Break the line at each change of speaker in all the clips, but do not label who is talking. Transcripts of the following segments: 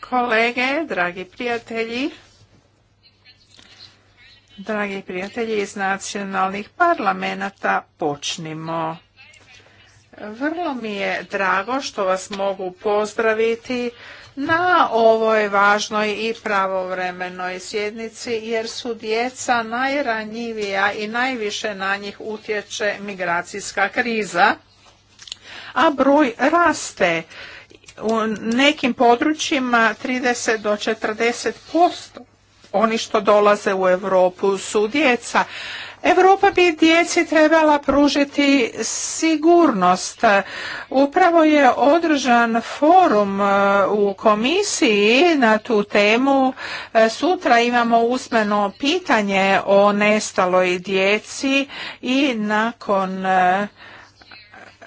Kolege, dragi prijatelji, dragi prijatelji iz nacionalnih parlamenta, počnimo. Vrlo mi je drago što vas mogu pozdraviti na ovoj važnoj i pravovremenoj sjednici jer su djeca najranjivija i najviše na njih utječe migracijska kriza, a broj raste u nekim područjima 30 do 40 posto oni što dolaze u Europu su djeca. Europa bi djeci trebala pružiti sigurnost. Upravo je održan forum e, u komisiji na tu temu. E, sutra imamo usmeno pitanje o nestaloj djeci i nakon e,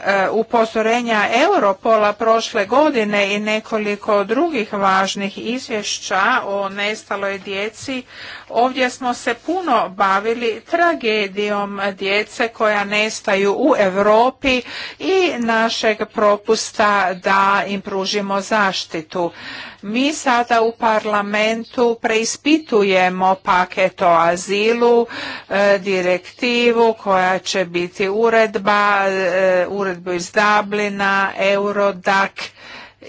E, upozorenja Europola prošle godine i nekoliko drugih važnih izvješća o nestaloj djeci, ovdje smo se puno bavili tragedijom djece koja nestaju u Europi i našeg propusta da im pružimo zaštitu. Mi sada u parlamentu preispitujemo paket o azilu, e, direktivu koja će biti uredba, e, uredbu iz Dublina, Eurodac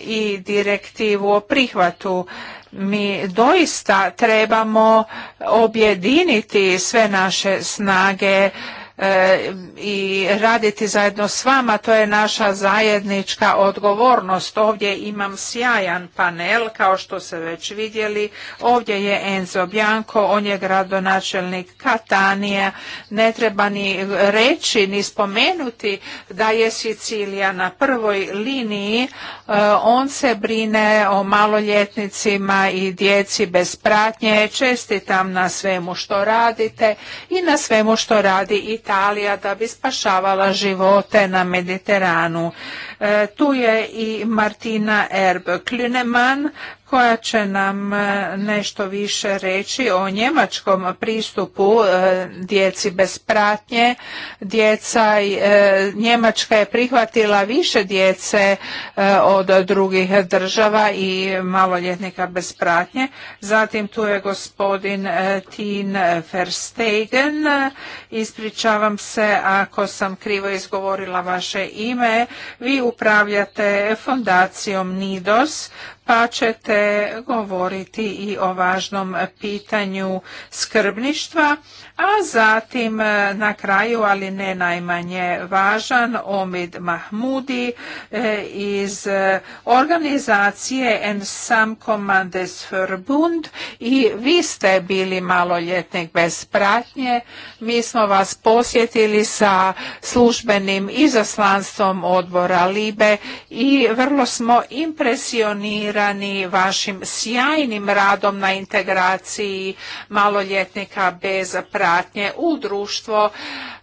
i direktivu o prihvatu mi doista trebamo objediniti sve naše snage E, i raditi zajedno s vama, to je naša zajednička odgovornost. Ovdje imam sjajan panel, kao što ste već vidjeli. Ovdje je Enzo Bianco, on je gradonačelnik Katanije. Ne treba ni reći, ni spomenuti da je Sicilija na prvoj liniji. E, on se brine o maloljetnicima i djeci bez pratnje. Čestitam na svemu što radite i na svemu što radi Italija. Italija da bi spašavala živote na Mediteranu. E, tu je i Martina Erb Klüneman koja će nam e, nešto više reći o njemačkom pristupu e, djeci bez pratnje. Djeca, Njemačka je prihvatila više djece od drugih država i maloljetnika bez pratnje. Zatim tu je gospodin Tin Verstegen. Ispričavam se ako sam krivo izgovorila vaše ime. Vi upravljate fondacijom NIDOS pa ćete govoriti i o važnom pitanju skrbništva, a zatim e, na kraju, ali ne najmanje važan, Omid Mahmudi e, iz organizacije Ensam Commandes Bund. i vi ste bili maloljetnik bez pratnje. Mi smo vas posjetili sa službenim izaslanstvom odbora Libe i vrlo smo impresionirani vašim sjajnim radom na integraciji maloljetnika bez pratnje u društvo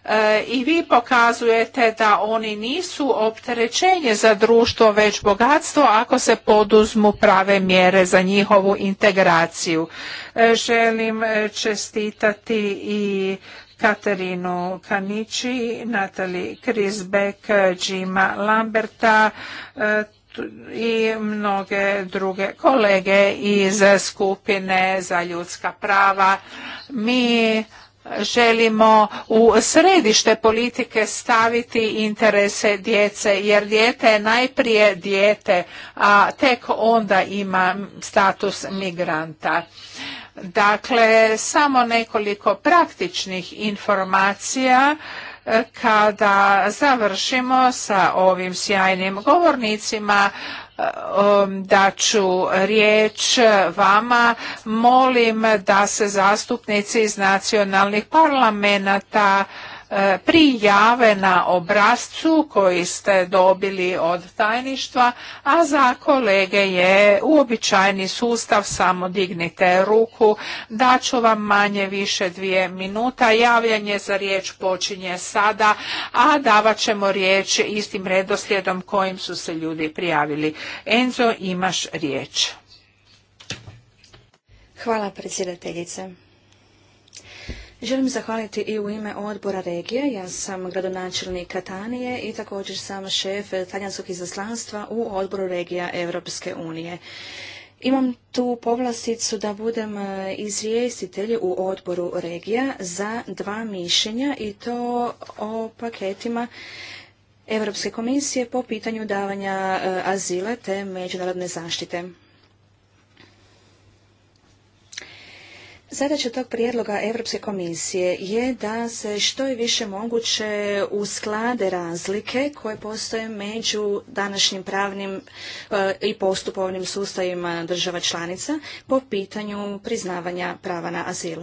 e, i vi pokazujete da oni nisu opterećenje za društvo već bogatstvo ako se poduzmu prave mjere za njihovu integraciju. E, želim e, čestitati i Katerinu Kanići, Natali Krisbek, Džima Lamberta, i mnoge druge kolege iz skupine za ljudska prava. Mi želimo u središte politike staviti interese djece jer dijete je najprije dijete, a tek onda ima status migranta. Dakle, samo nekoliko praktičnih informacija kada završimo sa ovim sjajnim govornicima e, um, da ću riječ vama. Molim da se zastupnici iz nacionalnih parlamenta E, prijave na obrazcu koji ste dobili od tajništva, a za kolege je uobičajeni sustav, samo dignite ruku, daću vam manje više dvije minuta, javljanje za riječ počinje sada, a davat ćemo riječ istim redoslijedom kojim su se ljudi prijavili. Enzo, imaš riječ.
Hvala predsjedateljice. Želim zahvaliti i u ime odbora regije. Ja sam gradonačelnik Katanije i također sam šef talijanskog izaslanstva u odboru regija Europske unije. Imam tu povlasticu da budem e, izvijestitelj u odboru regija za dva mišljenja i to o paketima Europske komisije po pitanju davanja e, azila te međunarodne zaštite. Zadaća tog prijedloga Europske komisije je da se što je više moguće usklade razlike koje postoje među današnjim pravnim e, i postupovnim sustavima država članica po pitanju priznavanja prava na azil.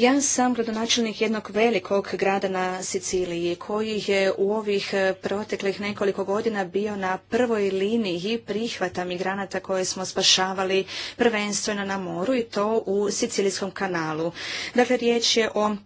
Ja sam gradonačelnik jednog velikog grada na Siciliji koji je u ovih e, proteklih nekoliko godina bio na prvoj liniji prihvata migranata koje smo spašavali prvenstveno na moru i to u Sicilijskom kanalu. Dakle, riječ je o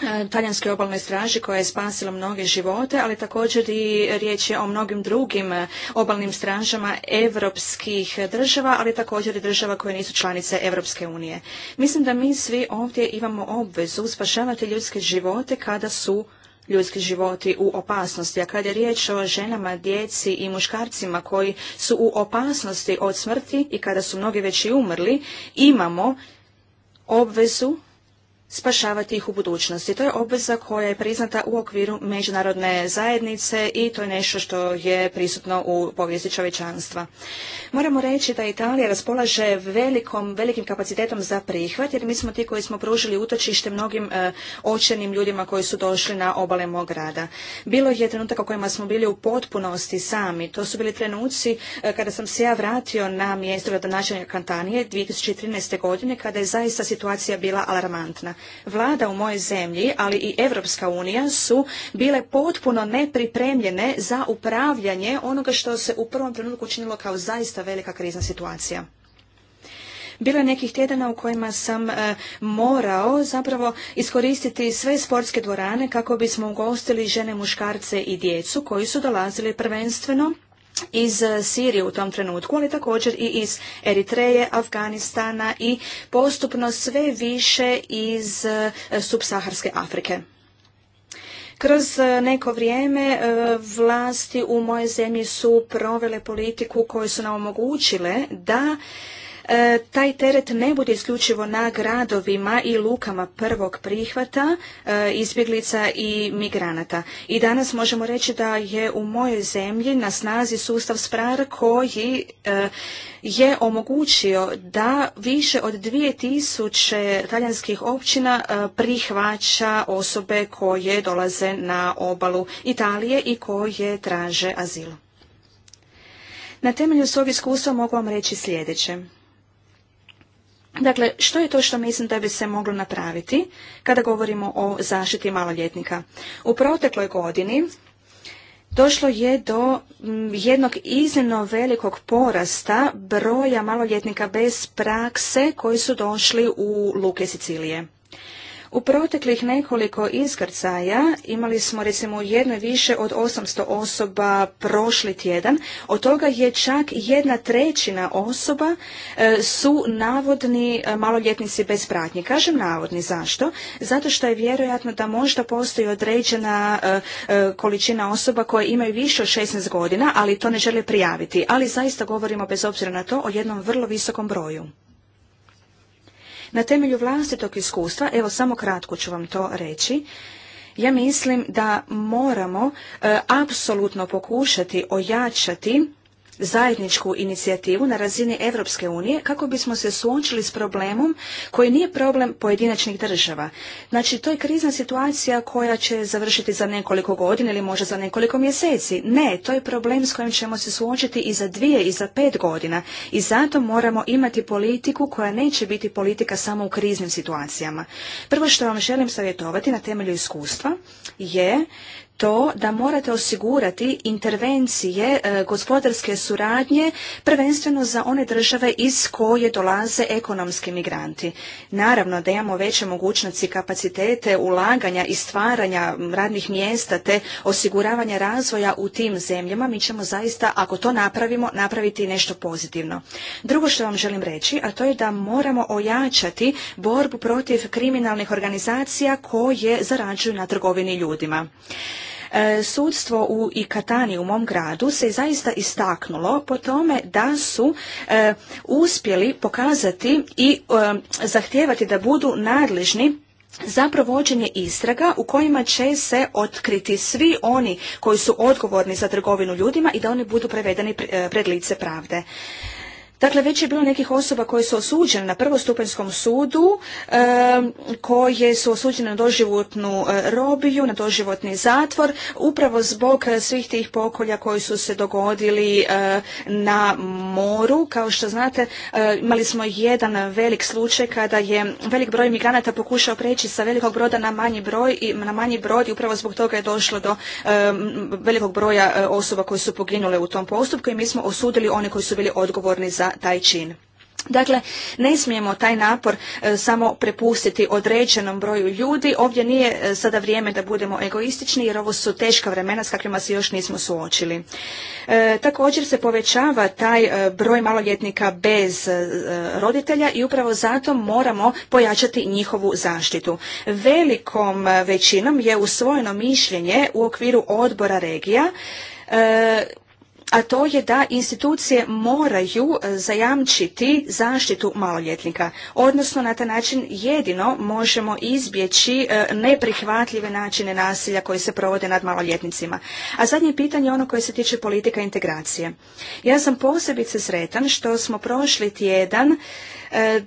E, talijanske obalne straže koja je spasila mnoge živote, ali također i riječ je o mnogim drugim obalnim stražama europskih država, ali također i država koje nisu članice Evropske unije. Mislim da mi svi ovdje imamo obvezu spašavati ljudske živote kada su ljudski životi u opasnosti. A kada je riječ o ženama, djeci i muškarcima koji su u opasnosti od smrti i kada su mnogi već i umrli, imamo obvezu spašavati ih u budućnosti. To je obveza koja je priznata u okviru međunarodne zajednice i to je nešto što je prisutno u povijesti čovečanstva. Moramo reći da Italija raspolaže velikom, velikim kapacitetom za prihvat jer mi smo ti koji smo pružili utočište mnogim e, očenim ljudima koji su došli na obale mog grada. Bilo je trenutak u kojima smo bili u potpunosti sami. To su bili trenuci e, kada sam se ja vratio na mjesto gradonačelnika Kantanije 2013. godine kada je zaista situacija bila alarmantna. Vlada u mojoj zemlji, ali i Europska unija su bile potpuno nepripremljene za upravljanje onoga što se u prvom trenutku činilo kao zaista velika krizna situacija. Bilo je nekih tjedana u kojima sam e, morao zapravo iskoristiti sve sportske dvorane kako bismo ugostili žene, muškarce i djecu koji su dolazili prvenstveno iz eh, Sirije u tom trenutku, ali također i iz Eritreje, Afganistana i postupno sve više iz eh, subsaharske Afrike. Kroz eh, neko vrijeme vlasti u moje zemlji su provele politiku koje su nam omogućile da E, taj teret ne bude isključivo na gradovima i lukama prvog prihvata e, izbjeglica i migranata. I danas možemo reći da je u mojoj zemlji na snazi sustav SPRAR koji e, je omogućio da više od 2000 talijanskih općina prihvaća osobe koje dolaze na obalu Italije i koje traže azil. Na temelju svog iskustva mogu vam reći sljedeće. Dakle, što je to što mislim da bi se moglo napraviti kada govorimo o zaštiti maloljetnika? U protekloj godini došlo je do mm, jednog iznimno velikog porasta broja maloljetnika bez prakse koji su došli u luke Sicilije. U proteklih nekoliko iskrcaja imali smo recimo jedno više od 800 osoba prošli tjedan. Od toga je čak jedna trećina osoba e, su navodni e, maloljetnici bez pratnje. Kažem navodni. Zašto? Zato što je vjerojatno da možda postoji određena e, količina osoba koje imaju više od 16 godina, ali to ne žele prijaviti. Ali zaista govorimo bez obzira na to o jednom vrlo visokom broju. Na temelju vlastitog iskustva, evo samo kratko ću vam to reći, ja mislim da moramo e, apsolutno pokušati ojačati zajedničku inicijativu na razini Europske unije kako bismo se suočili s problemom koji nije problem pojedinačnih država. Znači, to je krizna situacija koja će završiti za nekoliko godina ili možda za nekoliko mjeseci. Ne, to je problem s kojim ćemo se suočiti i za dvije i za pet godina i zato moramo imati politiku koja neće biti politika samo u kriznim situacijama. Prvo što vam želim savjetovati na temelju iskustva je to da morate osigurati intervencije e, gospodarske suradnje prvenstveno za one države iz koje dolaze ekonomski migranti. Naravno da imamo veće mogućnosti kapacitete ulaganja i stvaranja radnih mjesta te osiguravanja razvoja u tim zemljama. Mi ćemo zaista, ako to napravimo, napraviti nešto pozitivno. Drugo što vam želim reći, a to je da moramo ojačati borbu protiv kriminalnih organizacija koje zarađuju na trgovini ljudima. E, sudstvo u Ikatani, u mom gradu, se zaista istaknulo po tome da su e, uspjeli pokazati i e, zahtijevati da budu nadležni za provođenje istraga u kojima će se otkriti svi oni koji su odgovorni za trgovinu ljudima i da oni budu prevedeni pred lice pravde. Dakle, već je bilo nekih osoba koje su osuđene na prvostupenskom sudu, koje su osuđene na doživotnu e, robiju, na doživotni zatvor, upravo zbog svih tih pokolja koji su se dogodili e, na moru. Kao što znate, e, imali smo jedan velik slučaj kada je velik broj migranata pokušao preći sa velikog broda na manji broj i na manji brod i upravo zbog toga je došlo do velikog broja osoba koje su poginule u tom postupku i mi smo osudili one koji su bili odgovorni za taj čin. Dakle, ne smijemo taj napor e, samo prepustiti određenom broju ljudi. Ovdje nije e, sada vrijeme da budemo egoistični jer ovo su teška vremena s kakvima se još nismo suočili. E, također se povećava taj broj maloljetnika bez roditelja i upravo zato moramo pojačati njihovu zaštitu. Velikom većinom je usvojeno mišljenje u okviru odbora regija a to je da institucije moraju e, zajamčiti zaštitu maloljetnika. Odnosno, na taj način jedino možemo izbjeći e, neprihvatljive načine nasilja koji se provode nad maloljetnicima. A zadnje pitanje je ono koje se tiče politika integracije. Ja sam posebice sretan što smo prošli tjedan E,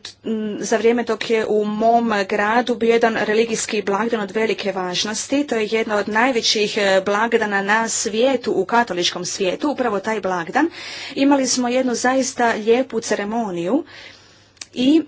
za vrijeme dok je u mom gradu bio jedan religijski blagdan od velike važnosti. To je jedna od najvećih e, blagdana na svijetu, u katoličkom svijetu, upravo taj blagdan. Imali smo jednu zaista lijepu ceremoniju i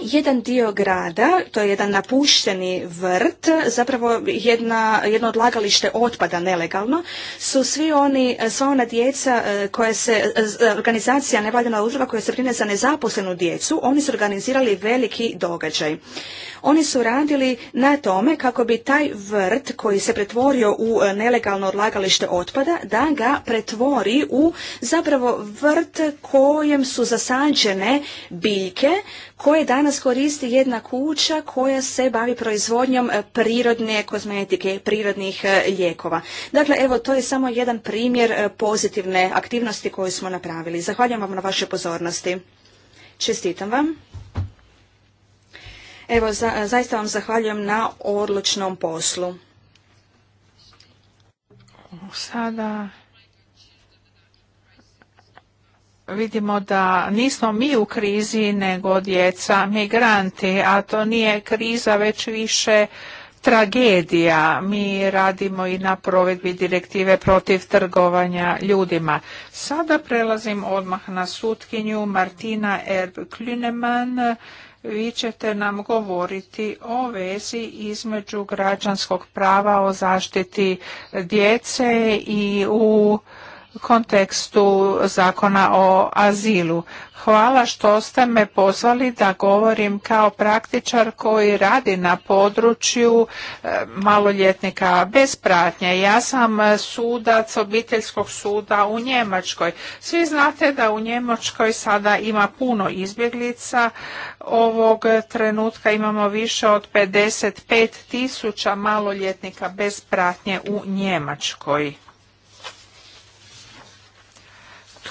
jedan dio grada, to je jedan napušteni vrt, zapravo jedna, jedno odlagalište otpada nelegalno, su svi oni, sva ona djeca e, koja se, e, e, organizacija nevaljena udruga koja se brine za nezaposlenu djecu, oni su organizirali veliki događaj. Oni su radili na tome kako bi taj vrt koji se pretvorio u nelegalno odlagalište otpada, da ga pretvori u zapravo vrt kojem su zasađene biljke koje da danas koristi jedna kuća koja se bavi proizvodnjom e, prirodne kozmetike, prirodnih e, lijekova. Dakle, evo, to je samo jedan primjer e, pozitivne aktivnosti koju smo napravili. Zahvaljujem vam na vašoj pozornosti. Čestitam vam. Evo, za, zaista vam zahvaljujem na odlučnom poslu.
Sada vidimo da nismo mi u krizi nego djeca migranti, a to nije kriza već više tragedija. Mi radimo i na provedbi direktive protiv trgovanja ljudima. Sada prelazim odmah na sutkinju Martina Erb Klüneman. Vi ćete nam govoriti o vezi između građanskog prava o zaštiti djece i u kontekstu zakona o azilu. Hvala što ste me pozvali da govorim kao praktičar koji radi na području e, maloljetnika bez pratnje. Ja sam sudac obiteljskog suda u Njemačkoj. Svi znate da u Njemačkoj sada ima puno izbjeglica. Ovog trenutka imamo više od 55 tisuća maloljetnika bez pratnje u Njemačkoj.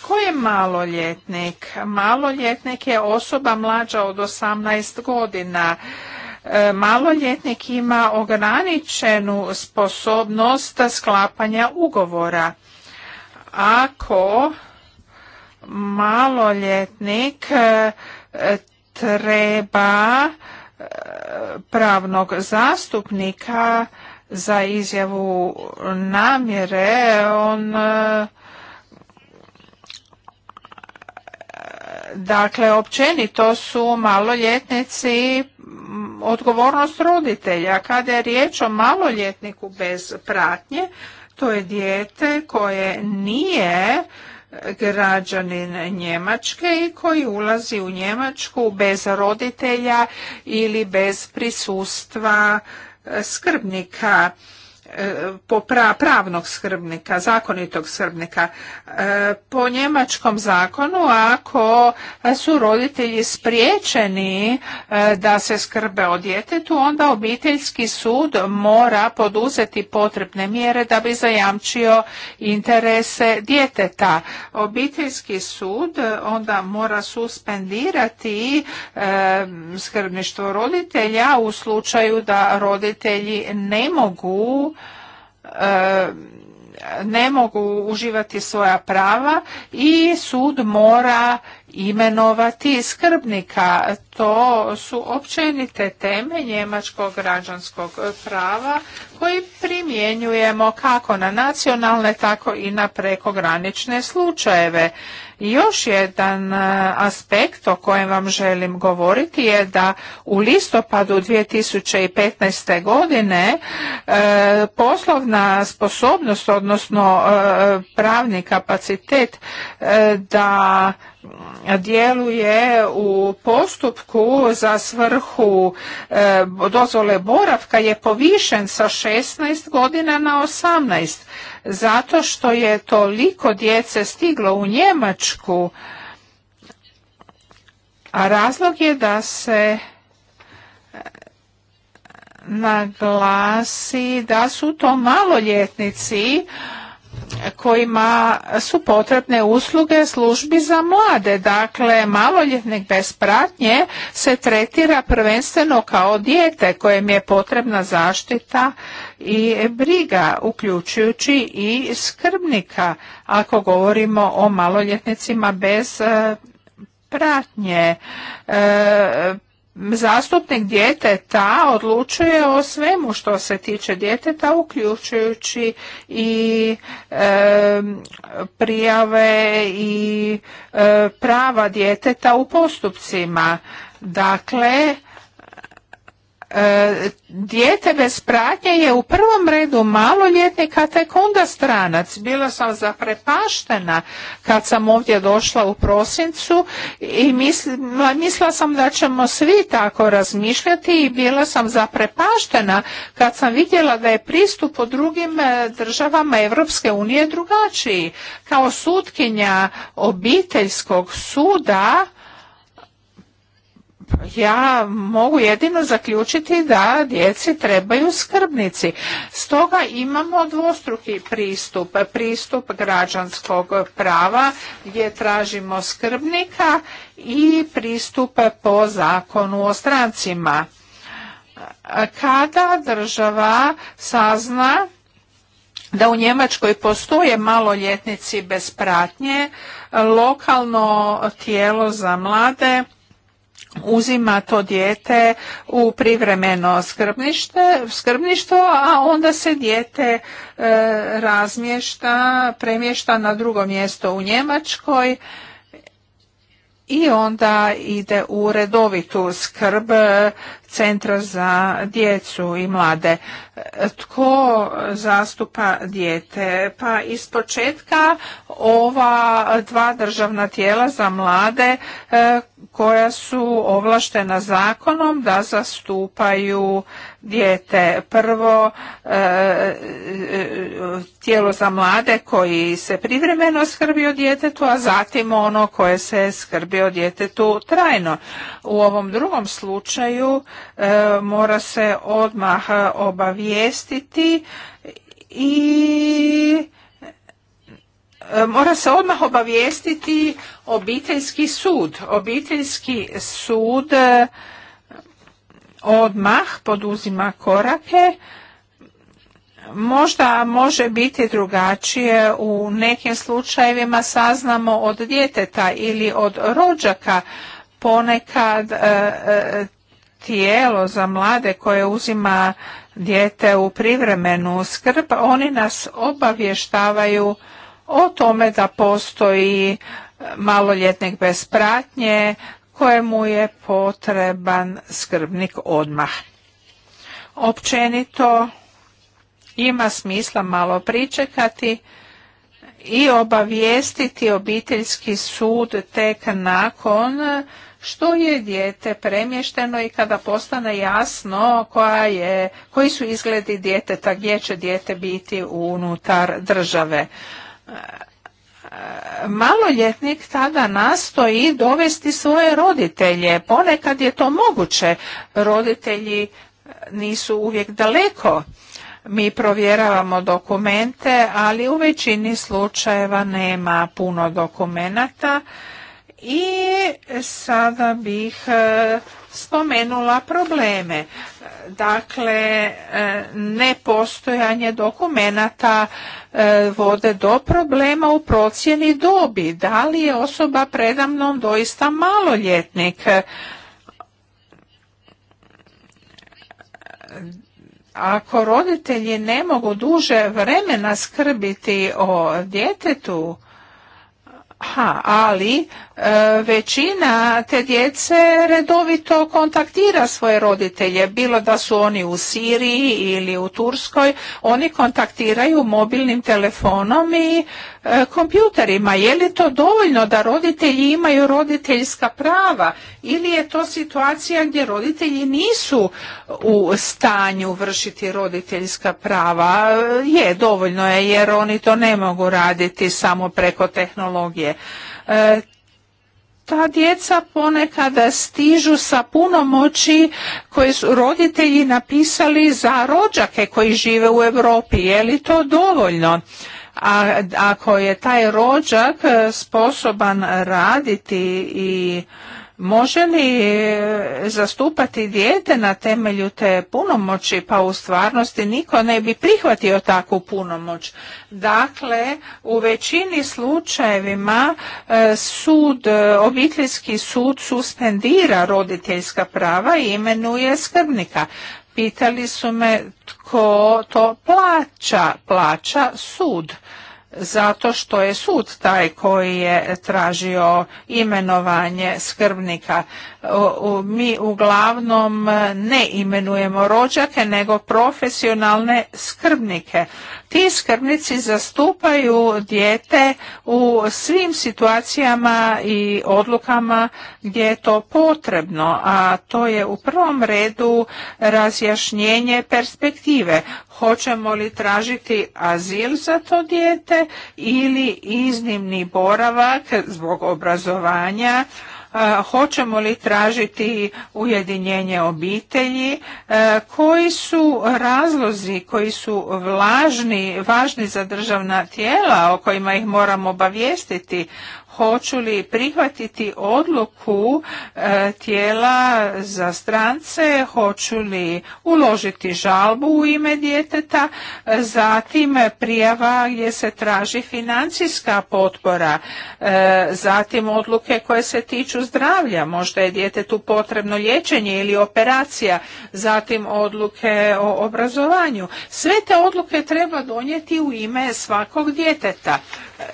Tko je maloljetnik? Maloljetnik je osoba mlađa od 18 godina. E, maloljetnik ima ograničenu sposobnost sklapanja ugovora. Ako maloljetnik e, treba e, pravnog zastupnika za izjavu namjere, on Dakle, općenito su maloljetnici mm, odgovornost roditelja. Kada je riječ o maloljetniku bez pratnje, to je dijete koje nije e, građanin Njemačke i koji ulazi u Njemačku bez roditelja ili bez prisustva e, skrbnika. E, pravnog skrbnika, zakonitog skrbnika. E, po njemačkom zakonu ako su roditelji spriječeni e, da se skrbe o djetetu, onda obiteljski sud mora poduzeti potrebne mjere da bi zajamčio interese djeteta. Obiteljski sud onda mora suspendirati skrbništvo roditelja u slučaju da roditelji ne mogu E, ne mogu uživati svoja prava i sud mora imenovati skrbnika. To su općenite teme njemačkog građanskog prava koji primjenjujemo kako na nacionalne tako i na prekogranične slučajeve. Još jedan e, aspekt o kojem vam želim govoriti je da u listopadu 2015. godine e, poslovna sposobnost, odnosno e, pravni kapacitet da djeluje u postupku za svrhu e, dozvole boravka je povišen sa 16 godina na 18 zato što je toliko djece stiglo u Njemačku a razlog je da se e, naglasi da su to maloljetnici kojima su potrebne usluge službi za mlade. Dakle, maloljetnik bez pratnje se tretira prvenstveno kao dijete kojem je potrebna zaštita i briga, uključujući i skrbnika, ako govorimo o maloljetnicima bez e, pratnje. E, zastupnik djeteta odlučuje o svemu što se tiče djeteta uključujući i prijave i e, prava djeteta u postupcima dakle E, dijete bez pratnje je u prvom redu maloljetnik, a tek onda stranac. Bila sam zaprepaštena kad sam ovdje došla u prosincu i mislila, sam da ćemo svi tako razmišljati i bila sam zaprepaštena kad sam vidjela da je pristup u drugim e, državama Europske unije drugačiji. Kao sutkinja obiteljskog suda ja mogu jedino zaključiti da djeci trebaju skrbnici. Stoga imamo dvostruki pristup, pristup građanskog prava gdje tražimo skrbnika i pristup po zakonu o strancima. Kada država sazna da u Njemačkoj postoje maloljetnici bez pratnje, lokalno tijelo za mlade uzima to dijete u privremeno skrbništvo, a onda se dijete e, razmješta, premješta na drugo mjesto u Njemačkoj i onda ide u redovitu skrb centra za djecu i mlade. Tko zastupa dijete? Pa iz početka ova dva državna tijela za mlade e, koja su ovlaštena zakonom da zastupaju dijete. Prvo, e, e, tijelo za mlade koji se privremeno skrbi o djetetu, a zatim ono koje se skrbi o djetetu trajno. U ovom drugom slučaju e, mora se odmah obavijestiti i mora se odmah obavijestiti obiteljski sud. Obiteljski sud odmah poduzima korake možda može biti drugačije u nekim slučajevima saznamo od djeteta ili od rođaka ponekad e, e, tijelo za mlade koje uzima dijete u privremenu skrb oni nas obavještavaju o tome da postoji maloljetnik bez pratnje kojemu je potreban skrbnik odmah. Općenito ima smisla malo pričekati i obavijestiti obiteljski sud tek nakon što je dijete premješteno i kada postane jasno koja je, koji su izgledi djeteta, gdje će dijete biti unutar države maloljetnik tada nastoji dovesti svoje roditelje. Ponekad je to moguće. Roditelji e, nisu uvijek daleko. Mi provjeravamo dokumente, ali u većini slučajeva nema puno dokumenata. I sada bih e, spomenula probleme. Dakle, e, nepostojanje dokumenata e, vode do problema u procjeni dobi. Da li je osoba predamnom doista maloljetnik? Ako roditelji ne mogu duže vremena skrbiti o djetetu, ha, ali E, većina te djece redovito kontaktira svoje roditelje, bilo da su oni u Siriji ili u Turskoj, oni kontaktiraju mobilnim telefonom i e, kompjuterima. Je li to dovoljno da roditelji imaju roditeljska prava ili je to situacija gdje roditelji nisu u stanju vršiti roditeljska prava? Je, dovoljno je jer oni to ne mogu raditi samo preko tehnologije. E, ta djeca ponekada stižu sa puno moći koje su roditelji napisali za rođake koji žive u Europi. Je li to dovoljno? A ako je taj rođak e, sposoban raditi i može li e, zastupati dijete na temelju te punomoći, pa u stvarnosti niko ne bi prihvatio takvu punomoć. Dakle, u većini slučajevima e, sud, e, obiteljski sud suspendira roditeljska prava i imenuje skrbnika. Pitali su me tko to plaća, plaća sud zato što je sud taj koji je tražio imenovanje skrbnika. Mi uglavnom ne imenujemo rođake nego profesionalne skrbnike. Ti skrbnici zastupaju dijete u svim situacijama i odlukama gdje je to potrebno, a to je u prvom redu razjašnjenje perspektive hoćemo li tražiti azil za to dijete ili iznimni boravak zbog obrazovanja, e, hoćemo li tražiti ujedinjenje obitelji, e, koji su razlozi koji su važni za državna tijela o kojima ih moramo obavijestiti, hoću li prihvatiti odluku e, tijela za strance, hoću li uložiti žalbu u ime djeteta, e, zatim prijava gdje se traži financijska potpora, e, zatim odluke koje se tiču zdravlja, možda je djetetu potrebno liječenje ili operacija, zatim odluke o obrazovanju. Sve te odluke treba donijeti u ime svakog djeteta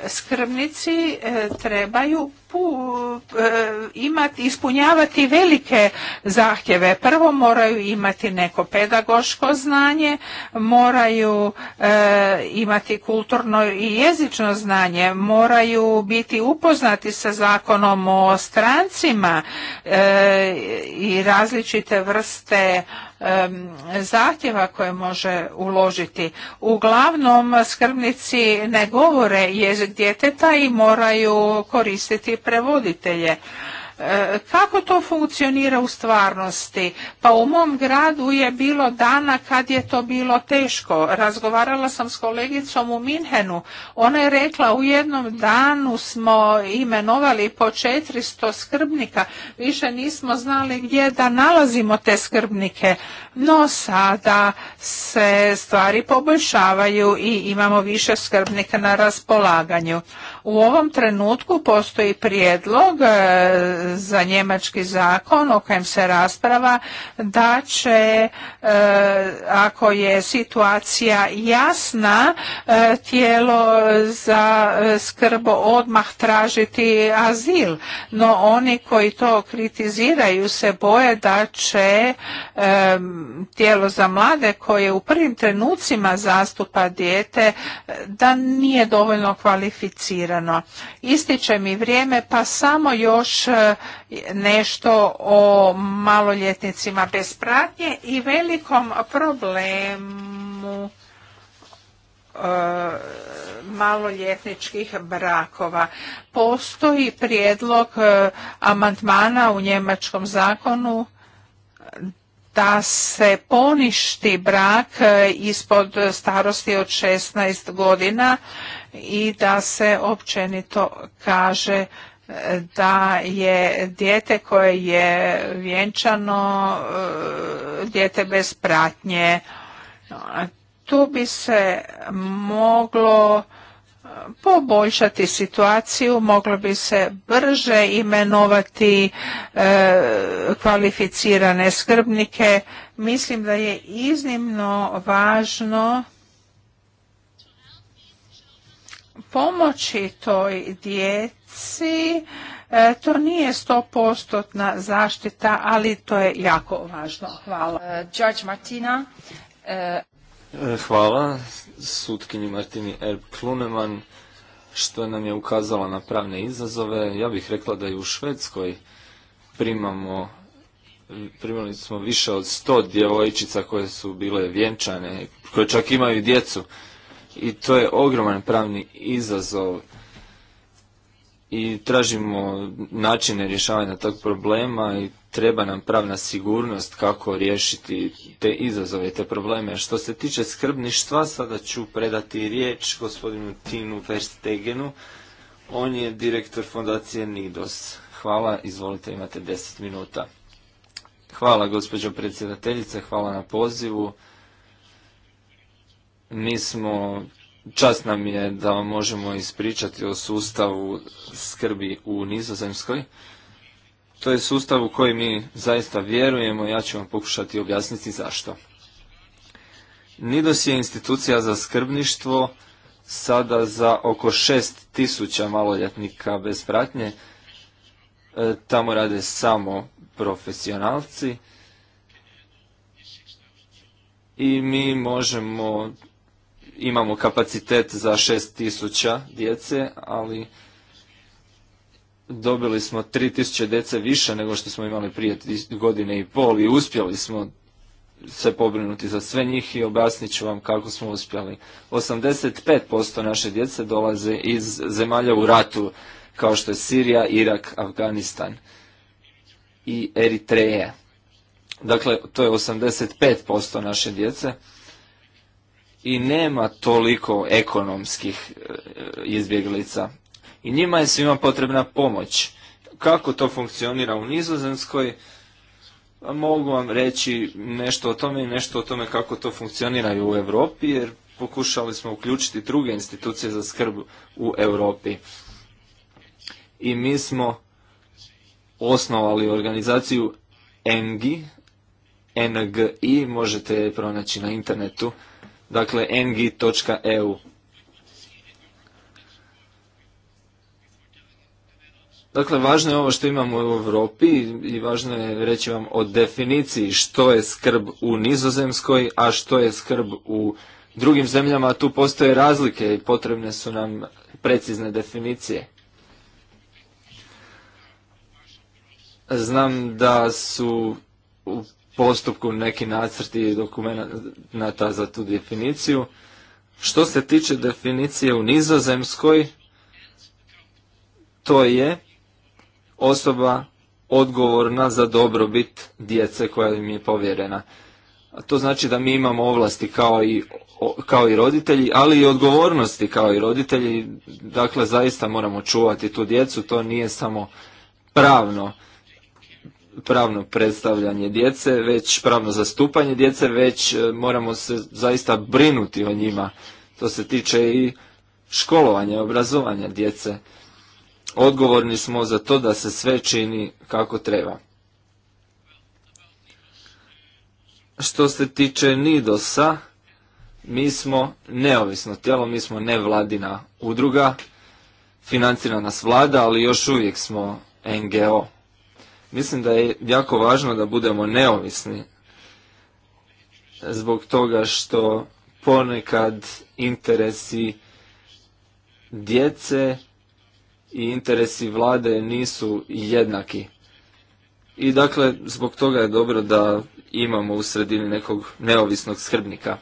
skrbnici e, trebaju E, imati, ispunjavati velike zahtjeve. Prvo moraju imati neko pedagoško znanje, moraju e, imati kulturno i jezično znanje, moraju biti upoznati sa zakonom o strancima e, i različite vrste zahtjeva koje može uložiti. Uglavnom skrbnici ne govore jezik djeteta i moraju koristiti prevoditelje. E, kako to funkcionira u stvarnosti? Pa u mom gradu je bilo dana kad je to bilo teško. Razgovarala sam s kolegicom u Minhenu. Ona je rekla u jednom danu smo imenovali po 400 skrbnika. Više nismo znali gdje da nalazimo te skrbnike. No sada se stvari poboljšavaju i imamo više skrbnika na raspolaganju. U ovom trenutku postoji prijedlog e, za njemački zakon o kojem se rasprava da će, e, ako je situacija jasna, e, tijelo za skrbo odmah tražiti azil. No oni koji to kritiziraju se boje da će tijelo za mlade koje u prvim trenucima zastupa dijete da nije dovoljno kvalificirano Ističe mi vrijeme pa samo još e, nešto o maloljetnicima bez pratnje i velikom problemu e, maloljetničkih brakova. Postoji prijedlog e, amandmana u njemačkom zakonu da se poništi brak ispod starosti od 16 godina i da se općenito kaže e, da je dijete koje je vjenčano e, dijete bez pratnje. Tu bi se moglo e, poboljšati situaciju, moglo bi se brže imenovati kvalificirane skrbnike. Mislim da je iznimno važno pomoći toj djeci. E, to nije stopostotna zaštita, ali to je jako važno. Hvala. George Martina. E,
e, hvala sutkinji Martini Erb Kluneman što nam je ukazala na pravne izazove. Ja bih rekla da i u Švedskoj primamo primali smo više od sto djevojčica koje su bile vjenčane, koje čak imaju djecu i to je ogroman pravni izazov i tražimo načine rješavanja tog problema i treba nam pravna sigurnost kako riješiti te izazove i te probleme. Što se tiče skrbništva, sada ću predati riječ gospodinu Tinu Verstegenu. On je direktor fondacije NIDOS. Hvala, izvolite, imate 10 minuta. Hvala gospođo predsjedateljice, hvala na pozivu. Mi smo, čast nam je da možemo ispričati o sustavu skrbi u Nizozemskoj. To je sustav u koji mi zaista vjerujemo, ja ću vam pokušati objasniti zašto. Nidos je institucija za skrbništvo sada za oko šest tisuća maloljetnika bez pratnje. E, tamo rade samo profesionalci i mi možemo imamo kapacitet za 6000 djece, ali dobili smo 3000 djece više nego što smo imali prije godine i pol i uspjeli smo se pobrinuti za sve njih i objasnit ću vam kako smo uspjeli. 85% naše djece dolaze iz zemalja u ratu, kao što je Sirija, Irak, Afganistan i Eritreje. Dakle, to je 85% naše djece i nema toliko ekonomskih e, izbjeglica. I njima je svima potrebna pomoć. Kako to funkcionira u Nizozemskoj, mogu vam reći nešto o tome i nešto o tome kako to funkcionira i u Europi, jer pokušali smo uključiti druge institucije za skrb u Europi. I mi smo osnovali organizaciju ENGI, NGI, možete je pronaći na internetu, dakle ng.eu. Dakle, važno je ovo što imamo u Europi i važno je reći vam o definiciji što je skrb u nizozemskoj, a što je skrb u drugim zemljama. Tu postoje razlike i potrebne su nam precizne definicije. Znam da su u postupku neki nacrti dokumenta za tu definiciju. Što se tiče definicije u nizozemskoj, to je osoba odgovorna za dobrobit djece koja im je povjerena. A to znači da mi imamo ovlasti kao i, kao i roditelji, ali i odgovornosti kao i roditelji. Dakle, zaista moramo čuvati tu djecu, to nije samo pravno pravno predstavljanje djece, već pravno zastupanje djece, već e, moramo se zaista brinuti o njima. To se tiče i školovanja i obrazovanja djece. Odgovorni smo za to da se sve čini kako treba. Što se tiče Nidosa, mi smo neovisno tijelo, mi smo nevladina udruga, financira nas vlada, ali još uvijek smo NGO. Mislim da je jako važno da budemo neovisni zbog toga što ponekad interesi djece i interesi vlade nisu jednaki. I dakle, zbog toga je dobro da imamo u sredini nekog neovisnog skrbnika.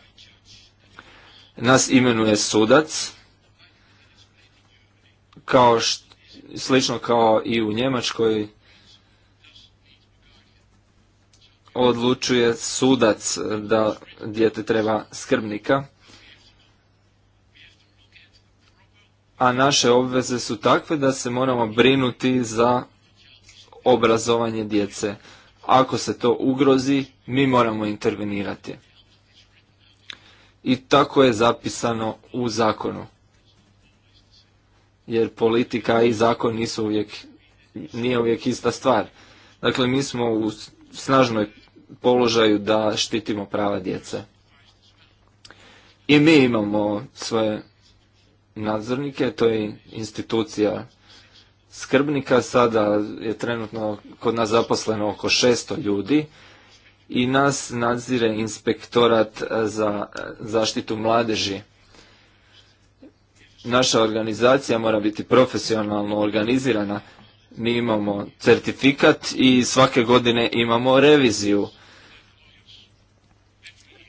Nas imenuje sudac, kao slično kao i u Njemačkoj, odlučuje sudac da dijete treba skrbnika. A naše obveze su takve da se moramo brinuti za obrazovanje djece. Ako se to ugrozi, mi moramo intervenirati. I tako je zapisano u zakonu. Jer politika i zakon nisu uvijek, nije uvijek ista stvar. Dakle, mi smo u snažnoj položaju da štitimo prava djece. I mi imamo svoje nadzornike, to je institucija skrbnika, sada je trenutno kod nas zaposleno oko 600 ljudi i nas nadzire inspektorat za zaštitu mladeži. Naša organizacija mora biti profesionalno organizirana mi imamo certifikat i svake godine imamo reviziju.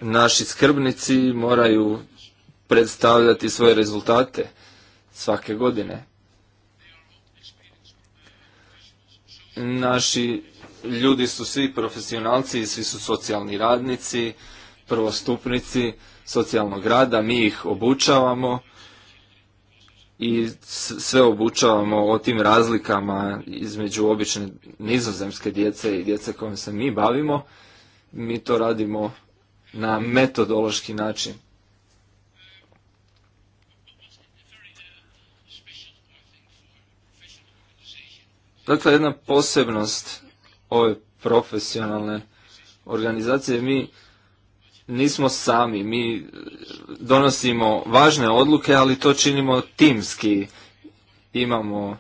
Naši skrbnici moraju predstavljati svoje rezultate svake godine. Naši ljudi su svi profesionalci, svi su socijalni radnici, prvostupnici socijalnog rada, mi ih obučavamo i sve obučavamo o tim razlikama između obične nizozemske djece i djece kojom se mi bavimo. Mi to radimo na metodološki način. Dakle, jedna posebnost ove profesionalne organizacije, mi nismo sami, mi eh, donosimo važne odluke, ali to činimo timski. Imamo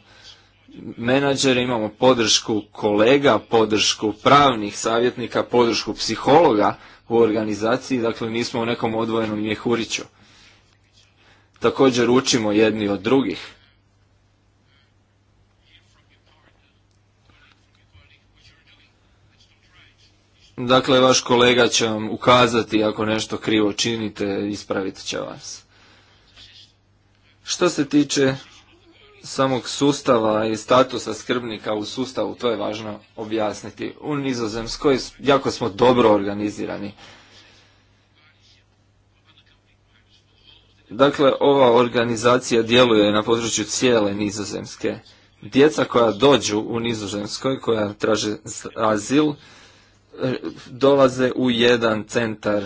menadžere, imamo podršku kolega, podršku pravnih savjetnika, podršku psihologa u organizaciji, dakle nismo u nekom odvojenom mjehuriću. Također učimo jedni od drugih. Dakle, vaš kolega će vam ukazati ako nešto krivo činite, ispraviti će vas. Što se tiče samog sustava i statusa skrbnika u sustavu, to je važno objasniti. U Nizozemskoj jako smo dobro organizirani. Dakle, ova organizacija djeluje na području cijele Nizozemske. Djeca koja dođu u Nizozemskoj, koja traže azil, dolaze u jedan centar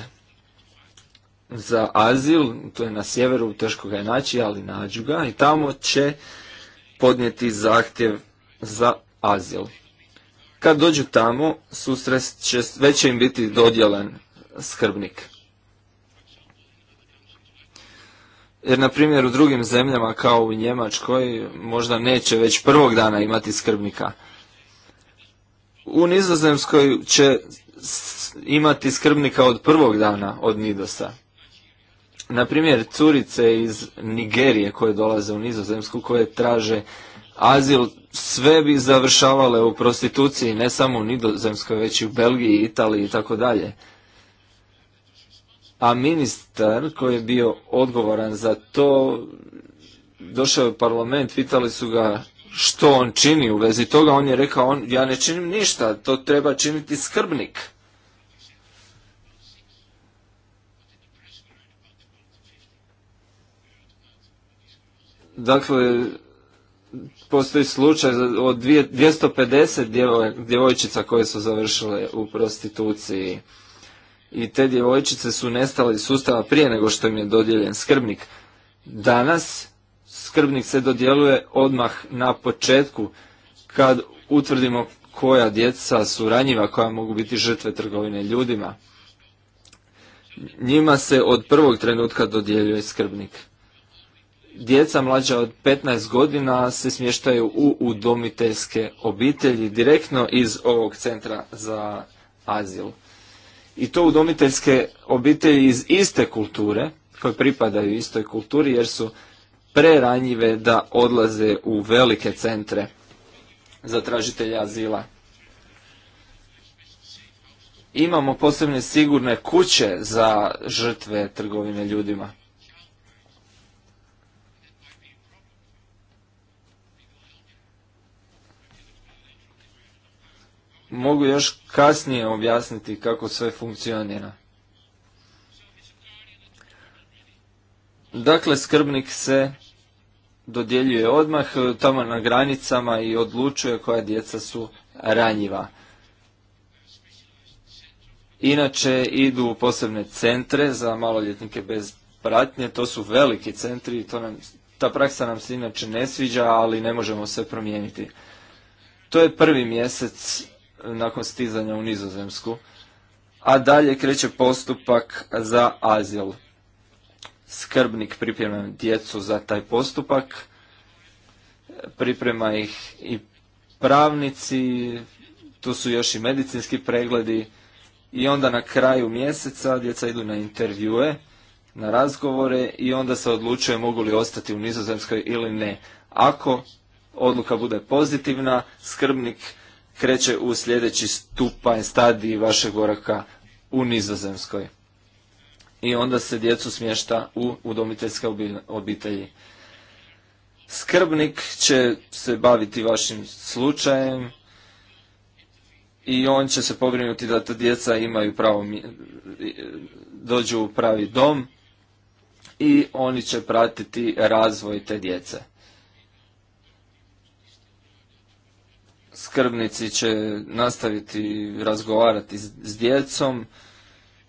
za azil, to je na sjeveru, teško ga je naći, ali nađu ga i tamo će podnijeti zahtjev za azil. Kad dođu tamo, susrest već će im biti dodjelen skrbnik. Jer, na primjer, u drugim zemljama, kao u Njemačkoj, možda neće već prvog dana imati skrbnika u Nizozemskoj će imati skrbnika od prvog dana od Nidosa. Na primjer, curice iz Nigerije koje dolaze u Nizozemsku, koje traže azil, sve bi završavale u prostituciji, ne samo u Nizozemskoj, već i u Belgiji, Italiji i tako dalje. A ministar koji je bio odgovoran za to, došao je u parlament, pitali su ga što on čini u vezi toga, on je rekao, on, ja ne činim ništa, to treba činiti skrbnik. Dakle, postoji slučaj od 250 djevojčica koje su završile u prostituciji i te djevojčice su nestale iz sustava prije nego što im je dodijeljen skrbnik. Danas skrbnik se dodjeluje odmah na početku kad utvrdimo koja djeca su ranjiva, koja mogu biti žrtve trgovine ljudima. Njima se od prvog trenutka dodjeljuje skrbnik. Djeca mlađa od 15 godina se smještaju u udomiteljske obitelji direktno iz ovog centra za azil. I to udomiteljske obitelji iz iste kulture, koje pripadaju istoj kulturi jer su preranjive da odlaze u velike centre za tražitelja azila. Imamo posebne sigurne kuće za žrtve trgovine ljudima. Mogu još kasnije objasniti kako sve funkcionira. Dakle, skrbnik se dodjeljuje odmah e, tamo na granicama i odlučuje koja djeca su ranjiva. Inače idu u posebne centre za maloljetnike bez pratnje, to su veliki centri i ta praksa nam se inače ne sviđa, ali ne možemo sve promijeniti. To je prvi mjesec e, nakon stizanja u Nizozemsku, a dalje kreće postupak za azil skrbnik priprema djecu za taj postupak, priprema ih i pravnici, tu su još i medicinski pregledi i onda na kraju mjeseca djeca idu na intervjue, na razgovore i onda se odlučuje mogu li ostati u Nizozemskoj ili ne. Ako odluka bude pozitivna, skrbnik kreće u sljedeći stupanj stadiji vašeg boraka u Nizozemskoj i onda se djecu smješta u udomiteljske obitelji. Skrbnik će se baviti vašim slučajem i on će se pobrinuti da ta djeca imaju pravo, dođu u pravi dom i oni će pratiti razvoj te djece. Skrbnici će nastaviti razgovarati s djecom,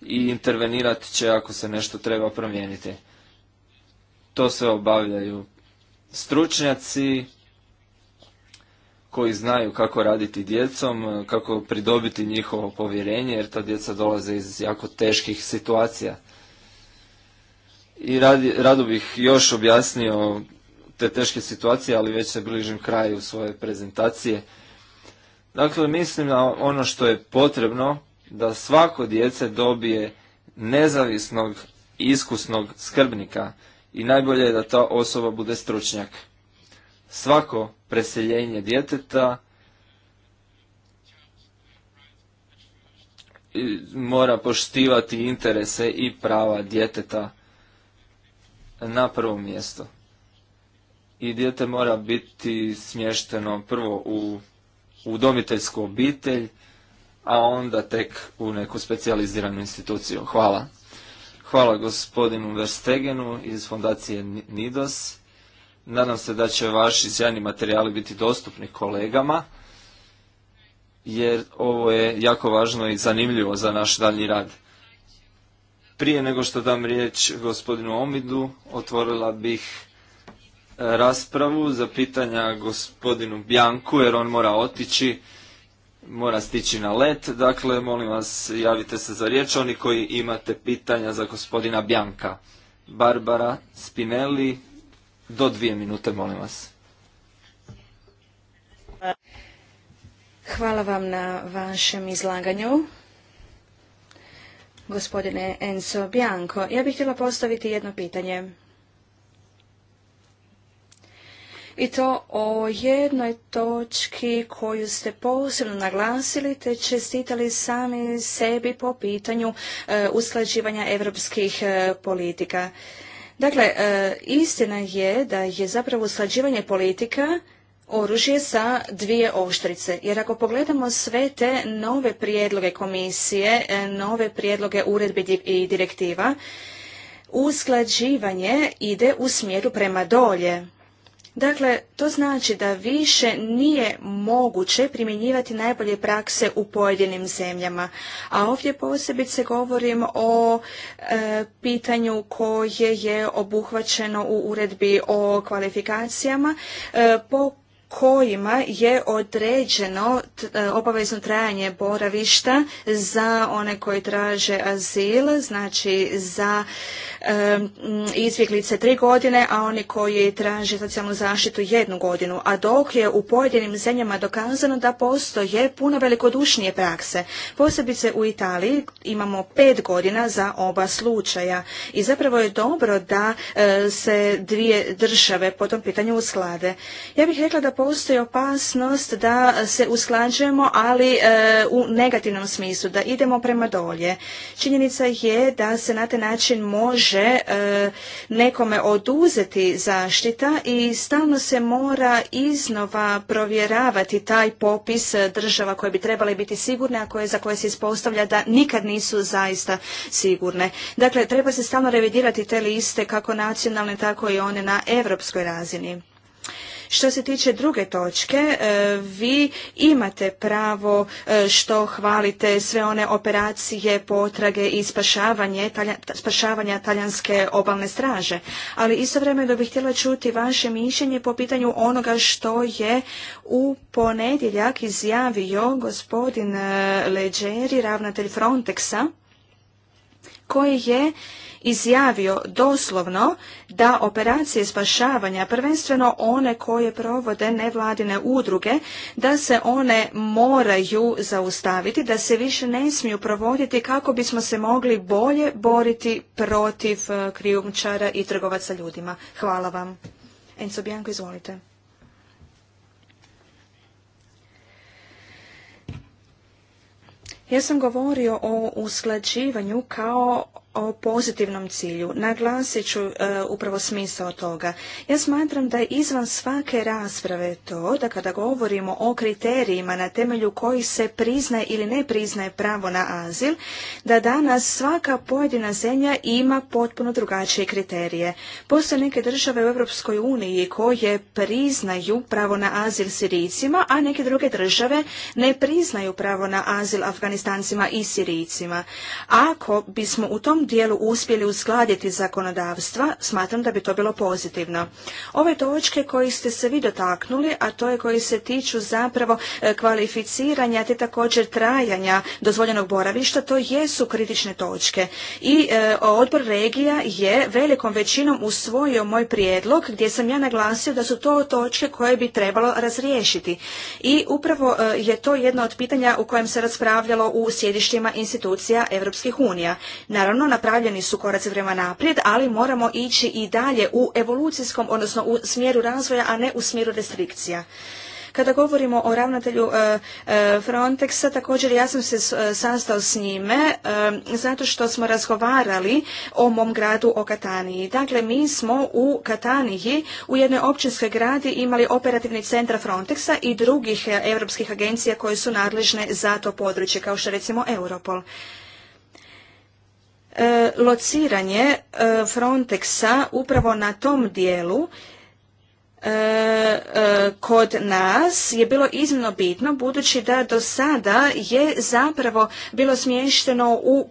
i intervenirat će ako se nešto treba promijeniti. To sve obavljaju stručnjaci koji znaju kako raditi djecom, kako pridobiti njihovo povjerenje, jer ta djeca dolaze iz jako teških situacija. I radi, rado bih još objasnio te teške situacije, ali već se bližim kraju svoje prezentacije. Dakle, mislim na ono što je potrebno da svako djece dobije nezavisnog iskusnog skrbnika i najbolje je da ta osoba bude stručnjak. Svako preseljenje djeteta mora poštivati interese i prava djeteta na prvo mjesto. I dijete mora biti smješteno prvo u udomiteljsku obitelj, a onda tek u neku specijaliziranu instituciju. Hvala. Hvala gospodinu Verstegenu iz fondacije NIDOS. Nadam se da će vaši sjajni materijali biti dostupni kolegama, jer ovo je jako važno i zanimljivo za naš dalji rad. Prije nego što dam riječ gospodinu Omidu, otvorila bih e, raspravu za pitanja gospodinu Bjanku, jer on mora otići mora stići na let. Dakle, molim vas, javite se za riječ. Oni koji imate pitanja za gospodina Bjanka. Barbara Spinelli, do dvije minute, molim vas.
Hvala vam na vašem izlaganju. Gospodine Enzo Bianco, ja bih htjela postaviti jedno pitanje. i to o jednoj točki koju ste posebno naglasili te čestitali sami sebi po pitanju e, usklađivanja europskih e, politika. Dakle, e, istina je da je zapravo usklađivanje politika oružje sa dvije oštrice. Jer ako pogledamo sve te nove prijedloge komisije, e, nove prijedloge uredbi i direktiva, usklađivanje ide u smjeru prema dolje Dakle, to znači da više nije moguće primjenjivati najbolje prakse u pojedinim zemljama. A ovdje posebice govorim o e, pitanju koje je obuhvaćeno u uredbi o kvalifikacijama e, po kojima je određeno e, obavezno trajanje boravišta za one koji traže azil, znači za izbjeglice tri godine, a oni koji traže socijalnu zaštitu jednu godinu. A dok je u pojedinim zemljama dokazano da postoje puno velikodušnije prakse. Posebice u Italiji imamo pet godina za oba slučaja. I zapravo je dobro da e, se dvije države po tom pitanju usklade. Ja bih rekla da postoji opasnost da se usklađujemo, ali e, u negativnom smislu, da idemo prema dolje. Činjenica je da se na taj način može može e, nekome oduzeti zaštita i stalno se mora iznova provjeravati taj popis država koje bi trebale biti sigurne, a koje za koje se ispostavlja da nikad nisu zaista sigurne. Dakle, treba se stalno revidirati te liste kako nacionalne, tako i one na europskoj razini. Što se tiče druge točke, e, vi imate pravo e, što hvalite sve one operacije, potrage i spašavanje, spašavanja talijanske obalne straže. Ali istovremeno bih htjela čuti vaše mišljenje po pitanju onoga što je u ponedjeljak izjavio gospodin e, Leđeri, ravnatelj Frontexa, koji je izjavio doslovno da operacije spašavanja, prvenstveno one koje provode nevladine udruge, da se one moraju zaustaviti, da se više ne smiju provoditi kako bismo se mogli bolje boriti protiv e, krijumčara i trgovaca ljudima. Hvala vam. Enzo Bianco, izvolite. Ja sam govorio o usklađivanju kao o pozitivnom cilju. Naglasit ću e, upravo smisao toga. Ja smatram da je izvan svake rasprave to da kada govorimo o kriterijima na temelju kojih se priznaje ili ne priznaje pravo na azil, da danas svaka pojedina zemlja ima potpuno drugačije kriterije. Postoje neke države u Europskoj uniji koje priznaju pravo na azil Sirijcima, a neke druge države ne priznaju pravo na azil Afganistancima i Sirijcima. Ako bismo u tom dijelu uspjeli uskladiti zakonodavstva, smatram da bi to bilo pozitivno. Ove točke koje ste se vi dotaknuli, a to je koji se tiču zapravo e, kvalificiranja te također trajanja dozvoljenog boravišta, to jesu kritične točke. I e, odbor regija je velikom većinom usvojio moj prijedlog gdje sam ja naglasio da su to točke koje bi trebalo razriješiti. I upravo e, je to jedno od pitanja u kojem se raspravljalo u sjedištima institucija Europskih unija. Naravno, napravljeni su koraci prema naprijed, ali moramo ići i dalje u evolucijskom, odnosno u smjeru razvoja, a ne u smjeru restrikcija. Kada govorimo o ravnatelju e, e, Frontexa, također ja sam se e, sastao s njime zato što smo razgovarali o mom gradu, o Kataniji. Dakle, mi smo u Kataniji u jednoj općinskoj gradi imali operativni centar Frontexa i drugih europskih agencija koje su nadležne za to područje, kao što recimo Europol lociranje e, Frontexa upravo na tom dijelu E, e, kod nas je bilo iznimno bitno budući da do sada je zapravo bilo smješteno u,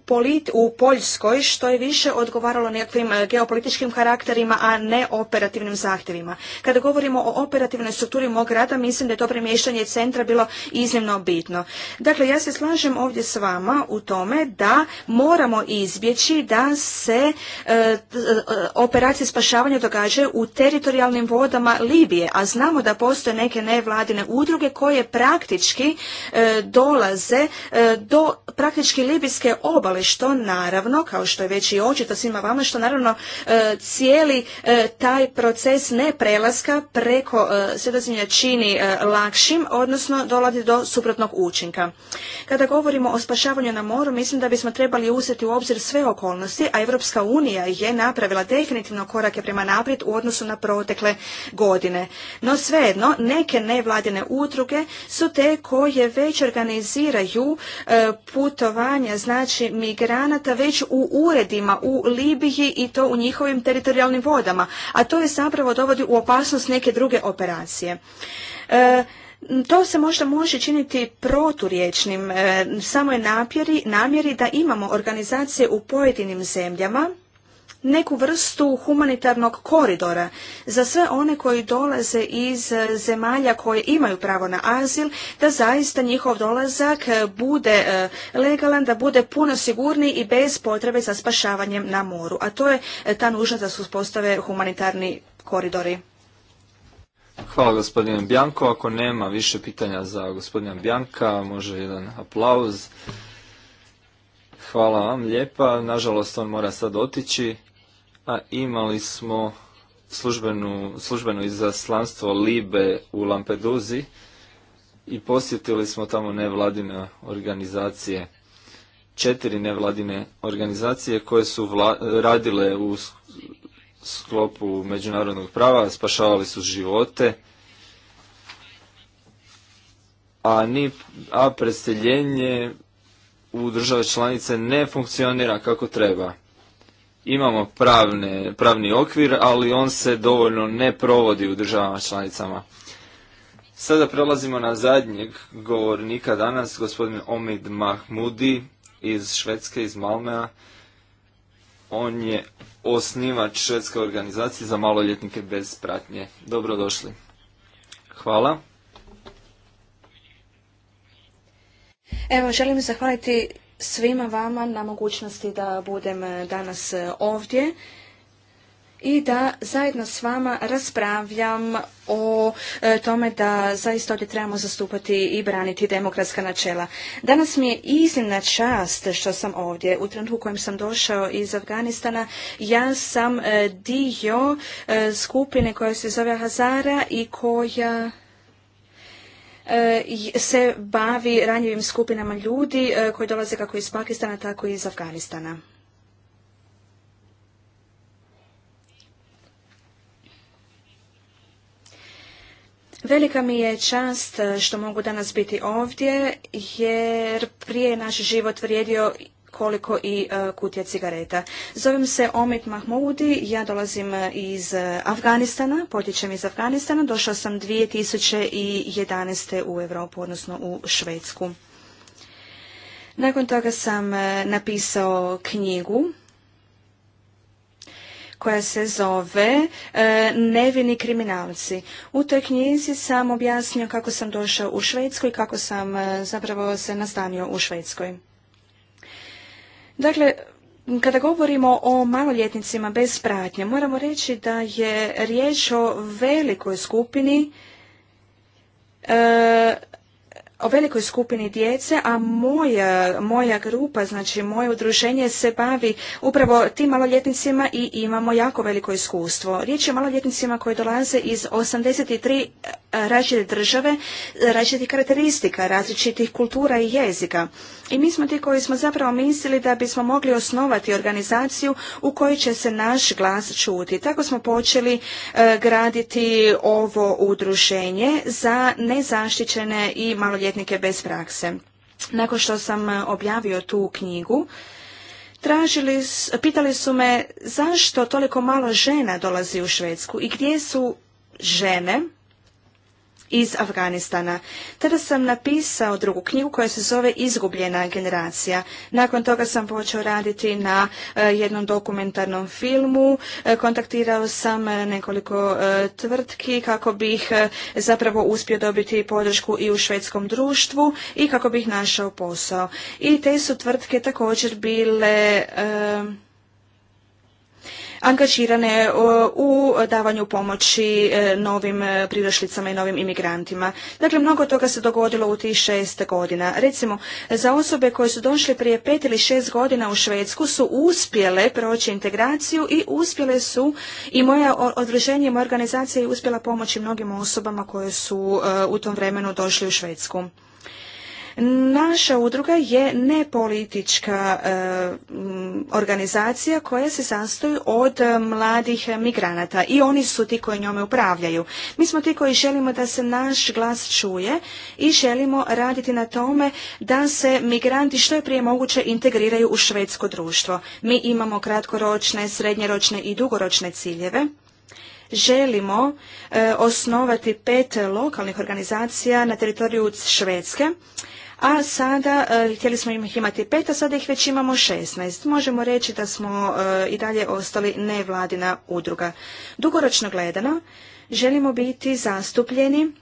u Poljskoj što je više odgovaralo nekakvim e, geopolitičkim karakterima, a ne operativnim zahtjevima. Kada govorimo o operativnoj strukturi mog rada, mislim da je to premještanje centra bilo iznimno bitno. Dakle, ja se slažem ovdje s vama u tome da moramo izbjeći da se operacije spašavanja događaju u teritorijalnim vodama Libije, a znamo da postoje neke nevladine udruge koje praktički e, dolaze e, do praktički libijske obale, što naravno, kao što je već i očito svima vama, što naravno e, cijeli taj proces ne prelaska preko sredozemlja čini lakšim, odnosno dolazi do suprotnog učinka. Kada govorimo o spašavanju na moru, mislim da bismo trebali uzeti u obzir sve okolnosti, a Europska unija je napravila definitivno korake prema naprijed u odnosu na protekle godine godine. No svejedno, neke nevladine udruge su te koje već organiziraju e, putovanja, znači migranata već u uredima u Libiji i to u njihovim teritorijalnim vodama. A to je zapravo dovodi u opasnost neke druge operacije. E, to se možda može činiti proturječnim, e, samo je namjeri da imamo organizacije u pojedinim zemljama neku vrstu humanitarnog koridora za sve one koji dolaze iz zemalja koje imaju pravo na azil, da zaista njihov dolazak bude e, legalan, da bude puno sigurniji i bez potrebe za spašavanjem na moru. A to je e, ta nužnost da se uspostave humanitarni koridori.
Hvala gospodine Bjanko. Ako nema više pitanja za gospodina Bjanka, može jedan aplauz. Hvala vam lijepa. Nažalost, on mora sad otići a imali smo službenu, službeno izaslanstvo Libe u Lampeduzi i posjetili smo tamo nevladine organizacije, četiri nevladine organizacije koje su radile u sklopu međunarodnog prava, spašavali su živote, a, ni, a preseljenje u države članice ne funkcionira kako treba imamo pravne, pravni okvir, ali on se dovoljno ne provodi u državama članicama. Sada prelazimo na zadnjeg govornika danas, gospodin Omid Mahmudi iz Švedske, iz Malmea. On je osnivač Švedske organizacije za maloljetnike bez pratnje. Dobrodošli. Hvala.
Evo, želim zahvaliti svima vama na mogućnosti da budem eh, danas eh, ovdje i da zajedno s vama raspravljam o eh, tome da zaista ovdje trebamo zastupati i braniti demokratska načela. Danas mi je iznimna čast što sam ovdje. U trenutku u kojem sam došao iz Afganistana, ja sam dio skupine koja se zove Hazara i koja E, se bavi ranjivim skupinama ljudi e, koji dolaze kako iz Pakistana, tako i iz Afganistana. Velika mi je čast e, što mogu danas biti ovdje, jer prije naš život vrijedio koliko i e, kutija cigareta. Zovem se Omid Mahmoudi, ja dolazim e, iz e, Afganistana, potječem iz Afganistana, došao sam 2011. u Europu, odnosno u Švedsku. Nakon toga sam napisao knjigu koja se zove Nevini kriminalci. U toj knjizi sam objasnio kako sam došao u Švedsku i kako sam zapravo se nastanio u Švedskoj. Dakle, kada govorimo o maloljetnicima bez pratnje, moramo reći da je riječ o velikoj skupini e, o velikoj skupini djece, a moja, e, moja grupa, znači moje udruženje se bavi upravo tim maloljetnicima i imamo jako veliko iskustvo. Riječ je o maloljetnicima koji dolaze iz 83 e, različite države, različitih karakteristika, različitih kultura i jezika. I mi smo ti koji smo zapravo mislili da bismo mogli osnovati organizaciju u kojoj će se naš glas čuti. Tako smo počeli e, graditi ovo udruženje za nezaštićene i maloljetnice maloljetnike bez prakse. Nakon što sam e, objavio tu knjigu, tražili, pitali su me zašto toliko malo žena dolazi u Švedsku i gdje su žene iz Afganistana. Tada sam napisao drugu knjigu koja se zove Izgubljena generacija. Nakon toga sam počeo raditi na e, jednom dokumentarnom filmu. E, kontaktirao sam e, nekoliko tvrtki kako bih zapravo uspio dobiti podršku i u švedskom društvu i kako bih našao posao. I te su tvrtke također bile angažirane e, u davanju pomoći e, novim e, pridošlicama i novim imigrantima. Dakle, mnogo toga se dogodilo u tih šest godina. Recimo, za osobe koje su došle prije pet ili šest godina u Švedsku su uspjele proći integraciju i uspjele su i moja odruženje i moja organizacija je uspjela pomoći mnogim osobama koje su u tom vremenu došli u Švedsku. Naša udruga je nepolitička e, organizacija koja se sastoji od e, mladih migranata i oni su ti koji njome upravljaju. Mi smo ti koji želimo da se naš glas čuje i želimo raditi na tome da se migranti što je prije moguće integriraju u švedsko društvo. Mi imamo kratkoročne, srednjeročne i dugoročne ciljeve želimo e, osnovati pet lokalnih organizacija na teritoriju Švedske, a sada e, htjeli smo ih imati pet, a sada ih već imamo šesnaest. Možemo reći da smo e, i dalje ostali nevladina udruga. Dugoročno gledano, želimo biti zastupljeni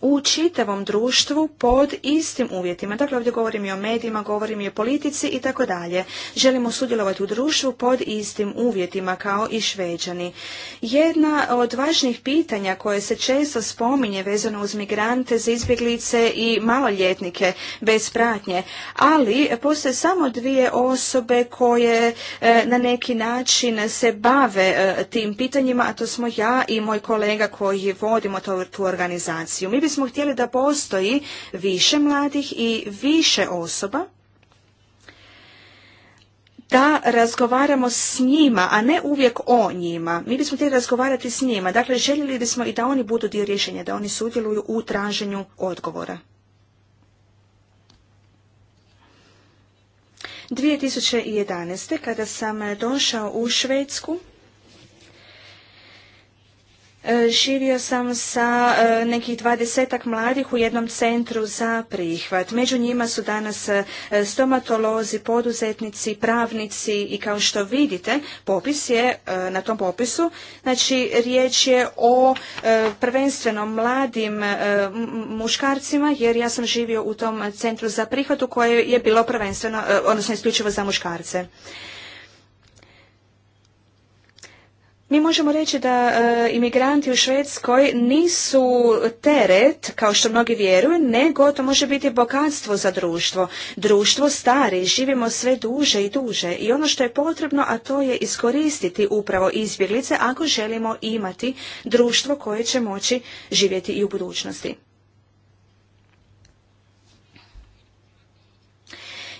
u čitavom društvu pod istim uvjetima. Dakle, ovdje govorim i o medijima, govorim i o politici i tako dalje. Želimo sudjelovati u društvu pod istim uvjetima kao i šveđani. Jedna od važnih pitanja koje se često spominje vezano uz migrante, za izbjeglice i maloljetnike bez pratnje, ali postoje samo dvije osobe koje e, na neki način se bave e, tim pitanjima, a to smo ja i moj kolega koji vodimo tu organizaciju. Mi smo htjeli da postoji više mladih i više osoba da razgovaramo s njima, a ne uvijek o njima. Mi bismo htjeli razgovarati s njima. Dakle, željeli bismo i da oni budu dio rješenja, da oni sudjeluju u traženju odgovora. 2011. kada sam došao u Švedsku, E, živio sam sa e, nekih dvadesetak mladih u jednom centru za prihvat. Među njima su danas e, stomatolozi, poduzetnici, pravnici i kao što vidite, popis je na tom popisu, znači riječ je o prvenstveno mladim muškarcima jer ja sam živio u tom centru za prihvat u koje je bilo prvenstveno, odnosno isključivo za muškarce. mi možemo reći da e, imigranti u Švedskoj nisu teret, kao što mnogi vjeruju, nego to može biti bogatstvo za društvo. Društvo stari, živimo sve duže i duže i ono što je potrebno, a to je iskoristiti upravo izbjeglice ako želimo imati društvo koje će moći živjeti i u budućnosti.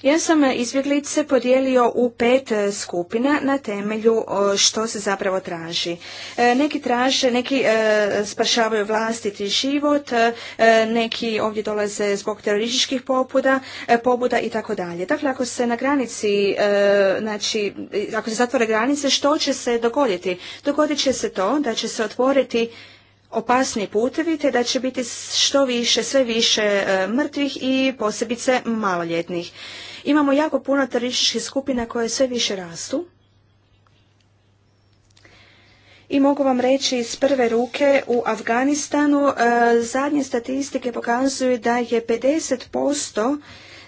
Ja sam izbjeglice podijelio u pet e, skupina na temelju što se zapravo traži. E, neki traže, neki e, spašavaju vlastiti život, neki ovdje dolaze zbog terorističkih pobuda pobuda i tako dalje. Dakle, ako se na granici, znači, ako se zatvore granice, što će se dogoditi? Dogodit će se to da će se otvoriti opasni putevi te da će biti što više, sve više mrtvih i posebice maloljetnih. Imamo jako puno terorističkih skupina koje sve više rastu. I mogu vam reći iz prve ruke u Afganistanu e, zadnje statistike pokazuju da je 50%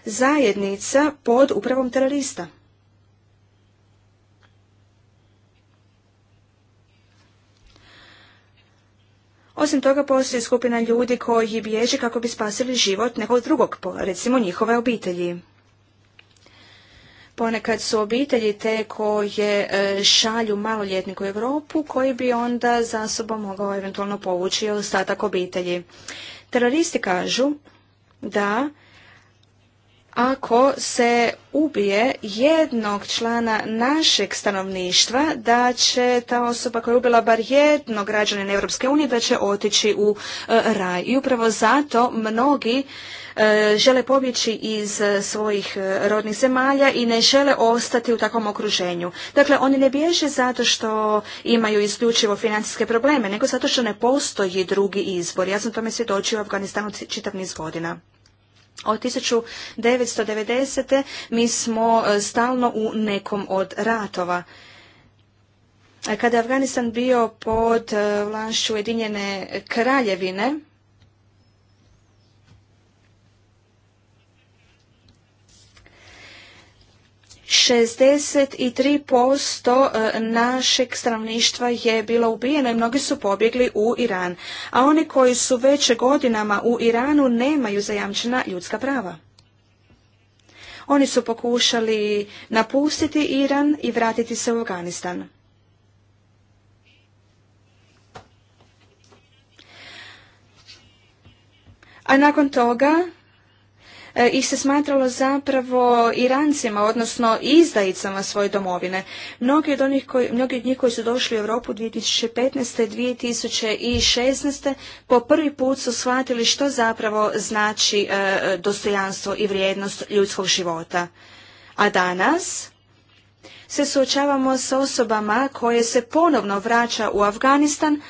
zajednica pod upravom terorista. Osim toga postoji skupina ljudi koji bježe kako bi spasili život nekog drugog, recimo njihove obitelji. Ponekad su obitelji te koje e, šalju maloljetnik u Europu koji bi onda za sobom mogao eventualno povući ostatak obitelji. Teroristi kažu da ako se ubije jednog člana našeg stanovništva, da će ta osoba koja je ubila bar jednog građanina Europske unije, da će otići u e, raj. I upravo zato mnogi E, žele pobjeći iz e, svojih e, rodnih zemalja i ne žele ostati u takvom okruženju. Dakle, oni ne bježe zato što imaju isključivo financijske probleme, nego zato što ne postoji drugi izbor. Ja sam tome svjedočio u Afganistanu čitav niz godina. Od 1990. mi smo stalno u nekom od ratova. Kada je Afganistan bio pod vlašću Ujedinjene kraljevine, 63% e, našeg stanovništva je bilo ubijeno i mnogi su pobjegli u Iran. A oni koji su već godinama u Iranu nemaju zajamčena ljudska prava. Oni su pokušali napustiti Iran i vratiti se u Afganistan. A nakon toga E, ih se smatralo zapravo Irancima, odnosno izdajicama svoje domovine. Mnogi od, onih koji, mnogi od njih koji su došli u Europu 2015. i 2016. po prvi put su shvatili što zapravo znači e, dostojanstvo i vrijednost ljudskog života. A danas se suočavamo sa osobama koje se ponovno vraća u Afganistan,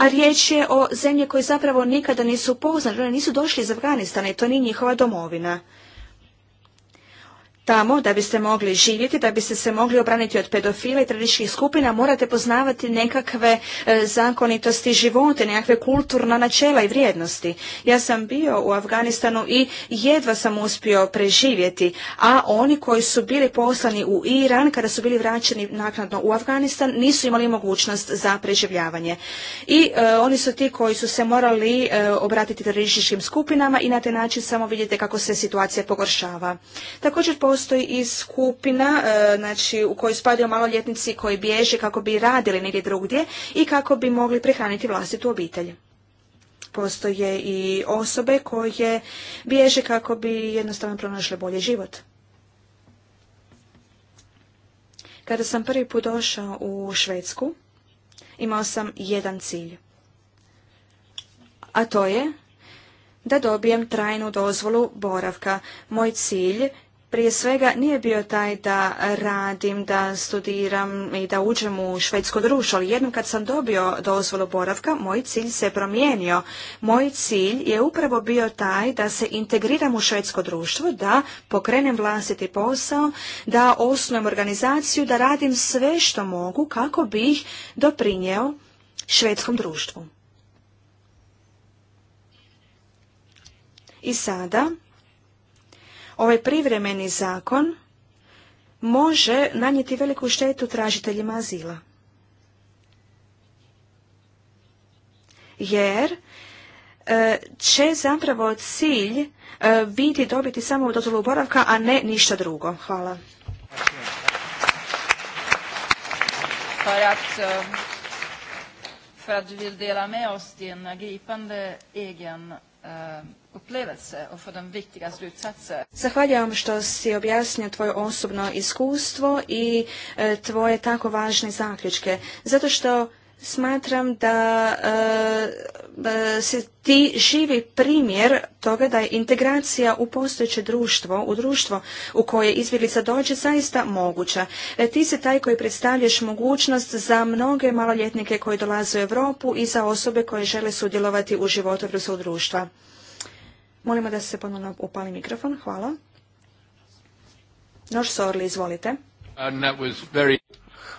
a riječ je o zemlji koje zapravo nikada nisu poznali, oni nisu došli iz Afganistana i to nije njihova domovina tamo da biste mogli živjeti, da biste se mogli obraniti od pedofila i tradičkih skupina, morate poznavati nekakve e, zakonitosti živote, nekakve kulturna načela i vrijednosti. Ja sam bio u Afganistanu i jedva sam uspio preživjeti, a oni koji su bili poslani u Iran, kada su bili vraćeni naknadno u Afganistan, nisu imali mogućnost za preživljavanje. I e, oni su ti koji su se morali e, obratiti terorističkim skupinama i na taj način samo vidite kako se situacija pogoršava. Također postoji i skupina e, znači, u kojoj spadaju maloljetnici koji bježe kako bi radili negdje drugdje i kako bi mogli prehraniti vlastitu obitelj. Postoje i osobe koje bježe kako bi jednostavno pronašle bolji život. Kada sam prvi put došao u Švedsku, imao sam jedan cilj. A to je da dobijem trajnu dozvolu boravka. Moj cilj prije svega nije bio taj da radim, da studiram i da uđem u švedsko društvo, ali jednom kad sam dobio dozvolu boravka, moj cilj se promijenio. Moj cilj je upravo bio taj da se integriram u švedsko društvo, da pokrenem vlastiti posao, da osnujem organizaciju, da radim sve što mogu kako bih doprinjeo švedskom društvu. I sada ovaj privremeni zakon može nanijeti veliku štetu tražiteljima azila. Jer e, će zapravo cilj e, biti dobiti samo dozvolu boravka, a ne ništa drugo. Hvala. Zahvaljujem što si objasnio tvoje osobno iskustvo i e, tvoje tako važne zaključke. Zato što smatram da e, e, se si ti živi primjer toga da je integracija u postojeće društvo, u društvo u koje izbjeglica dođe, zaista moguća. ti si taj koji predstavljaš mogućnost za mnoge maloljetnike koji dolaze u Europu i za osobe koje žele sudjelovati u životu društva. Molimo da se ponovno upali mikrofon. Hvala. Noš Sorli, izvolite.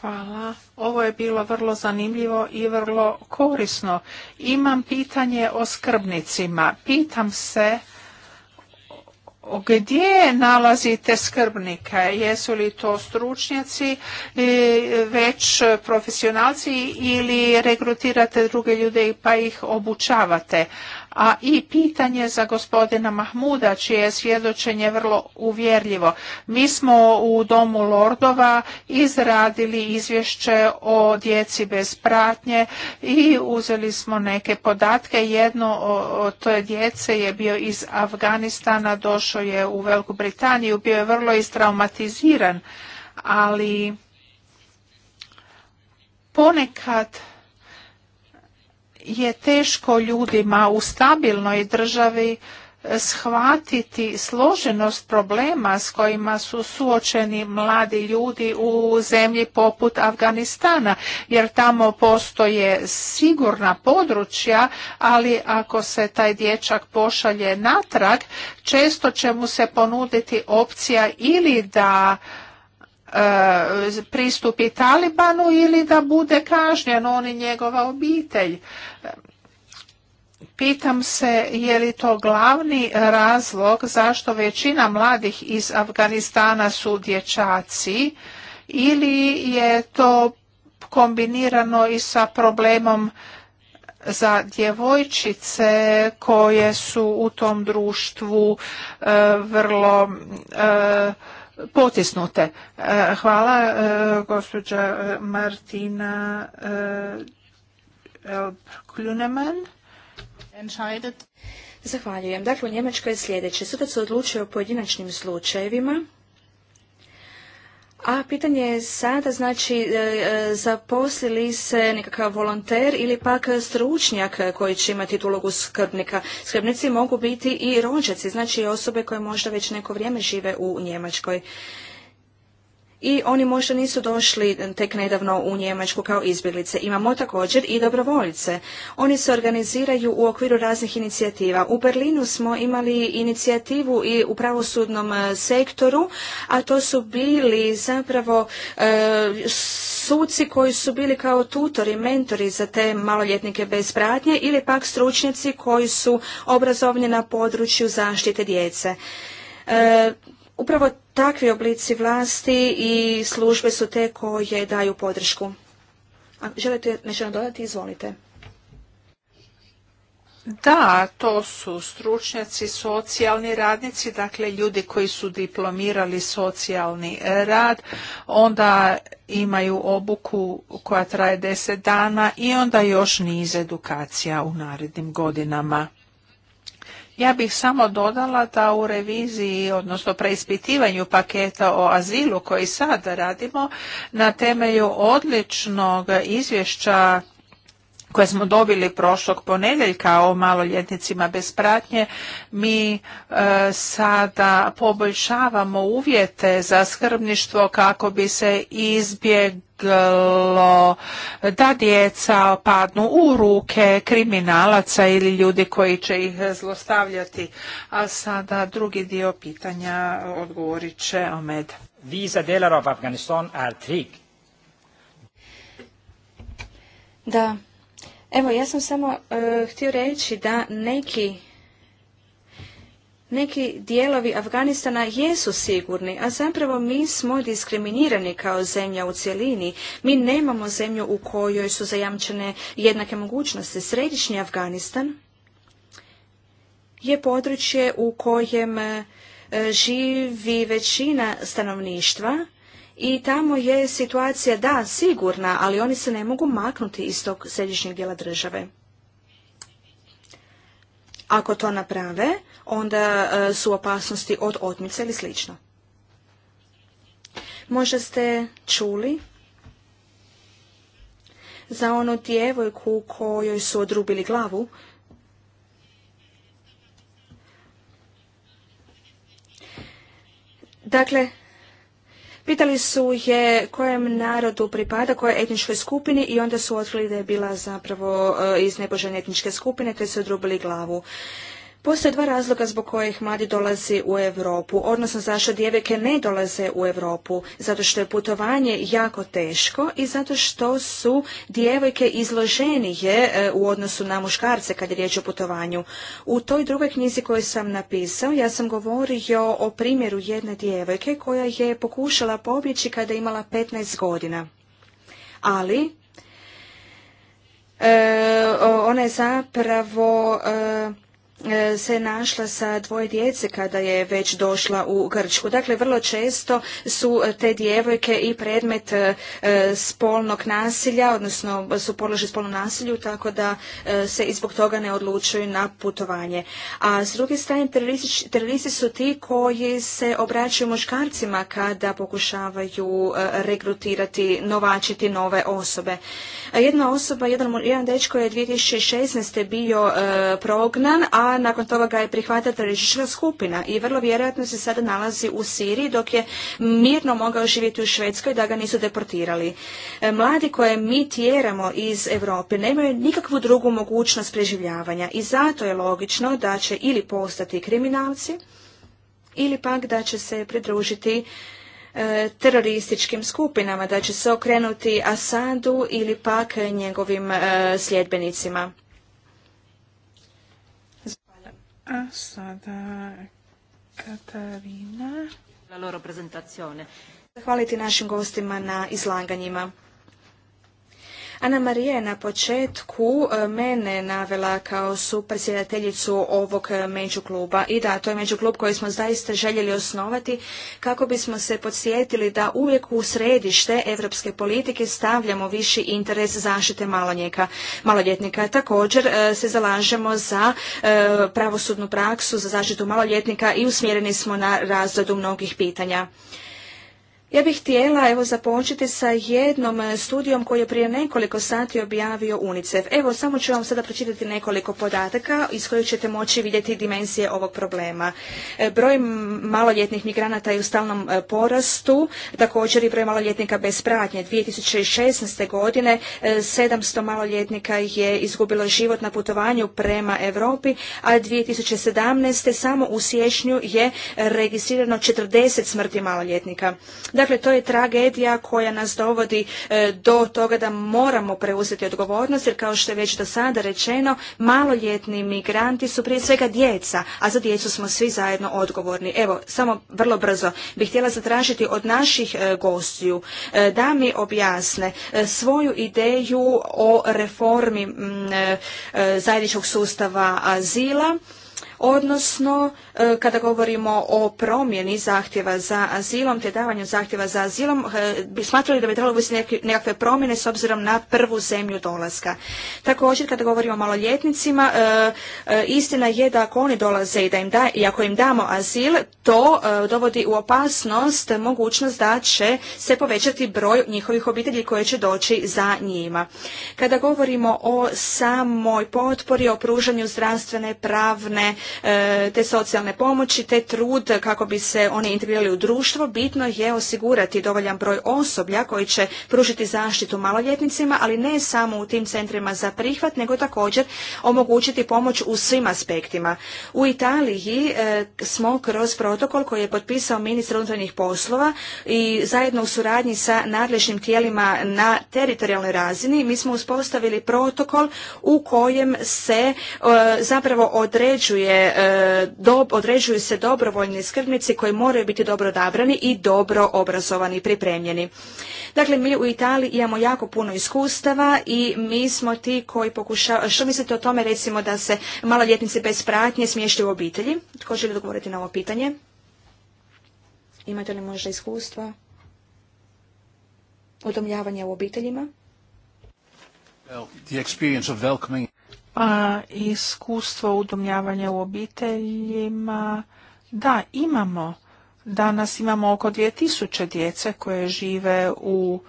Hvala. Ovo je bilo vrlo zanimljivo i vrlo korisno. Imam pitanje o skrbnicima. Pitam se gdje nalazite skrbnike? Jesu li to stručnjaci, e, već profesionalci ili rekrutirate druge ljude pa ih obučavate? a i pitanje za gospodina Mahmuda, čije je svjedočenje vrlo uvjerljivo. Mi smo u Domu Lordova izradili izvješće o djeci bez pratnje i uzeli smo neke podatke. Jedno od toj djece je bio iz Afganistana, došao je u Veliku Britaniju, bio je vrlo istraumatiziran, ali ponekad je teško ljudima u stabilnoj državi e, shvatiti složenost problema s kojima su suočeni mladi ljudi u zemlji poput Afganistana, jer tamo postoje sigurna područja, ali ako se taj dječak pošalje natrag, često će mu se ponuditi opcija ili da E, pristupi Talibanu ili da bude kažnjen on i njegova obitelj. Pitam se je li to glavni razlog zašto većina mladih iz Afganistana su dječaci ili je to kombinirano i sa problemom za djevojčice koje su u tom društvu e, vrlo e, potisnute. E, hvala e, gospođa
Martina e, Kluneman. Zahvaljujem. Dakle, u Njemačkoj je sljedeće. se odlučuje o pojedinačnim slučajevima a pitanje je sada, znači, e, e, zaposlili se nekakav volonter ili pak stručnjak koji će imati tu ulogu skrbnika. Skrbnici mogu biti i rođaci, znači osobe koje možda već neko vrijeme žive u Njemačkoj i oni možda nisu došli tek nedavno u Njemačku kao izbjeglice. Imamo također i dobrovoljce. Oni se organiziraju u okviru raznih inicijativa. U Berlinu smo imali inicijativu i u pravosudnom e, sektoru, a to su bili zapravo e, suci koji su bili kao tutori, mentori za te maloljetnike bez pratnje ili pak stručnjaci koji su obrazovni na području zaštite djece. E, upravo takvi oblici vlasti i službe su te koje daju podršku. A želite nešto dodati? Izvolite.
Da, to su stručnjaci, socijalni radnici, dakle ljudi koji su diplomirali socijalni rad, onda imaju obuku koja traje deset dana i onda još niz edukacija u narednim godinama. Ja bih samo dodala da u reviziji, odnosno preispitivanju paketa o azilu koji sada radimo, na temelju odličnog izvješća koje smo dobili prošlog ponedjeljka o maloljetnicima bez pratnje, mi e, sada poboljšavamo uvjete za skrbništvo kako bi se izbjeg da djeca padnu u ruke kriminalaca ili ljudi koji će ih zlostavljati. A sada drugi dio pitanja odgovorit će Omed. Visa delar Afganistan are trik.
Da, evo ja sam samo eh, htio reći da neki neki dijelovi Afganistana jesu sigurni, a zapravo mi smo diskriminirani kao zemlja u cjelini. Mi nemamo zemlju u kojoj su zajamčene jednake mogućnosti. Središnji Afganistan je područje u kojem e, živi većina stanovništva i tamo je situacija, da, sigurna, ali oni se ne mogu maknuti iz tog središnjeg dijela države. Ako to naprave, onda e, su opasnosti od otmice ili slično. Možda ste čuli za onu djevojku kojoj su odrubili glavu. Dakle, pitali su je kojem narodu pripada, kojoj etničkoj skupini i onda su otkrili da je bila zapravo e, iz nepoželjne etničke skupine te su odrubili glavu. Postoje dva razloga zbog kojih mladi dolazi u Europu, odnosno zašto djeveke ne dolaze u Europu, zato što je putovanje jako teško i zato što su djevojke izloženije e, u odnosu na muškarce kad je riječ o putovanju. U toj drugoj knjizi koju sam napisao, ja sam govorio o primjeru jedne djevojke koja je pokušala pobjeći kada je imala 15 godina. Ali, e, ona je zapravo... E, E, se našla sa dvoje djece kada je već došla u Grčku. Dakle, vrlo često su te djevojke i predmet e, spolnog nasilja, odnosno su podložne spolnom nasilju, tako da e, se i zbog toga ne odlučuju na putovanje. A s druge strane, teroristi su ti koji se obraćaju muškarcima kada pokušavaju regrutirati, novačiti nove osobe. Jedna osoba, jedan, jedan dečko je 2016. bio prognan, a nakon toga ga je prihvatila teroristička skupina i vrlo vjerojatno se sada nalazi u Siriji dok je mirno mogao živjeti u Švedskoj da ga nisu deportirali. E, mladi koje mi tjeramo iz Europe nemaju nikakvu drugu mogućnost preživljavanja i zato je logično da će ili postati kriminalci ili pak da će se pridružiti e, terorističkim skupinama, da će se okrenuti Asadu ili pak njegovim e, sljedbenicima. A sada Katarina. La loro Zahvaliti našim gostima na izlaganjima. Ana Marija je na početku e, mene navela kao supersjedateljicu ovog međukluba. I da, to je međuklub koji smo zaista željeli osnovati kako bismo se podsjetili da uvijek u središte europske politike stavljamo viši interes zaštite maloljetnika. maloljetnika. Također e, se zalažemo za e, pravosudnu praksu za zaštitu maloljetnika i usmjereni smo na razradu mnogih pitanja. Ja bih htjela evo započeti sa jednom e, studijom koju je prije nekoliko sati objavio UNICEF. Evo samo ću vam sada pročitati nekoliko podataka iz kojih ćete moći vidjeti dimenzije ovog problema. E, broj maloljetnih migranata je u stalnom e, porastu, također i broj maloljetnika bez pratnje. 2016. godine 700 maloljetnika je izgubilo život na putovanju prema Europi, a 2017. samo u siječnju je registrirano 40 smrti maloljetnika. Dakle, to je tragedija koja nas dovodi e, do toga da moramo preuzeti odgovornost, jer kao što je već do sada rečeno, maloljetni migranti su prije svega djeca, a za djecu smo svi zajedno odgovorni. Evo, samo vrlo brzo bih htjela zatražiti od naših e, gostiju e, da mi objasne svoju ideju o reformi zajedničkog sustava azila odnosno e, kada govorimo o promjeni zahtjeva za azilom te davanju zahtjeva za azilom e, bi smatrali da bi trebalo biti nekakve promjene s obzirom na prvu zemlju dolaska. Također kada govorimo o maloljetnicima e, istina je da ako oni dolaze i da im da i ako im damo azil to dovodi u opasnost mogućnost da će se povećati broj njihovih obitelji koje će doći za njima. Kada govorimo o samoj potpori, o pružanju zdravstvene, pravne, E, te socijalne pomoći, te trud kako bi se oni integrirali u društvo, bitno je osigurati dovoljan broj osoblja koji će pružiti zaštitu maloljetnicima, ali ne samo u tim centrima za prihvat, nego također omogućiti pomoć u svim aspektima. U Italiji e, smo kroz protokol koji je potpisao ministar unutarnjih poslova i zajedno u suradnji sa nadležnim tijelima na teritorijalnoj razini mi smo uspostavili protokol u kojem se e, zapravo određuje E, određuju se dobrovoljni skrbnici koji moraju biti dobro odabrani i dobro obrazovani i pripremljeni. Dakle, mi u Italiji imamo jako puno iskustava i mi smo ti koji pokušavaju, što mislite o tome recimo da se maloljetnici bez pratnje smještaju u obitelji? Tko želi odgovoriti na ovo pitanje? Imate li možda iskustva? Udomljavanje u obiteljima?
Well, the experience of welcoming a, iskustvo udomljavanja u obiteljima. Da, imamo. Danas imamo oko 2000 djece koje žive u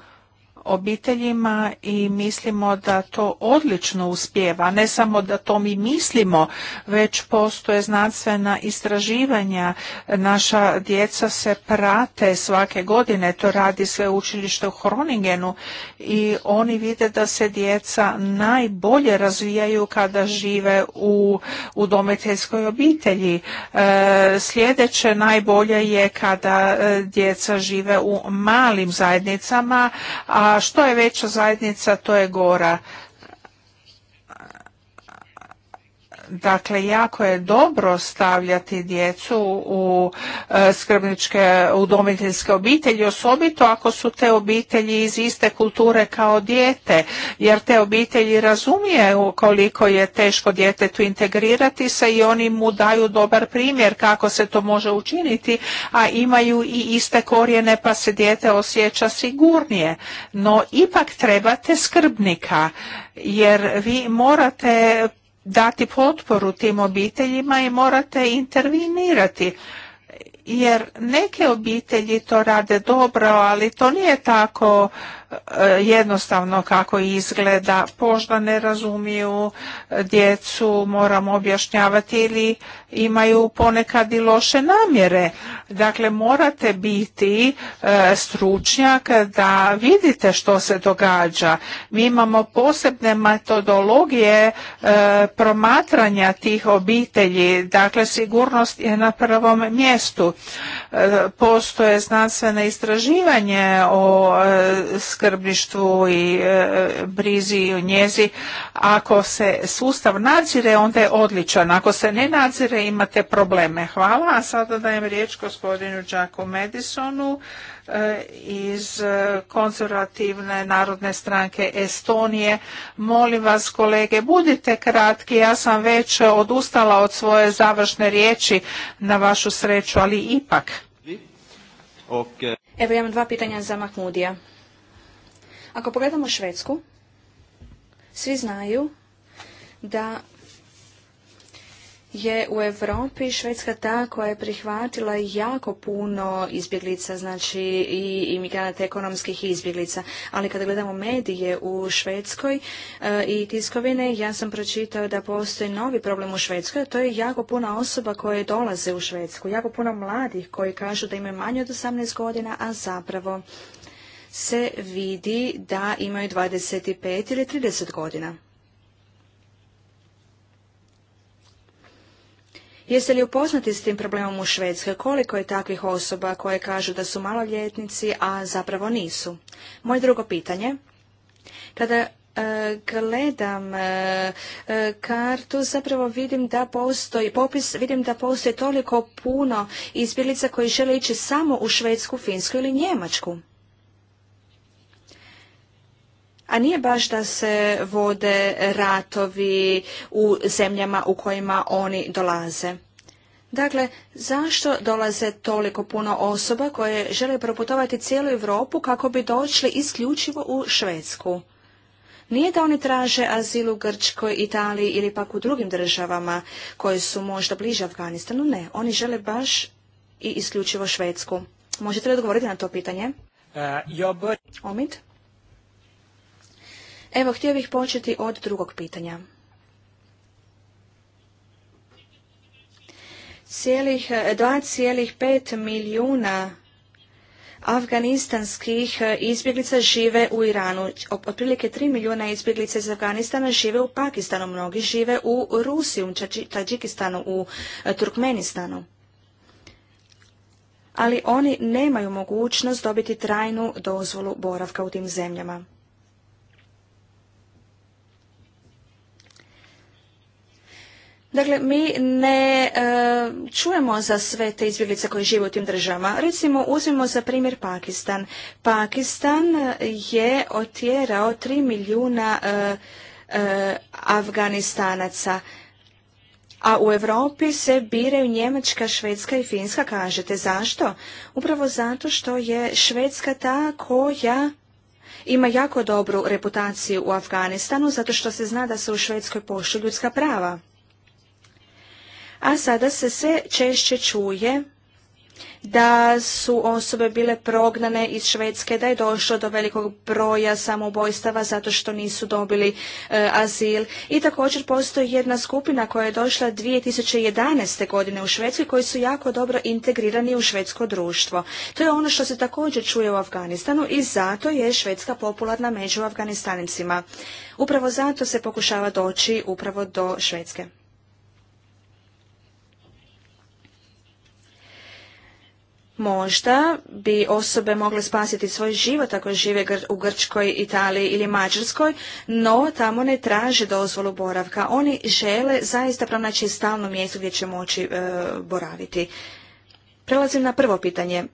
obiteljima i mislimo da to odlično uspjeva. Ne samo da to mi mislimo, već postoje znanstvena istraživanja. Naša djeca se prate svake godine, to radi sve učilište u Hroningenu i oni vide da se djeca najbolje razvijaju kada žive u udomiteljskoj obitelji. E, sljedeće najbolje je kada e, djeca žive u malim zajednicama, a a što je veća zajednica to je gora. Dakle, jako je dobro stavljati djecu u e, skrbničke udomiteljske obitelji, osobito ako su te obitelji iz iste kulture kao dijete, jer te obitelji razumije koliko je teško djetetu integrirati se i oni mu daju dobar primjer kako se to može učiniti, a imaju i iste korijene pa se dijete osjeća sigurnije. No, ipak trebate skrbnika, jer vi morate dati potporu tim obiteljima i morate intervenirati jer neke obitelji to rade dobro, ali to nije tako E, jednostavno kako izgleda, Požda ne razumiju djecu, moramo objašnjavati ili imaju ponekad i loše namjere. Dakle, morate biti e, stručnjak da vidite što se događa. Mi imamo posebne metodologije e, promatranja tih obitelji, dakle sigurnost je na prvom mjestu. Postoje znanstvene istraživanje o skrbništvu i e, brizi i njezi. Ako se sustav nadzire, onda je odličan. Ako se ne nadzire, imate probleme. Hvala. A sada dajem riječ gospodinu Jacku Madisonu e, iz e, konzervativne narodne stranke Estonije. Molim vas kolege, budite kratki, ja sam već odustala od svoje završne riječi na vašu sreću, ali ipak.
Evo ja imam dva pitanja za Mahmudija. Ako pogledamo Švedsku, svi znaju da je u Europi Švedska ta koja je prihvatila jako puno izbjeglica, znači i imigranata ekonomskih izbjeglica. Ali kada gledamo medije u Švedskoj eh, i tiskovine, ja sam pročitao da postoji novi problem u Švedskoj, a to je jako puno osoba koje dolaze u Švedsku, jako puno mladih koji kažu da imaju manje od 18 godina, a zapravo se vidi da imaju 25 ili 30 godina. Jeste li upoznati s tim problemom u Švedskoj? Koliko je takvih osoba koje kažu da su maloljetnici, a zapravo nisu? Moje drugo pitanje. Kada e, gledam e, e, kartu, zapravo vidim da postoji popis, vidim da postoji toliko puno izbjeglica koji žele ići samo u Švedsku, Finsku ili Njemačku a nije baš da se vode ratovi u zemljama u kojima oni dolaze. Dakle, zašto dolaze toliko puno osoba koje žele proputovati cijelu Europu kako bi došli isključivo u Švedsku? Nije da oni traže azil u Grčkoj, Italiji ili pak u drugim državama koje su možda bliže Afganistanu, ne. Oni žele baš i isključivo Švedsku. Možete li odgovoriti na to pitanje?
Uh,
Evo, htio bih početi od drugog pitanja. Cijelih 2,5 eh, milijuna afganistanskih eh, izbjeglica žive u Iranu. Otprilike 3 milijuna izbjeglica iz Afganistana žive u Pakistanu. Mnogi žive u Rusiji, u Tadžikistanu, u eh, Turkmenistanu. Ali oni nemaju mogućnost dobiti trajnu dozvolu boravka u tim zemljama. Dakle, mi ne e, čujemo za sve te izbjeglice koje žive u tim državama. Recimo, uzmimo za primjer Pakistan. Pakistan je otjerao 3 milijuna e, e, Afganistanaca. A u Europi se biraju Njemačka, Švedska i Finska, kažete. Zašto? Upravo zato što je Švedska ta koja ima jako dobru reputaciju u Afganistanu, zato što se zna da se u Švedskoj poštu ljudska prava a sada se sve češće čuje da su osobe bile prognane iz Švedske, da je došlo do velikog broja samoubojstava zato što nisu dobili e, azil. I također postoji jedna skupina koja je došla 2011. godine u i koji su jako dobro integrirani u švedsko društvo. To je ono što se također čuje u Afganistanu i zato je Švedska popularna među Afganistanicima. Upravo zato se pokušava doći upravo do Švedske. Možda bi osobe mogle spasiti svoj život ako žive u Grčkoj, Italiji ili Mađarskoj, no tamo ne traže dozvolu boravka. Oni žele zaista pronaći stalno mjesto gdje će moći e, boraviti. Prelazim na prvo pitanje.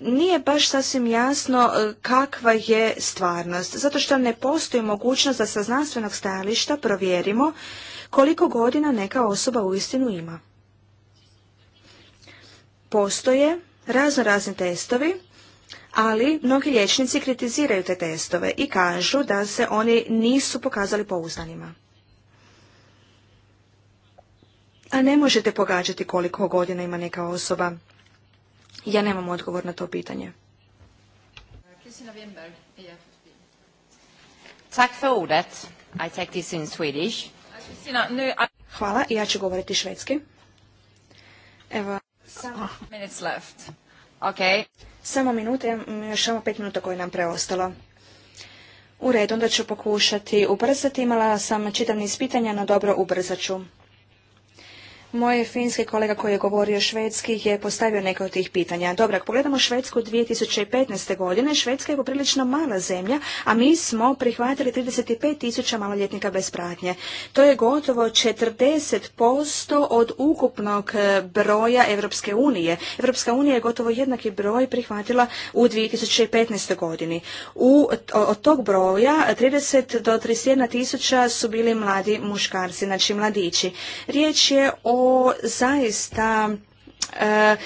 Nije baš sasvim jasno e, kakva je stvarnost, zato što ne postoji mogućnost da sa znanstvenog stajališta provjerimo koliko godina neka osoba uistinu ima postoje razno razni testovi ali mnogi liječnici kritiziraju te testove i kažu da se oni nisu pokazali pouzdanima. A ne možete pogađati koliko godina ima neka osoba. Ja nemam odgovor na to pitanje. Hvala, ja ću govoriti švedski. Evo,
samo ah. minutes
Samo minute, još samo pet minuta koje nam preostalo. U redu, onda ću pokušati ubrzati. Imala sam čitav niz pitanja, no dobro ubrzat ću. Moj finski kolega koji je govorio švedski je postavio neke od tih pitanja. Dobro, ako pogledamo Švedsku 2015. godine, Švedska je poprilično mala zemlja, a mi smo prihvatili 35 tisuća maloljetnika bez pratnje. To je gotovo 40% od ukupnog e, broja Evropske unije. Evropska unija je gotovo jednaki broj prihvatila u 2015. godini. U, od tog broja 30 do 31 tisuća su bili mladi muškarci, znači mladići. Riječ je o to zaista e,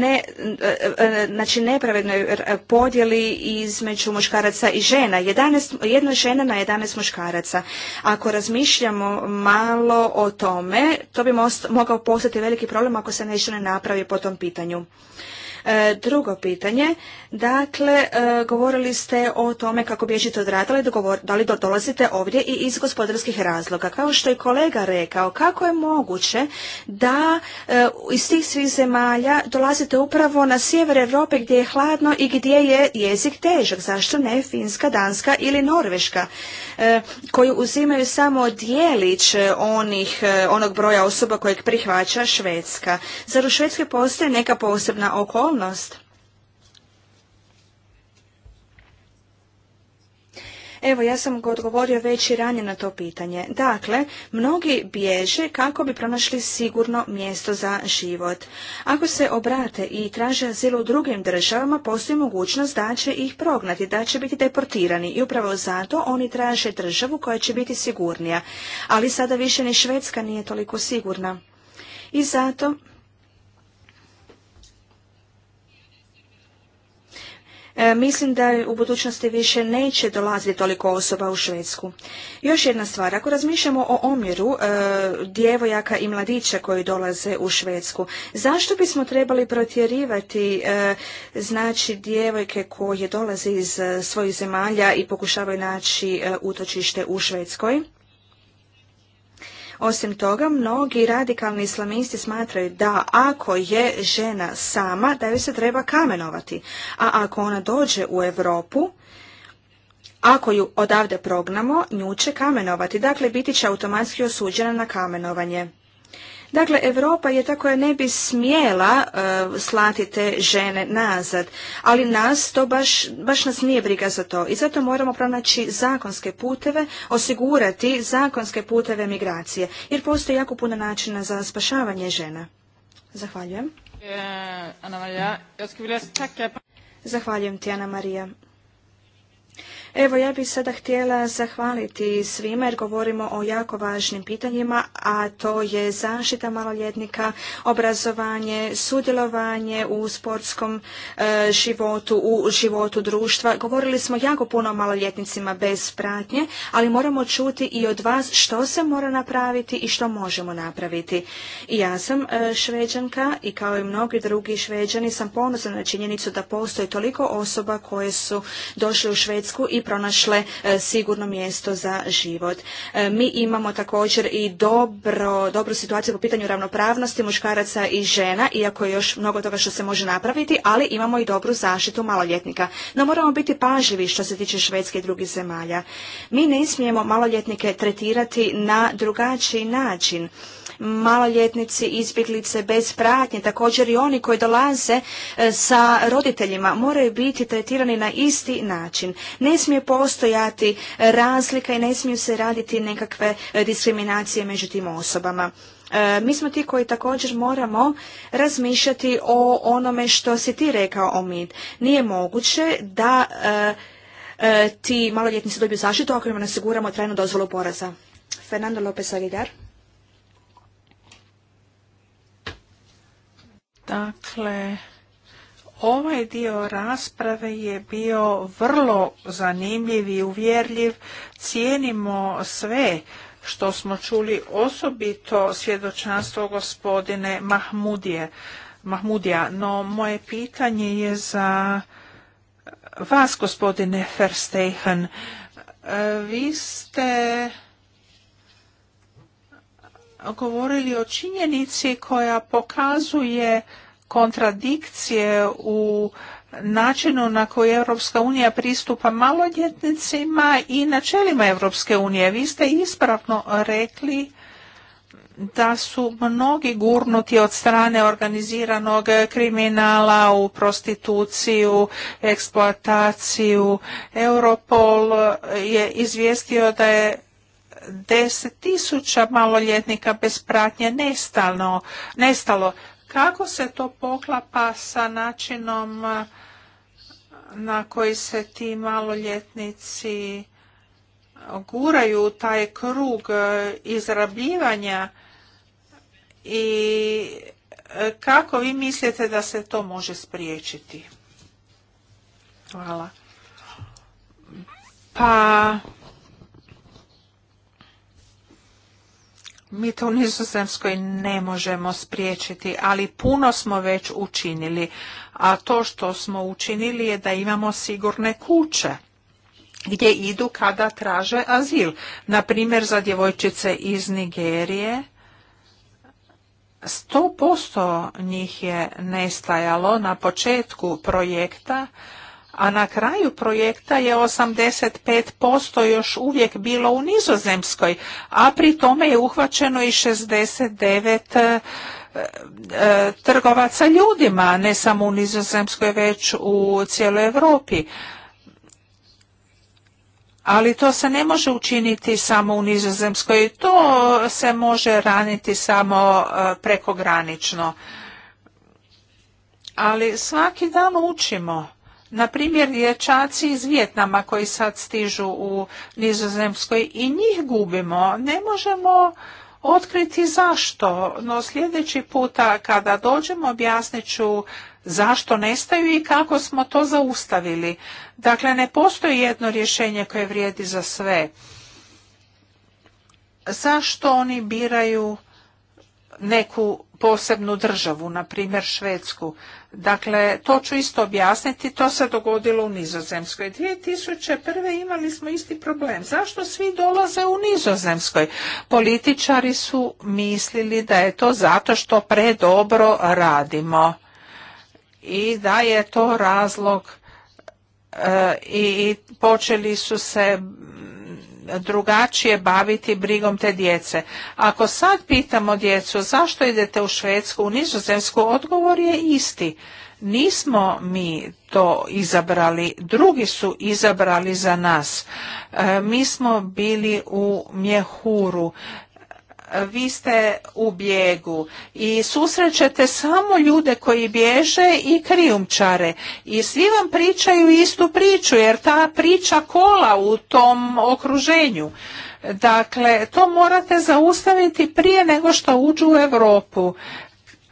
ne, e, e, znači nepravednoj podjeli između muškaraca i žena. 11, jedna žena na 11 muškaraca. Ako razmišljamo malo o tome, to bi mogao postati veliki problem ako se nešto ne napravi po tom pitanju. E, drugo pitanje, dakle, e, govorili ste o tome kako bježite od rata, da li dolazite ovdje i iz gospodarskih razloga. Kao što je kolega rekao, kako je moguće da e, iz tih svih zemalja dolazite upravo na sjever Europe gdje je hladno i gdje je jezik težak? Zašto ne Finska, Danska ili Norveška koju uzimaju samo dijelić onih, onog broja osoba kojeg prihvaća Švedska? Zar u Švedskoj postoji neka posebna okolnost? realnost. Evo, ja sam ga odgovorio već i ranije na to pitanje. Dakle, mnogi bježe kako bi pronašli sigurno mjesto za život. Ako se obrate i traže azil u drugim državama, postoji mogućnost da će ih prognati, da će biti deportirani i upravo zato oni traže državu koja će biti sigurnija. Ali sada više ni Švedska nije toliko sigurna. I zato E, mislim da u budućnosti više neće dolaziti toliko osoba u Švedsku. Još jedna stvar, ako razmišljamo o omjeru e, djevojaka i mladića koji dolaze u Švedsku, zašto bismo trebali protjerivati e, znači djevojke koje dolaze iz svojih zemalja i pokušavaju naći utočište u Švedskoj? Osim toga, mnogi radikalni islamisti smatraju da ako je žena sama, da joj se treba kamenovati. A ako ona dođe u Europu, ako ju odavde prognamo, nju će kamenovati, dakle biti će automatski osuđena na kamenovanje. Dakle, Evropa je ta koja ne bi smjela e, slati te žene nazad, ali nas to baš, baš nas nije briga za to i zato moramo pronaći zakonske puteve, osigurati zakonske puteve migracije, jer postoji jako puno načina za spašavanje žena. Zahvaljujem. Eh, Zahvaljujem ti, Ana Marija. Evo, ja bih sada htjela zahvaliti svima jer govorimo o jako važnim pitanjima, a to je zaštita maloljetnika, obrazovanje, sudjelovanje u sportskom e, životu, u životu društva. Govorili smo jako puno o maloljetnicima bez pratnje, ali moramo čuti i od vas što se mora napraviti i što možemo napraviti. I ja sam e, šveđanka i kao i mnogi drugi šveđani sam ponosna na činjenicu da postoji toliko osoba koje su došle u Švedsku i pronašle e, sigurno mjesto za život. E, mi imamo također i dobro, dobru situaciju po pitanju ravnopravnosti muškaraca i žena, iako je još mnogo toga što se može napraviti, ali imamo i dobru zaštitu maloljetnika. No moramo biti pažljivi što se tiče Švedske i drugih zemalja. Mi ne smijemo maloljetnike tretirati na drugačiji način maloljetnici, izbjeglice bez pratnje, također i oni koji dolaze e, sa roditeljima moraju biti tretirani na isti način. Ne smije postojati razlika i ne smiju se raditi nekakve e, diskriminacije među tim osobama. E, mi smo ti koji također moramo razmišljati o onome što si ti rekao Omid. Nije moguće da ti maloljetnici dobiju zaštitu ako im ne osiguramo trajnu dozvolu poraza. Fernando Lopez Aguilar. Dakle,
ovaj dio rasprave je bio vrlo zanimljiv i uvjerljiv. Cijenimo sve što smo čuli, osobito svjedočanstvo gospodine Mahmudije. Mahmudija, no moje pitanje je za vas, gospodine Verstehen. E, vi ste govorili o činjenici koja pokazuje kontradikcije u načinu na koji Europska unija pristupa maloljetnicima i načelima Europske unije. Vi ste ispravno rekli da su mnogi gurnuti od strane organiziranog kriminala u prostituciju, eksploataciju. Europol je izvijestio da je deset tisuća maloljetnika bez pratnje nestalo nestalo. Kako se to poklapa sa načinom na koji se ti maloljetnici guraju taj krug izrabljivanja i kako vi mislite da se to može spriječiti? Hvala. Pa Mi to u Nizozemskoj ne možemo spriječiti, ali puno smo već učinili. A to što smo učinili je da imamo sigurne kuće gdje idu kada traže azil. Na primjer za djevojčice iz Nigerije 100% njih je nestajalo na početku projekta, a na kraju projekta je 85% još uvijek bilo u Nizozemskoj, a pri tome je uhvaćeno i 69 e, e, trgovaca ljudima, ne samo u Nizozemskoj, već u cijeloj Europi. Ali to se ne može učiniti samo u Nizozemskoj, to se može raniti samo e, prekogranično. Ali svaki dan učimo. Na primjer, dječaci iz Vijetnama koji sad stižu u Nizozemskoj i njih gubimo. Ne možemo otkriti zašto, no sljedeći puta kada dođemo objasnit ću zašto nestaju i kako smo to zaustavili. Dakle, ne postoji jedno rješenje koje vrijedi za sve. Zašto oni biraju neku posebnu državu, na primjer Švedsku? Dakle, to ću isto objasniti, to se dogodilo u Nizozemskoj. 2001. imali smo isti problem. Zašto svi dolaze u Nizozemskoj? Političari su mislili da je to zato što predobro radimo i da je to razlog e, i počeli su se drugačije baviti brigom te djece. Ako sad pitamo djecu zašto idete u Švedsku, u Nizozemsku, odgovor je isti. Nismo mi to izabrali, drugi su izabrali za nas. E, mi smo bili u mjehuru vi ste u bijegu i susrećete samo ljude koji bježe i krijumčare i svi vam pričaju istu priču jer ta priča kola u tom okruženju. Dakle, to morate zaustaviti prije nego što uđu u Europu.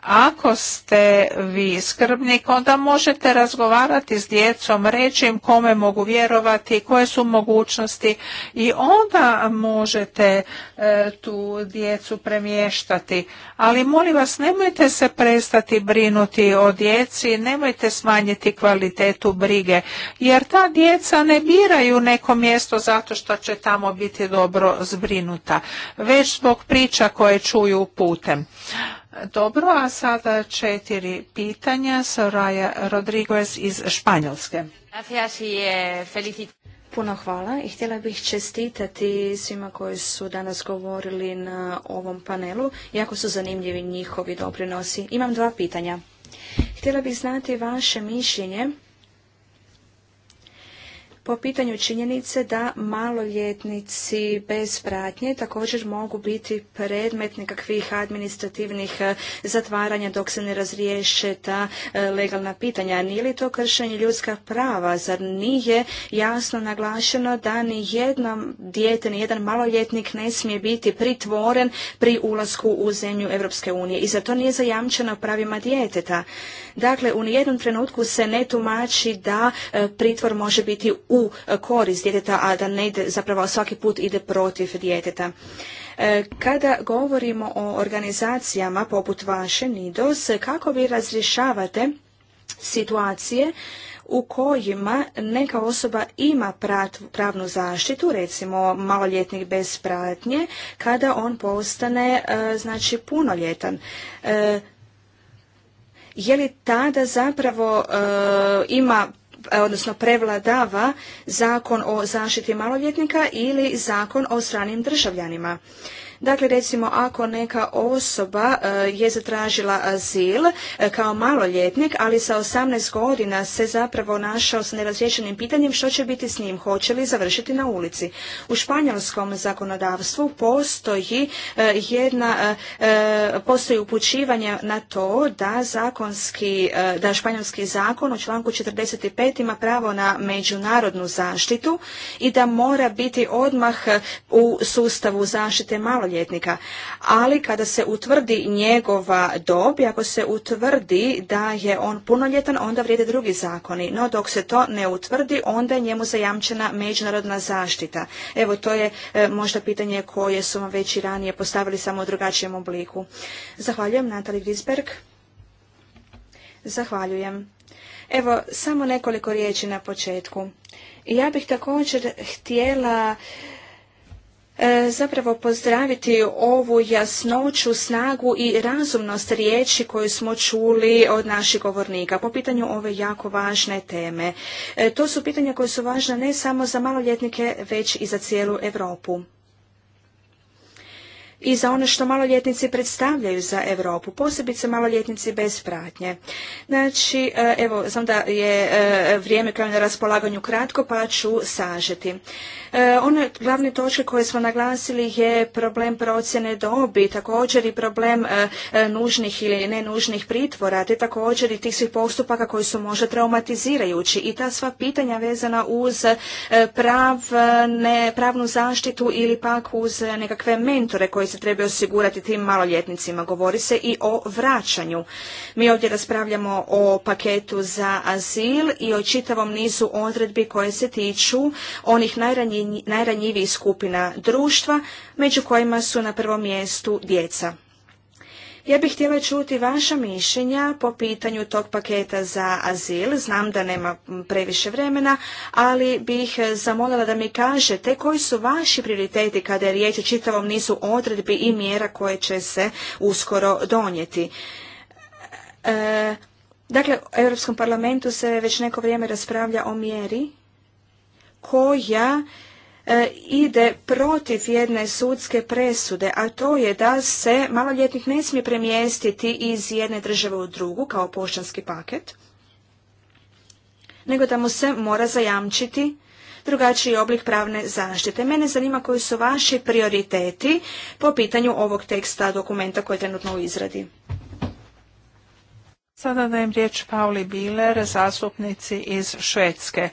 Ako ste vi skrbnik, onda možete razgovarati s djecom, reći im kome mogu vjerovati, koje su mogućnosti i onda možete e, tu djecu premještati. Ali molim vas, nemojte se prestati brinuti o djeci, nemojte smanjiti kvalitetu brige, jer ta djeca ne biraju neko mjesto zato što će tamo biti dobro zbrinuta, već zbog priča koje čuju putem. Dobro, a sada četiri pitanja. Soraya Rodriguez iz Španjolske.
Eh, Puno hvala i htjela bih čestitati svima koji su danas govorili na ovom panelu. Jako su zanimljivi njihovi doprinosi. Imam dva pitanja. Htjela bih znati vaše mišljenje po pitanju činjenice da maloljetnici bez pratnje također mogu biti predmet nekakvih administrativnih e, zatvaranja dok se ne razriješe ta e, legalna pitanja. Nije li to kršenje ljudska prava? Zar nije jasno naglašeno da ni jedno dijete, ni jedan maloljetnik ne smije biti pritvoren pri ulasku u zemlju Europske unije i za to nije zajamčeno pravima djeteta. Dakle, u nijednom trenutku se ne tumači da e, pritvor može biti u e, korist djeteta, a da ne ide, zapravo svaki put ide protiv djeteta. E, kada govorimo o organizacijama poput vaše NIDOS, kako vi razrješavate situacije u kojima neka osoba ima pravnu zaštitu, recimo maloljetnik bez pratnje, kada on postane e, znači punoljetan. Je li tada zapravo ima E, odnosno prevladava zakon o zaštiti maloljetnika ili zakon o stranim državljanima. Dakle, recimo, ako neka osoba e, je zatražila azil e, kao maloljetnik, ali sa 18 godina se zapravo našao sa nerazriješenim pitanjem što će biti s njim, hoće li završiti na ulici. U španjolskom zakonodavstvu postoji e, jedna, postoji upućivanje na to da zakonski, da španjolski zakon u članku 45 ima pravo na međunarodnu zaštitu i da mora biti odmah u sustavu zaštite maloljetnika maloljetnika. Ali kada se utvrdi njegova dob i ako se utvrdi da je on punoljetan, onda vrijede drugi zakoni. No dok se to ne utvrdi, onda je njemu zajamčena međunarodna zaštita. Evo, to je e, možda pitanje koje su vam već i ranije postavili samo u drugačijem obliku. Zahvaljujem, Natali Grisberg. Zahvaljujem. Evo, samo nekoliko riječi na početku. Ja bih također htjela E, zapravo pozdraviti ovu jasnoću, snagu i razumnost riječi koju smo čuli od naših govornika po pitanju ove jako važne teme. E, to su pitanja koja su važna ne samo za maloljetnike, već i za cijelu Europu i za ono što maloljetnici predstavljaju za Europu, posebice maloljetnici bez pratnje. Znači, e, evo, znam da je e, vrijeme kao na raspolaganju kratko, pa ću sažeti. E, one glavne točke koje smo naglasili je problem procjene dobi, također i problem nužnih ili nenužnih pritvora, te također i tih svih postupaka koji su možda traumatizirajući i ta sva pitanja vezana uz pravne, pravnu zaštitu ili pak uz nekakve mentore koji se trebaju osigurati tim maloljetnicima. Govori se i o vraćanju. Mi ovdje raspravljamo o paketu za azil i o čitavom nizu odredbi koje se tiču onih najranjivijih skupina društva, među kojima su na prvom mjestu djeca. Ja bih htjela čuti vaša mišljenja po pitanju tog paketa za azil. Znam da nema previše vremena, ali bih zamolila da mi kažete koji su vaši prioriteti kada je riječ o čitavom nisu odredbi i mjera koje će se uskoro donijeti. E, dakle, u Europskom parlamentu se već neko vrijeme raspravlja o mjeri koja E, ide protiv jedne sudske presude, a to je da se maloljetnik ne smije premjestiti iz jedne države u drugu kao poštanski paket, nego da mu se mora zajamčiti drugačiji oblik pravne zaštite. Mene zanima koji su vaši prioriteti po pitanju ovog teksta dokumenta koji je trenutno u izradi.
Sada dajem riječ Pauli Biler, zastupnici iz Švedske.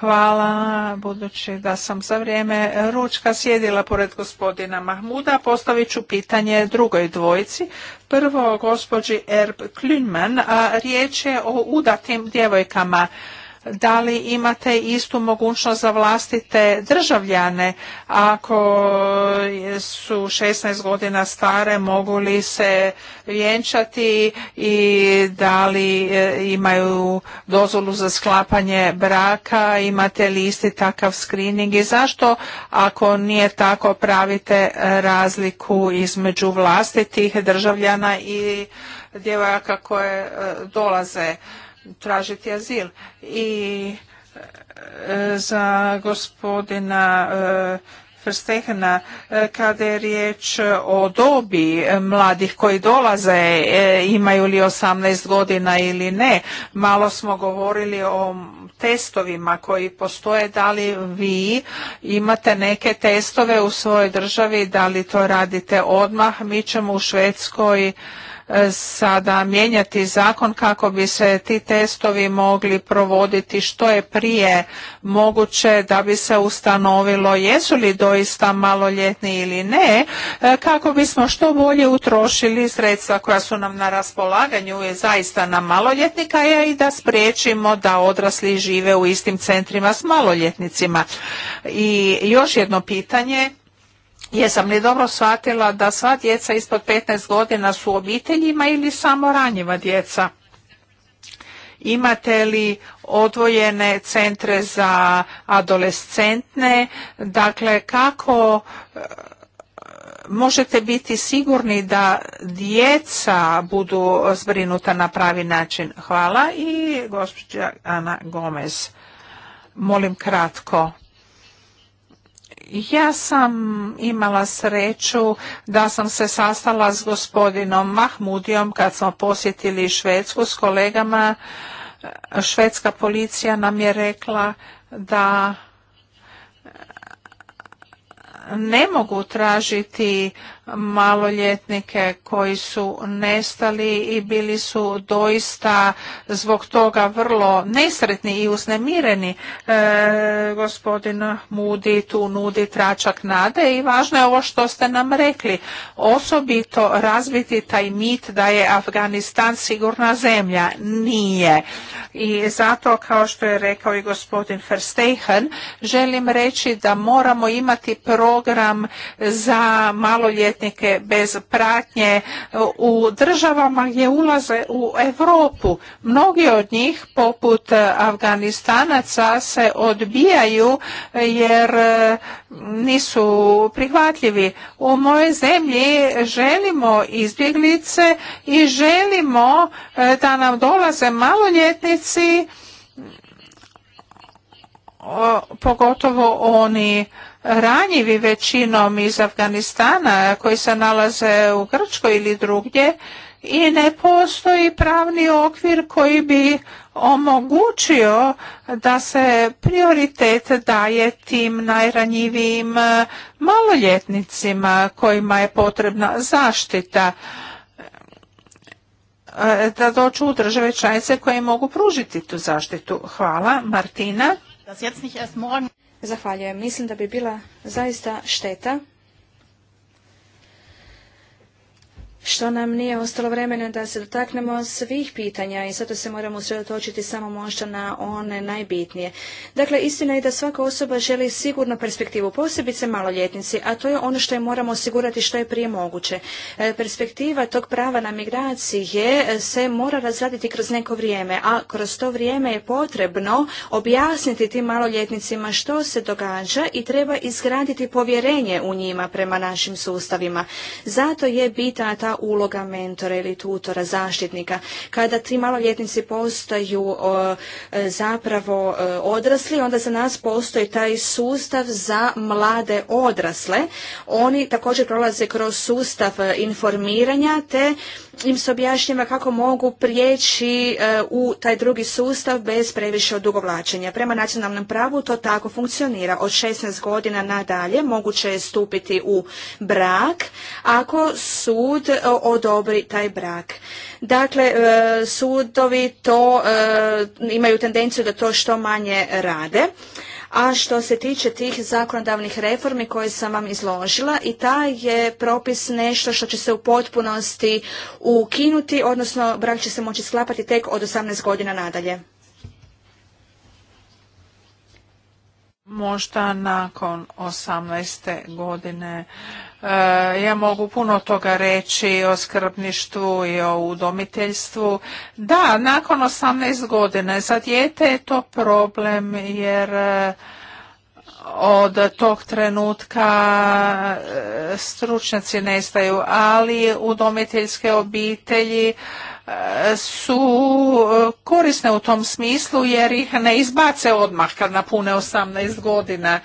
Hvala, budući da sam za vrijeme ručka sjedila pored gospodina Mahmuda, postavit ću pitanje drugoj dvojci. Prvo gospođi Erb Klünman, a riječ je o udatim djevojkama da li imate istu mogućnost za vlastite državljane ako su 16 godina stare mogu li se vjenčati i da li e, imaju dozvolu za sklapanje braka imate li isti takav screening i zašto ako nije tako pravite razliku između vlastitih državljana i djevojaka koje e, dolaze tražiti azil. I e, za gospodina Frstehena, e, e, kada je riječ o dobi mladih koji dolaze, imaju li 18 godina ili ne. Malo smo govorili o testovima koji postoje, da li vi imate neke testove u svojoj državi, da li to radite odmah. Mi ćemo u Švedskoj E, sada mijenjati zakon kako bi se ti testovi mogli provoditi što je prije moguće da bi se ustanovilo jesu li doista maloljetni ili ne e, kako bismo što bolje utrošili sredstva koja su nam na raspolaganju je zaista na maloljetnika e, i da spriječimo da odrasli žive u istim centrima s maloljetnicima. I još jedno pitanje Jesam li dobro shvatila da sva djeca ispod 15 godina su obiteljima ili samo ranjiva djeca? Imate li odvojene centre za adolescentne? Dakle, kako e, možete biti sigurni da djeca budu zbrinuta na pravi način? Hvala i gospođa Ana Gomez. Molim kratko. Ja sam imala sreću da sam se sastala s gospodinom Mahmudijom kad smo posjetili Švedsku s kolegama. Švedska policija nam je rekla da ne mogu tražiti maloljetnike koji su nestali i bili su doista zbog toga vrlo nesretni i uznemireni. E, gospodin Mudi tu nudi tračak nade i važno je ovo što ste nam rekli. Osobito razviti taj mit da je Afganistan sigurna zemlja. Nije. I zato, kao što je rekao i gospodin Verstehen, želim reći da moramo imati program za maloljetnike bez pratnje u državama gdje ulaze u Europu. Mnogi od njih, poput Afganistanaca, se odbijaju jer e, nisu prihvatljivi. U mojoj zemlji želimo izbjeglice i želimo e, da nam dolaze maloljetnici, pogotovo oni ranjivi većinom iz Afganistana koji se nalaze u Grčkoj ili drugdje i ne postoji pravni okvir koji bi omogućio da se prioritet daje tim najranjivijim e, maloljetnicima kojima je potrebna zaštita e, da dođu u države članice koje mogu pružiti tu zaštitu. Hvala. Martina.
Zahvaljujem. Mislim da bi bila zaista šteta što nam nije ostalo vremena da se dotaknemo svih pitanja i zato se moramo usredotočiti samo možda na one najbitnije. Dakle, istina je da svaka osoba želi sigurnu perspektivu, posebice maloljetnici, a to je ono što je moramo osigurati što je prije moguće. E, perspektiva tog prava na migracije se mora razraditi kroz neko vrijeme, a kroz to vrijeme je potrebno objasniti tim maloljetnicima što se događa i treba izgraditi povjerenje u njima prema našim sustavima. Zato je bitna ta uloga mentora ili tutora, zaštitnika. Kada ti maloljetnici postaju e, zapravo e, odrasli, onda za nas postoji taj sustav za mlade odrasle. Oni također prolaze kroz sustav e, informiranja te im se objašnjava kako mogu prijeći u taj drugi sustav bez previše odugovlačenja. Prema nacionalnom pravu to tako funkcionira. Od 16 godina nadalje moguće je stupiti u brak ako sud odobri taj brak. Dakle, e, sudovi to e, imaju tendenciju da to što manje rade. A što se tiče tih zakonodavnih reformi koje sam vam izložila i taj je propis nešto što će se u potpunosti ukinuti, odnosno brak će se moći sklapati tek od 18 godina nadalje.
Možda nakon 18. godine E, ja mogu puno toga reći o skrbništvu i o udomiteljstvu. Da, nakon 18 godina za dijete je to problem jer e, od tog trenutka e, stručnjaci nestaju, ali udomiteljske obitelji su e, korisne u tom smislu jer ih ne izbace odmah kad napune 18 godina.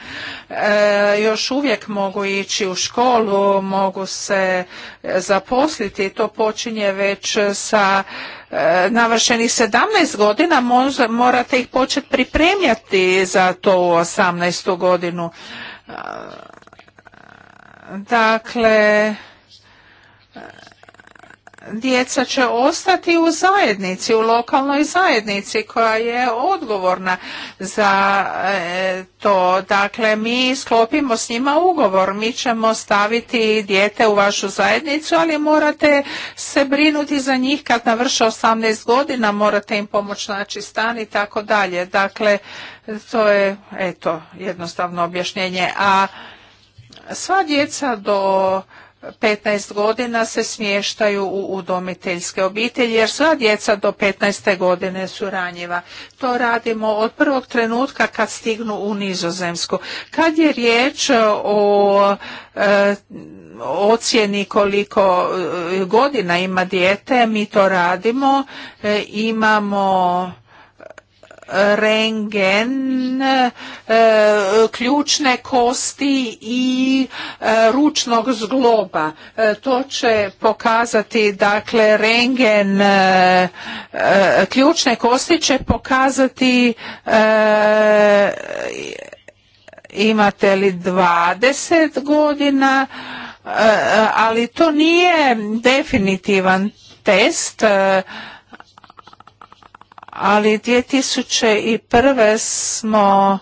E, još uvijek mogu ići u školu, mogu se zaposliti, to počinje već sa e, navršenih 17 godina, morate ih početi pripremljati za to 18. godinu. Dakle, djeca će ostati u zajednici, u lokalnoj zajednici koja je odgovorna za e, to. Dakle, mi sklopimo s njima ugovor, mi ćemo staviti dijete u vašu zajednicu, ali morate se brinuti za njih kad navrše 18 godina, morate im pomoći naći stan i tako dalje. Dakle, to je eto jednostavno objašnjenje. A sva djeca do 15 godina se smještaju u udomiteljske obitelji jer sva djeca do 15. godine su ranjiva. To radimo od prvog trenutka kad stignu u Nizozemsku. Kad je riječ o e, ocjeni koliko e, godina ima dijete, mi to radimo. E, imamo rengen e, ključne kosti i e, ručnog zgloba. E, to će pokazati, dakle, rengen ključne kosti će pokazati imate li 20 godina, ali to nije definitivan test ali 2001. smo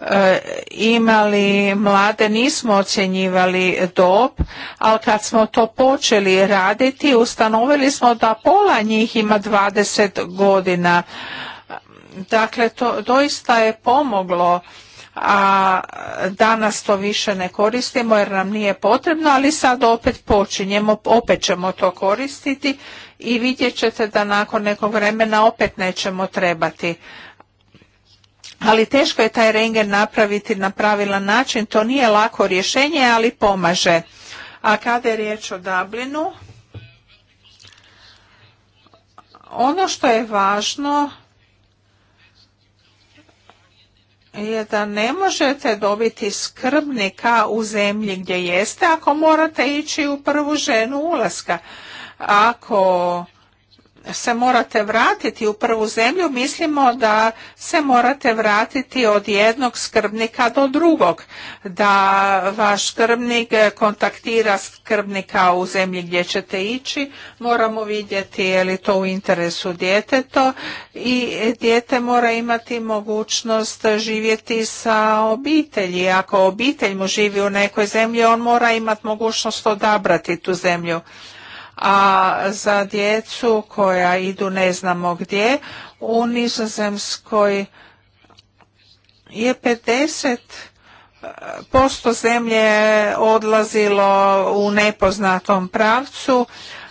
e, imali mlade, nismo ocjenjivali dob, ali kad smo to počeli raditi, ustanovili smo da pola njih ima 20 godina. Dakle, to doista je pomoglo a danas to više ne koristimo jer nam nije potrebno, ali sad opet počinjemo, opet ćemo to koristiti i vidjet ćete da nakon nekog vremena opet nećemo trebati. Ali teško je taj rengen napraviti na pravilan način, to nije lako rješenje, ali pomaže. A kada je riječ o Dublinu, ono što je važno je da ne možete dobiti skrbnika u zemlji gdje jeste ako morate ići u prvu ženu ulaska. Ako se morate vratiti u prvu zemlju, mislimo da se morate vratiti od jednog skrbnika do drugog, da vaš skrbnik kontaktira skrbnika u zemlji gdje ćete ići, moramo vidjeti je li to u interesu djeteta i dijete mora imati mogućnost živjeti sa obitelji. Ako obitelj mu živi u nekoj zemlji, on mora imati mogućnost odabrati tu zemlju a za djecu koja idu ne znamo gdje u Nizozemskoj je 50 posto zemlje odlazilo u nepoznatom pravcu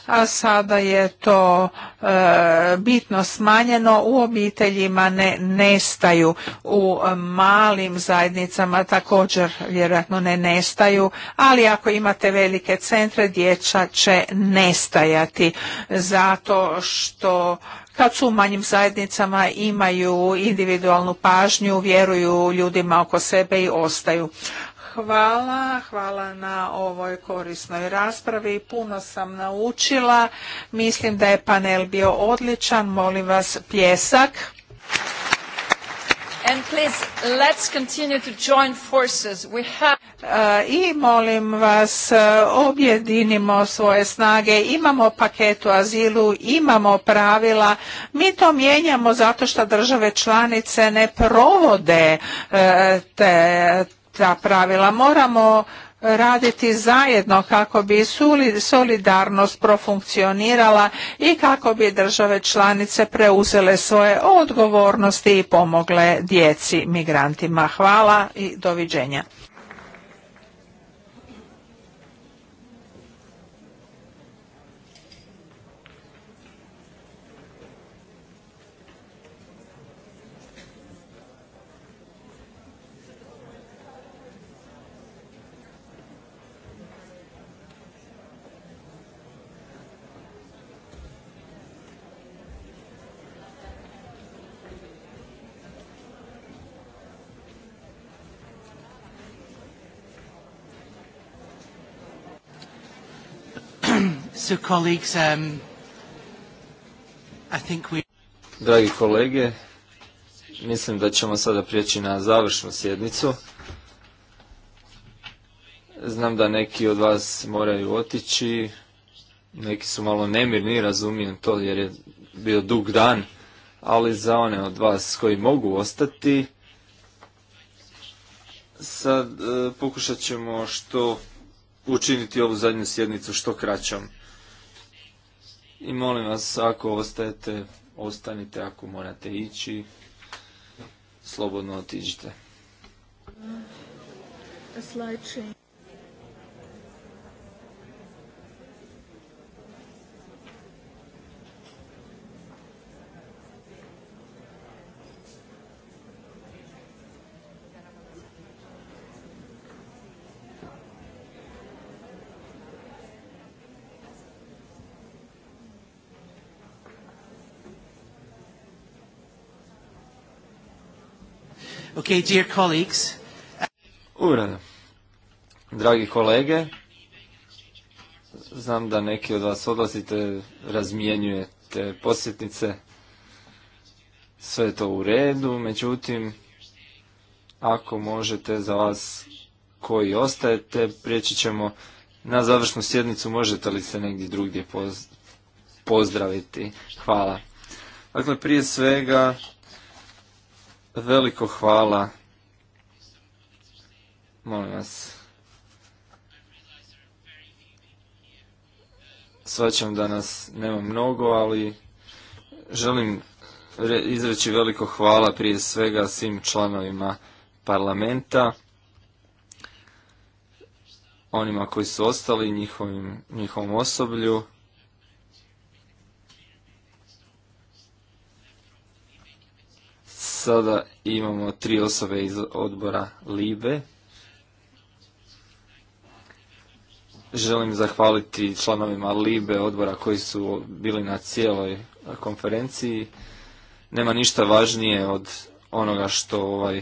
a sada je to e, bitno smanjeno u obiteljima ne nestaju u malim zajednicama također vjerojatno ne nestaju ali ako imate velike centre dječa će nestajati zato što kad su u manjim zajednicama imaju individualnu pažnju, vjeruju ljudima oko sebe i ostaju. Hvala, hvala na ovoj korisnoj raspravi. Puno sam naučila. Mislim da je panel bio odličan. Molim vas pljesak. And uh, I molim vas, uh, objedinimo svoje snage, imamo paket u azilu, imamo pravila, mi to mijenjamo zato što države članice ne provode uh, te, ta pravila. Moramo raditi zajedno kako bi solidarnost profunkcionirala i kako bi države članice preuzele svoje odgovornosti i pomogle djeci migrantima. Hvala i doviđenja. Um,
Dragi kolege, mislim da ćemo sada prijeći na završnu sjednicu. Znam da neki od vas moraju otići, neki su malo nemirni, razumijem to jer je bio dug dan, ali za one od vas koji mogu ostati, sad e, pokušat ćemo što učiniti ovu zadnju sjednicu što kraćom. I molim vas, ako ostajete, ostanite, ako morate ići, slobodno otiđite. Okay, dear colleagues. Dragi kolege, znam da neki od vas odlazite, razmijenjujete posjetnice, sve je to u redu, međutim, ako možete za vas koji ostajete, prijeći ćemo na završnu sjednicu, možete li se negdje drugdje pozdraviti. Hvala. Dakle, prije svega Veliko hvala. Molim vas. Svaćam da nas nema mnogo, ali želim izreći veliko hvala prije svega svim članovima parlamenta, onima koji su ostali, njihovim, njihovom osoblju. Sada imamo tri osobe iz odbora Libe. Želim zahvaliti članovima Libe odbora koji su bili na cijeloj konferenciji. Nema ništa važnije od onoga što ovaj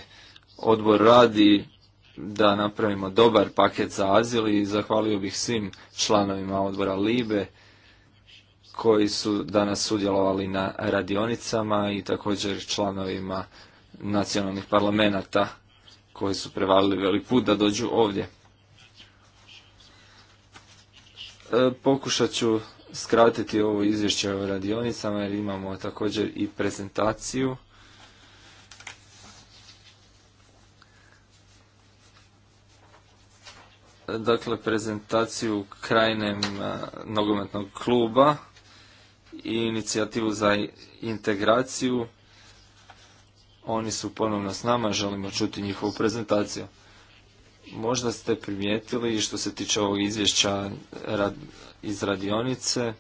odbor radi da napravimo dobar paket za azil i zahvalio bih svim članovima odbora Libe koji su danas sudjelovali na radionicama i također članovima nacionalnih parlamenta koji su prevalili velik put da dođu ovdje. E, pokušat ću skratiti ovo izvješće o radionicama jer imamo također i prezentaciju. Dakle, prezentaciju krajnem e, nogometnog kluba i inicijativu za integraciju. Oni su ponovno s nama, želimo čuti njihovu prezentaciju. Možda ste primijetili što se tiče ovog izvješća iz radionice,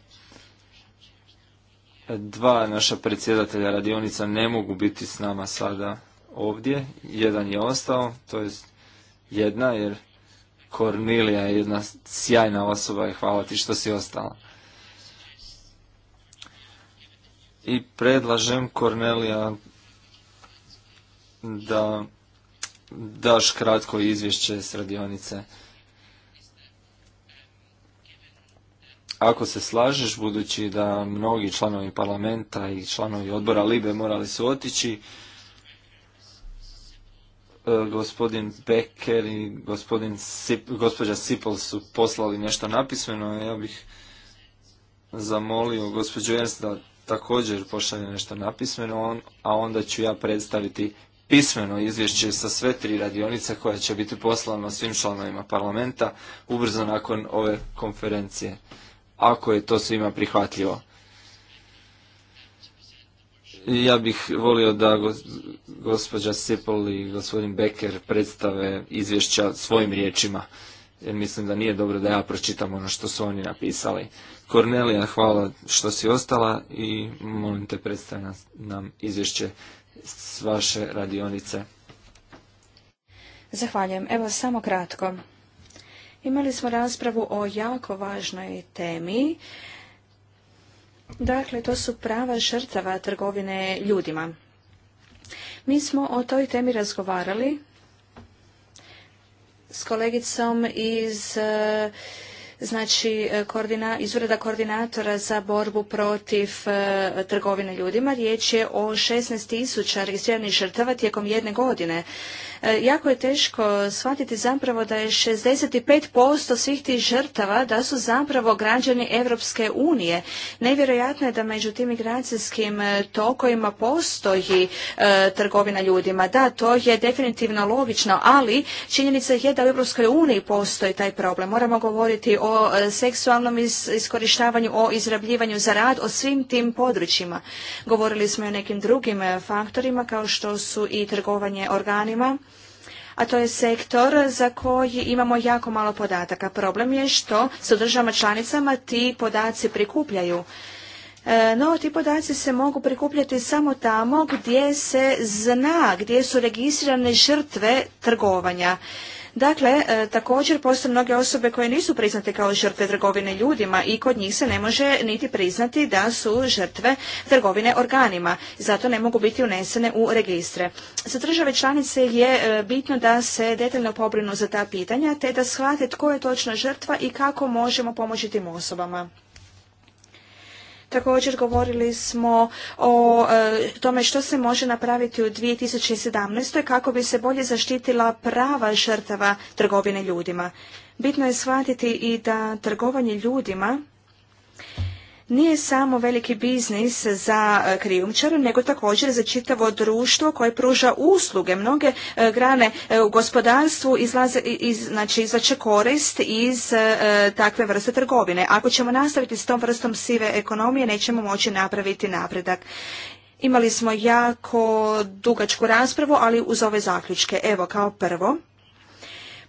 dva naša predsjedatelja radionica ne mogu biti s nama sada ovdje. Jedan je ostao, to je jedna, jer Kornilija je jedna sjajna osoba i hvala ti što si ostala. i predlažem Kornelija da daš kratko izvješće s radionice. Ako se slažeš, budući da mnogi članovi parlamenta i članovi odbora Libe morali su otići, e, gospodin Becker i gospodin gospođa Sipol su poslali nešto napismeno, ja bih zamolio gospođu Ernst da također pošalje nešto napismeno, a onda ću ja predstaviti pismeno izvješće sa sve tri radionice koja će biti poslana svim članovima parlamenta ubrzo nakon ove konferencije, ako je to svima prihvatljivo. Ja bih volio da gospođa Sipol i gospodin Becker predstave izvješća svojim riječima, jer mislim da nije dobro da ja pročitam ono što su oni napisali. Kornelija, hvala što si ostala i molim te predstavlja nam izvješće s vaše radionice.
Zahvaljujem. Evo samo kratko. Imali smo raspravu o jako važnoj temi. Dakle, to su prava žrtava trgovine ljudima. Mi smo o toj temi razgovarali s kolegicom iz znači e, iz ureda koordinatora za borbu protiv e, trgovine ljudima. Riječ je o 16.000 tisuća registriranih žrtava tijekom jedne godine. E, jako je teško shvatiti zapravo da je 65% svih tih žrtava da su zapravo građani Europske unije. Nevjerojatno je da među tim migracijskim e, tokovima postoji e, trgovina ljudima. Da, to je definitivno logično, ali činjenica je da u Europskoj uniji postoji taj problem. Moramo govoriti o seksualnom iskorištavanju, o izrabljivanju za rad, o svim tim područjima. Govorili smo i o nekim drugim faktorima kao što su i trgovanje organima a to je sektor za koji imamo jako malo podataka. Problem je što se državama članicama ti podaci prikupljaju. E, no, ti podaci se mogu prikupljati samo tamo gdje se zna, gdje su registrirane žrtve trgovanja. Dakle, e, također postoje mnoge osobe koje nisu priznate kao žrtve trgovine ljudima i kod njih se ne može niti priznati da su žrtve trgovine organima. Zato ne mogu biti unesene u registre. Za države članice je e, bitno da se detaljno pobrinu za ta pitanja te da shvate tko je točna žrtva i kako možemo pomoći tim osobama. Također govorili smo o e, tome što se može napraviti u 2017. kako bi se bolje zaštitila prava žrtava trgovine ljudima. Bitno je shvatiti i da trgovanje ljudima nije samo veliki biznis za e, krijumčare, nego također za čitavo društvo koje pruža usluge. Mnoge e, grane e, u gospodarstvu izlaze, iz, znači izlače korist iz takve vrste trgovine. Ako ćemo nastaviti s tom vrstom sive ekonomije, nećemo moći napraviti napredak. Imali smo jako dugačku raspravu, ali uz ove zaključke. Evo, kao prvo,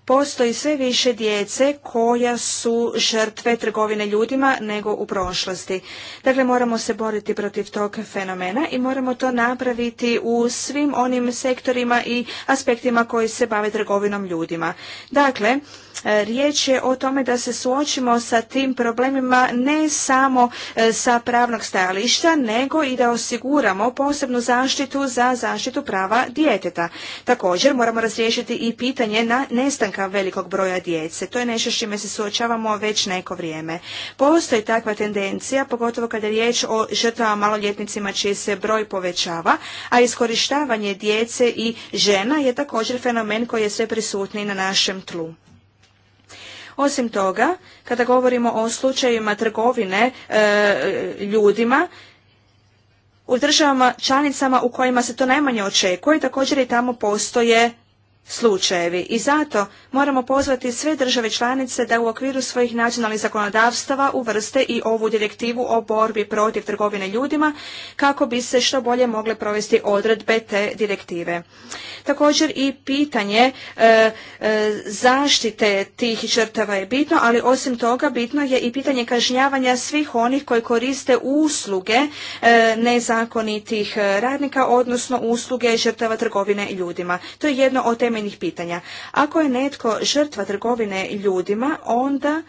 postoji sve više djece koja su žrtve trgovine ljudima nego u prošlosti. Dakle, moramo se boriti protiv tog fenomena i moramo to napraviti u svim onim sektorima i aspektima koji se bave trgovinom ljudima. Dakle, E, riječ je o tome da se suočimo sa tim problemima ne samo e, sa pravnog stajališta, nego i da osiguramo posebnu zaštitu za zaštitu prava djeteta. Također moramo razriješiti i pitanje na nestanka velikog broja djece. To je nešto s čime se suočavamo već neko vrijeme. Postoji takva tendencija, pogotovo kada je riječ o žrtvama maloljetnicima čiji se broj povećava, a iskorištavanje djece i žena je također fenomen koji je sve prisutniji na našem tlu. Osim toga, kada govorimo o slučajevima trgovine e, ljudima, u državama članicama u kojima se to najmanje očekuje, također i tamo postoje slučajevi. I zato moramo pozvati sve države članice da u okviru svojih nacionalnih zakonodavstava uvrste i ovu direktivu o borbi protiv trgovine ljudima kako bi se što bolje mogle provesti odredbe te direktive. Također i pitanje e, e, zaštite tih žrtava je bitno, ali osim toga bitno je i pitanje kažnjavanja svih onih koji koriste usluge e, nezakonitih radnika, odnosno usluge žrtava trgovine ljudima. To je jedno od temeljnih pitanja. Ako je netko netko žrtva trgovine ljudima, onda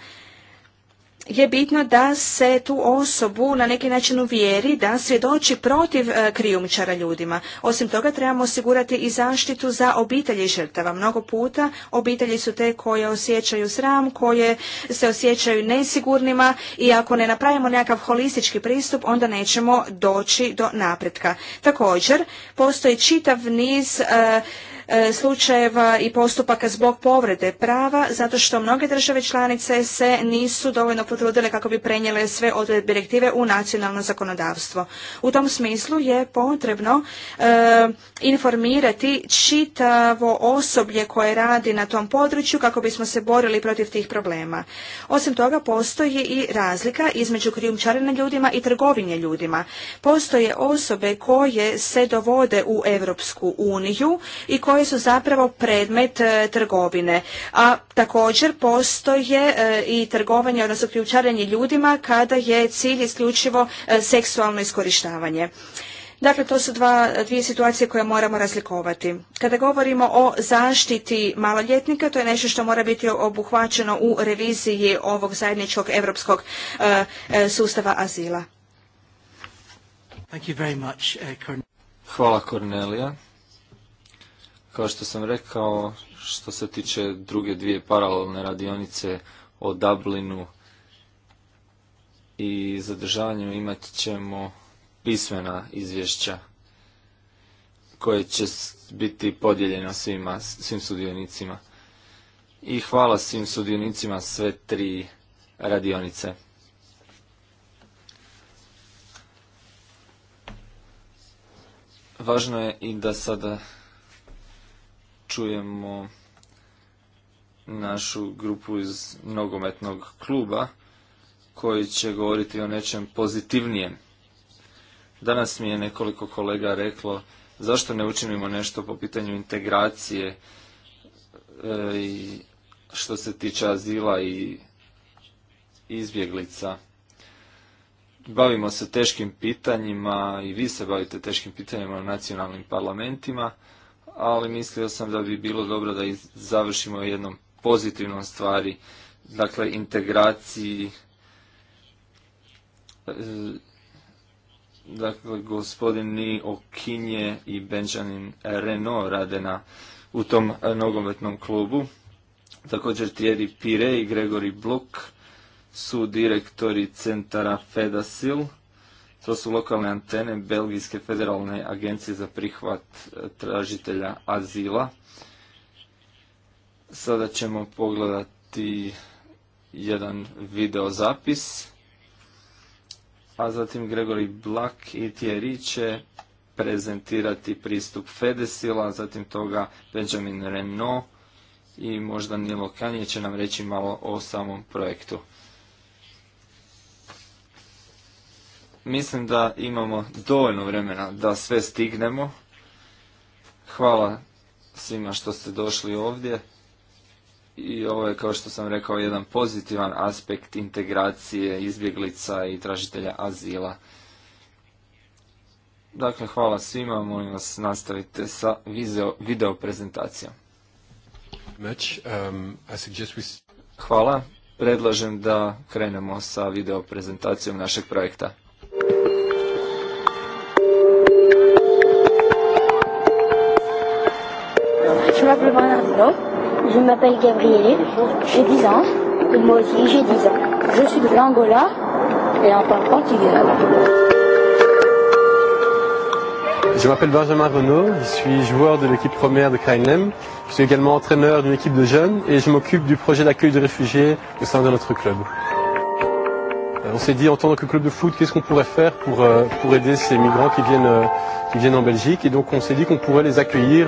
je bitno da se tu osobu na neki način uvjeri da svjedoči protiv e, krijumčara ljudima. Osim toga trebamo osigurati i zaštitu za obitelji žrtava. Mnogo puta obitelji su te koje osjećaju sram, koje se osjećaju nesigurnima i ako ne napravimo nekakav holistički pristup onda nećemo doći do napretka. Također postoji čitav niz e, E, slučajeva i postupaka zbog povrede prava zato što mnoge države članice se nisu dovoljno potrudile kako bi prenijele sve odredbe direktive u nacionalno zakonodavstvo. U tom smislu je potrebno e, informirati čitavo osoblje koje radi na tom području kako bismo se borili protiv tih problema. Osim toga postoji i razlika između krijumčarenja ljudima i trgovinje ljudima. Postoje osobe koje se dovode u Europsku uniju i koje su zapravo predmet e, trgovine. A također postoje e, i trgovanje, odnosno ključarenje ljudima kada je cilj isključivo e, seksualno iskorištavanje. Dakle, to su dva, dvije situacije koje moramo razlikovati. Kada govorimo o zaštiti maloljetnika, to je nešto što mora biti obuhvaćeno u reviziji ovog zajedničkog europskog sustava azila.
Hvala Kornelija. Kao što sam rekao, što se tiče druge dvije paralelne radionice o Dublinu i zadržavanju imat ćemo pismena izvješća koje će biti podijeljena svima, svim sudionicima. I hvala svim sudionicima sve tri radionice. Važno je i da sada čujemo našu grupu iz nogometnog kluba koji će govoriti o nečem pozitivnijem. Danas mi je nekoliko kolega reklo zašto ne učinimo nešto po pitanju integracije e, i što se tiče azila i izbjeglica. Bavimo se teškim pitanjima i vi se bavite teškim pitanjima u nacionalnim parlamentima ali mislio sam da bi bilo dobro da završimo jednom pozitivnom stvari, dakle integraciji e, dakle gospodini Okinje i Benjamin Renault rade na, u tom e, nogometnom klubu. Također Thierry Pire i Gregory Blok su direktori centara Fedasil to su lokalne antene Belgijske federalne agencije za prihvat e, tražitelja azila. Sada ćemo pogledati jedan video zapis, a zatim Gregory Black i Thierry će prezentirati pristup Fedesila, zatim toga Benjamin Renault i možda Nilo Kanje će nam reći malo o samom projektu. Mislim da imamo dovoljno vremena da sve stignemo. Hvala svima što ste došli ovdje. I ovo je, kao što sam rekao, jedan pozitivan aspekt integracije izbjeglica i tražitelja azila. Dakle, hvala svima, molim vas nastavite sa video, prezentacijom. Um, hvala, predlažem da krenemo sa video prezentacijom našeg projekta.
je m'appelle Bernardo, je m'appelle Gabriel, j'ai 10 ans, et moi aussi j'ai 10 ans. Je suis de l'Angola et tant parle portugais.
Je m'appelle Benjamin Renault, je suis joueur de l'équipe première de Krainlem. Je suis également entraîneur d'une équipe de jeunes et je m'occupe du projet d'accueil de
réfugiés au sein de notre club. Euh, on s'est dit en tant que club de foot, qu'est-ce qu'on pourrait
faire pour, euh, pour aider ces migrants qui viennent, euh, qui viennent en Belgique. Et donc on s'est dit qu'on pourrait les accueillir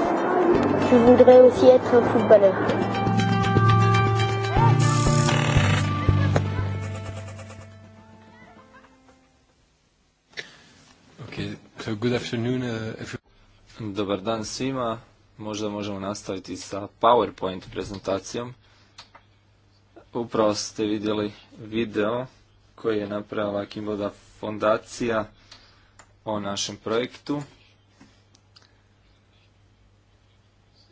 Je voudrais aussi
Dobar dan svima. Možda možemo nastaviti sa PowerPoint prezentacijom. Upravo ste vidjeli video koji je napravila Kimboda fondacija o našem projektu.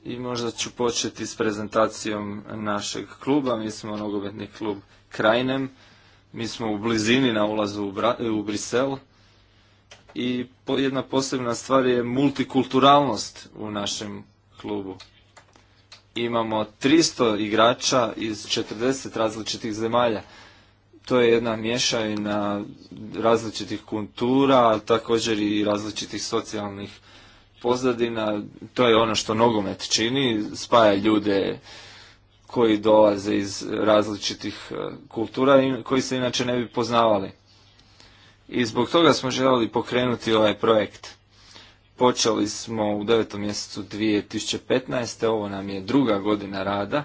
i možda ću početi s prezentacijom našeg kluba. Mi smo nogometni klub Krajnem. Mi smo u blizini na ulazu u, Brisel. I jedna posebna stvar je multikulturalnost u našem klubu. Imamo 300 igrača iz 40 različitih zemalja. To je jedna mješajna različitih kultura, također i različitih socijalnih pozadina, to je ono što nogomet čini, spaja ljude koji dolaze iz različitih e, kultura i koji se inače ne bi poznavali. I zbog toga smo željeli pokrenuti ovaj projekt. Počeli smo u 9. mjesecu 2015. Ovo nam je druga godina rada.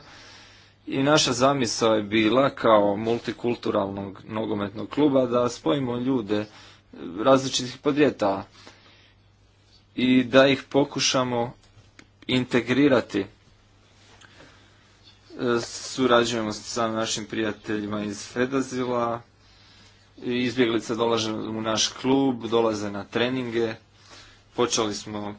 I naša zamisao je bila kao multikulturalnog nogometnog kluba da spojimo ljude različitih podrijetala i da ih pokušamo integrirati. E, surađujemo sa našim prijateljima iz Fedazila, izbjeglice dolaze u naš klub, dolaze na treninge, počeli smo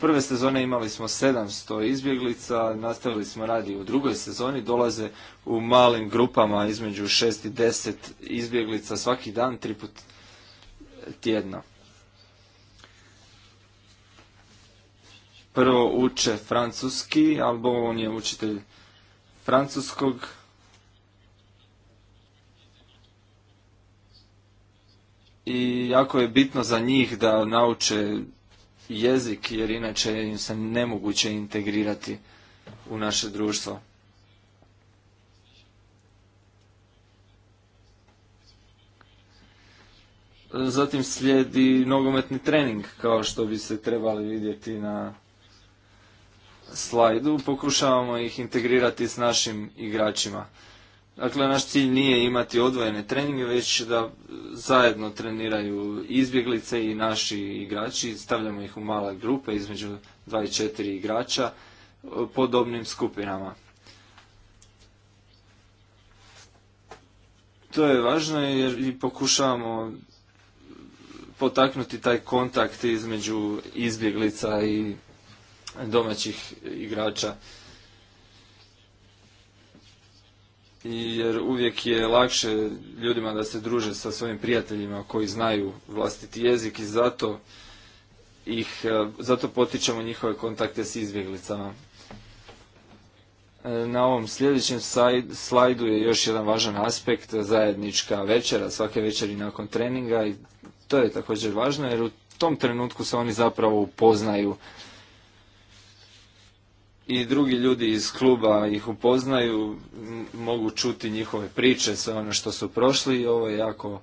prve sezone imali smo 700 izbjeglica, nastavili smo radi u drugoj sezoni, dolaze u malim grupama između 6 i 10 izbjeglica svaki dan, tri tjedno. prvo uče francuski, Albo on je učitelj francuskog. I jako je bitno za njih da nauče jezik, jer inače im se nemoguće integrirati u naše društvo. Zatim slijedi nogometni trening, kao što bi se trebali vidjeti na slajdu, pokušavamo ih integrirati s našim igračima. Dakle, naš cilj nije imati odvojene treninge, već da zajedno treniraju izbjeglice i naši igrači. Stavljamo ih u male grupe između 24 i po igrača podobnim skupinama. To je važno jer i pokušavamo potaknuti taj kontakt između izbjeglica i domaćih igrača. Jer uvijek je lakše ljudima da se druže sa svojim prijateljima koji znaju vlastiti jezik i zato ih, e, zato potičemo njihove kontakte s izbjeglicama. E, na ovom sljedećem slajdu je još jedan važan aspekt, zajednička večera, svake večeri nakon treninga i to je također važno jer u tom trenutku se oni zapravo upoznaju i drugi ljudi iz kluba ih upoznaju, mogu čuti njihove priče, sve ono što su prošli i ovo je jako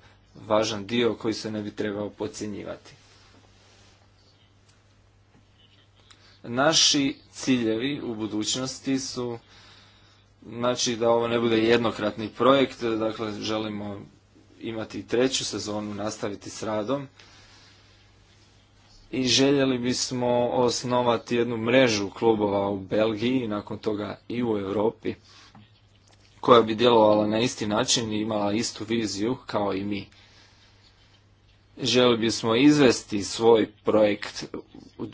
važan dio koji se ne bi trebao podcjenjivati. Naši ciljevi u budućnosti su znači da ovo ne bude jednokratni projekt, dakle želimo imati treću sezonu, nastaviti s radom i željeli bismo osnovati jednu mrežu klubova u Belgiji, nakon toga i u Europi, koja bi djelovala na isti način i imala istu viziju kao i mi. Željeli bismo izvesti svoj projekt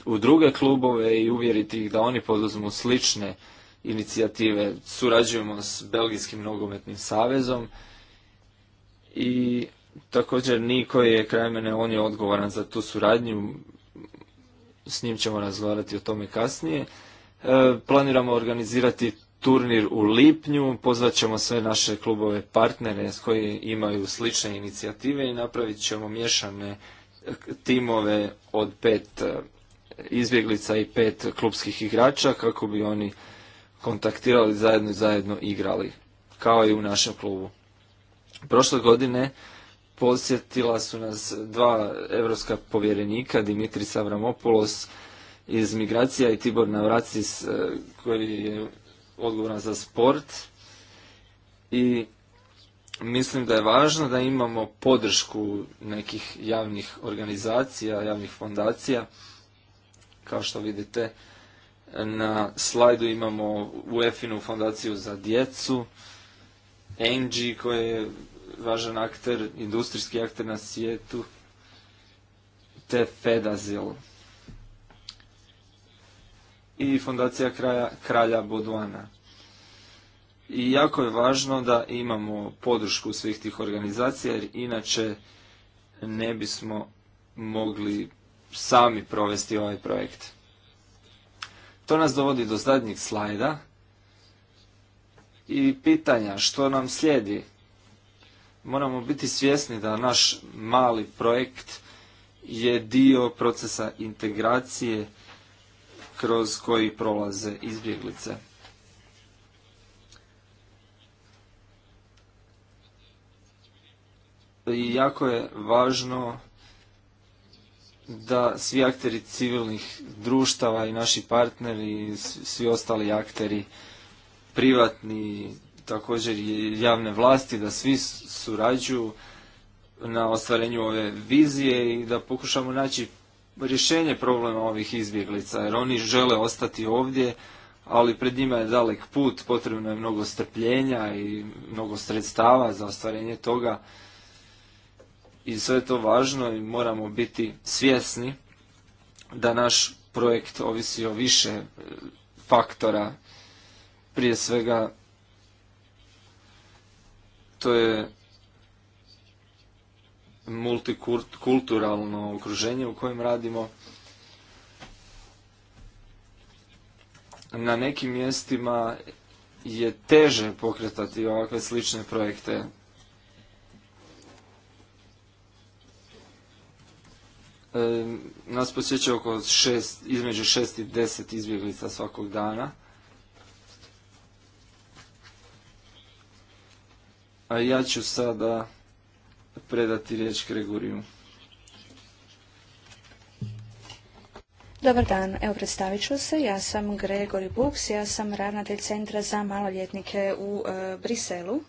u druge klubove i uvjeriti ih da oni poduzmu slične inicijative. Surađujemo s Belgijskim nogometnim savezom i također Niko je kraj mene, on je odgovoran za tu suradnju s njim ćemo razgovarati o tome kasnije. E, planiramo organizirati turnir u lipnju, pozvat ćemo sve naše klubove partnere koji imaju slične inicijative i napravit ćemo miješane timove od pet e, izbjeglica i pet klubskih igrača kako bi oni kontaktirali zajedno i zajedno igrali, kao i u našem klubu. Prošle godine Posjetila su nas dva evropska povjerenika, Dimitris Avramopoulos iz Migracija i Tibor Navracis e, koji je odgovoran za sport. I mislim da je važno da imamo podršku nekih javnih organizacija, javnih fondacija. Kao što vidite na slajdu imamo UEFINU fondaciju za djecu, ENGI koja je važan akter, industrijski akter na svijetu, te Fedazil. I fondacija kraja, kralja Bodvana. I jako je važno da imamo podršku svih tih organizacija, jer inače ne bismo mogli sami provesti ovaj projekt. To nas dovodi do zadnjih slajda i pitanja što nam slijedi moramo biti svjesni da naš mali projekt je dio procesa integracije kroz koji prolaze izbjeglice. I jako je važno da svi akteri civilnih društava i naši partneri, svi ostali akteri, privatni također i javne vlasti, da svi surađuju na ostvarenju ove vizije i da pokušamo naći rješenje problema ovih izbjeglica, jer oni žele ostati ovdje, ali pred njima je dalek put, potrebno je mnogo strpljenja i mnogo sredstava za ostvarenje toga. I sve je to važno i moramo biti svjesni da naš projekt ovisi o više e, faktora, prije svega je multikulturalno okruženje u kojem radimo. Na nekim mjestima je teže pokretati ovakve slične projekte. nas posjeća oko šest, između šest i deset izbjeglica svakog dana. A ja ću sada predati riječ Gregoriju.
Dobar dan, evo predstavit ću se. Ja sam Gregori Buks, ja sam ravnatelj Centra za maloljetnike u e, Briselu.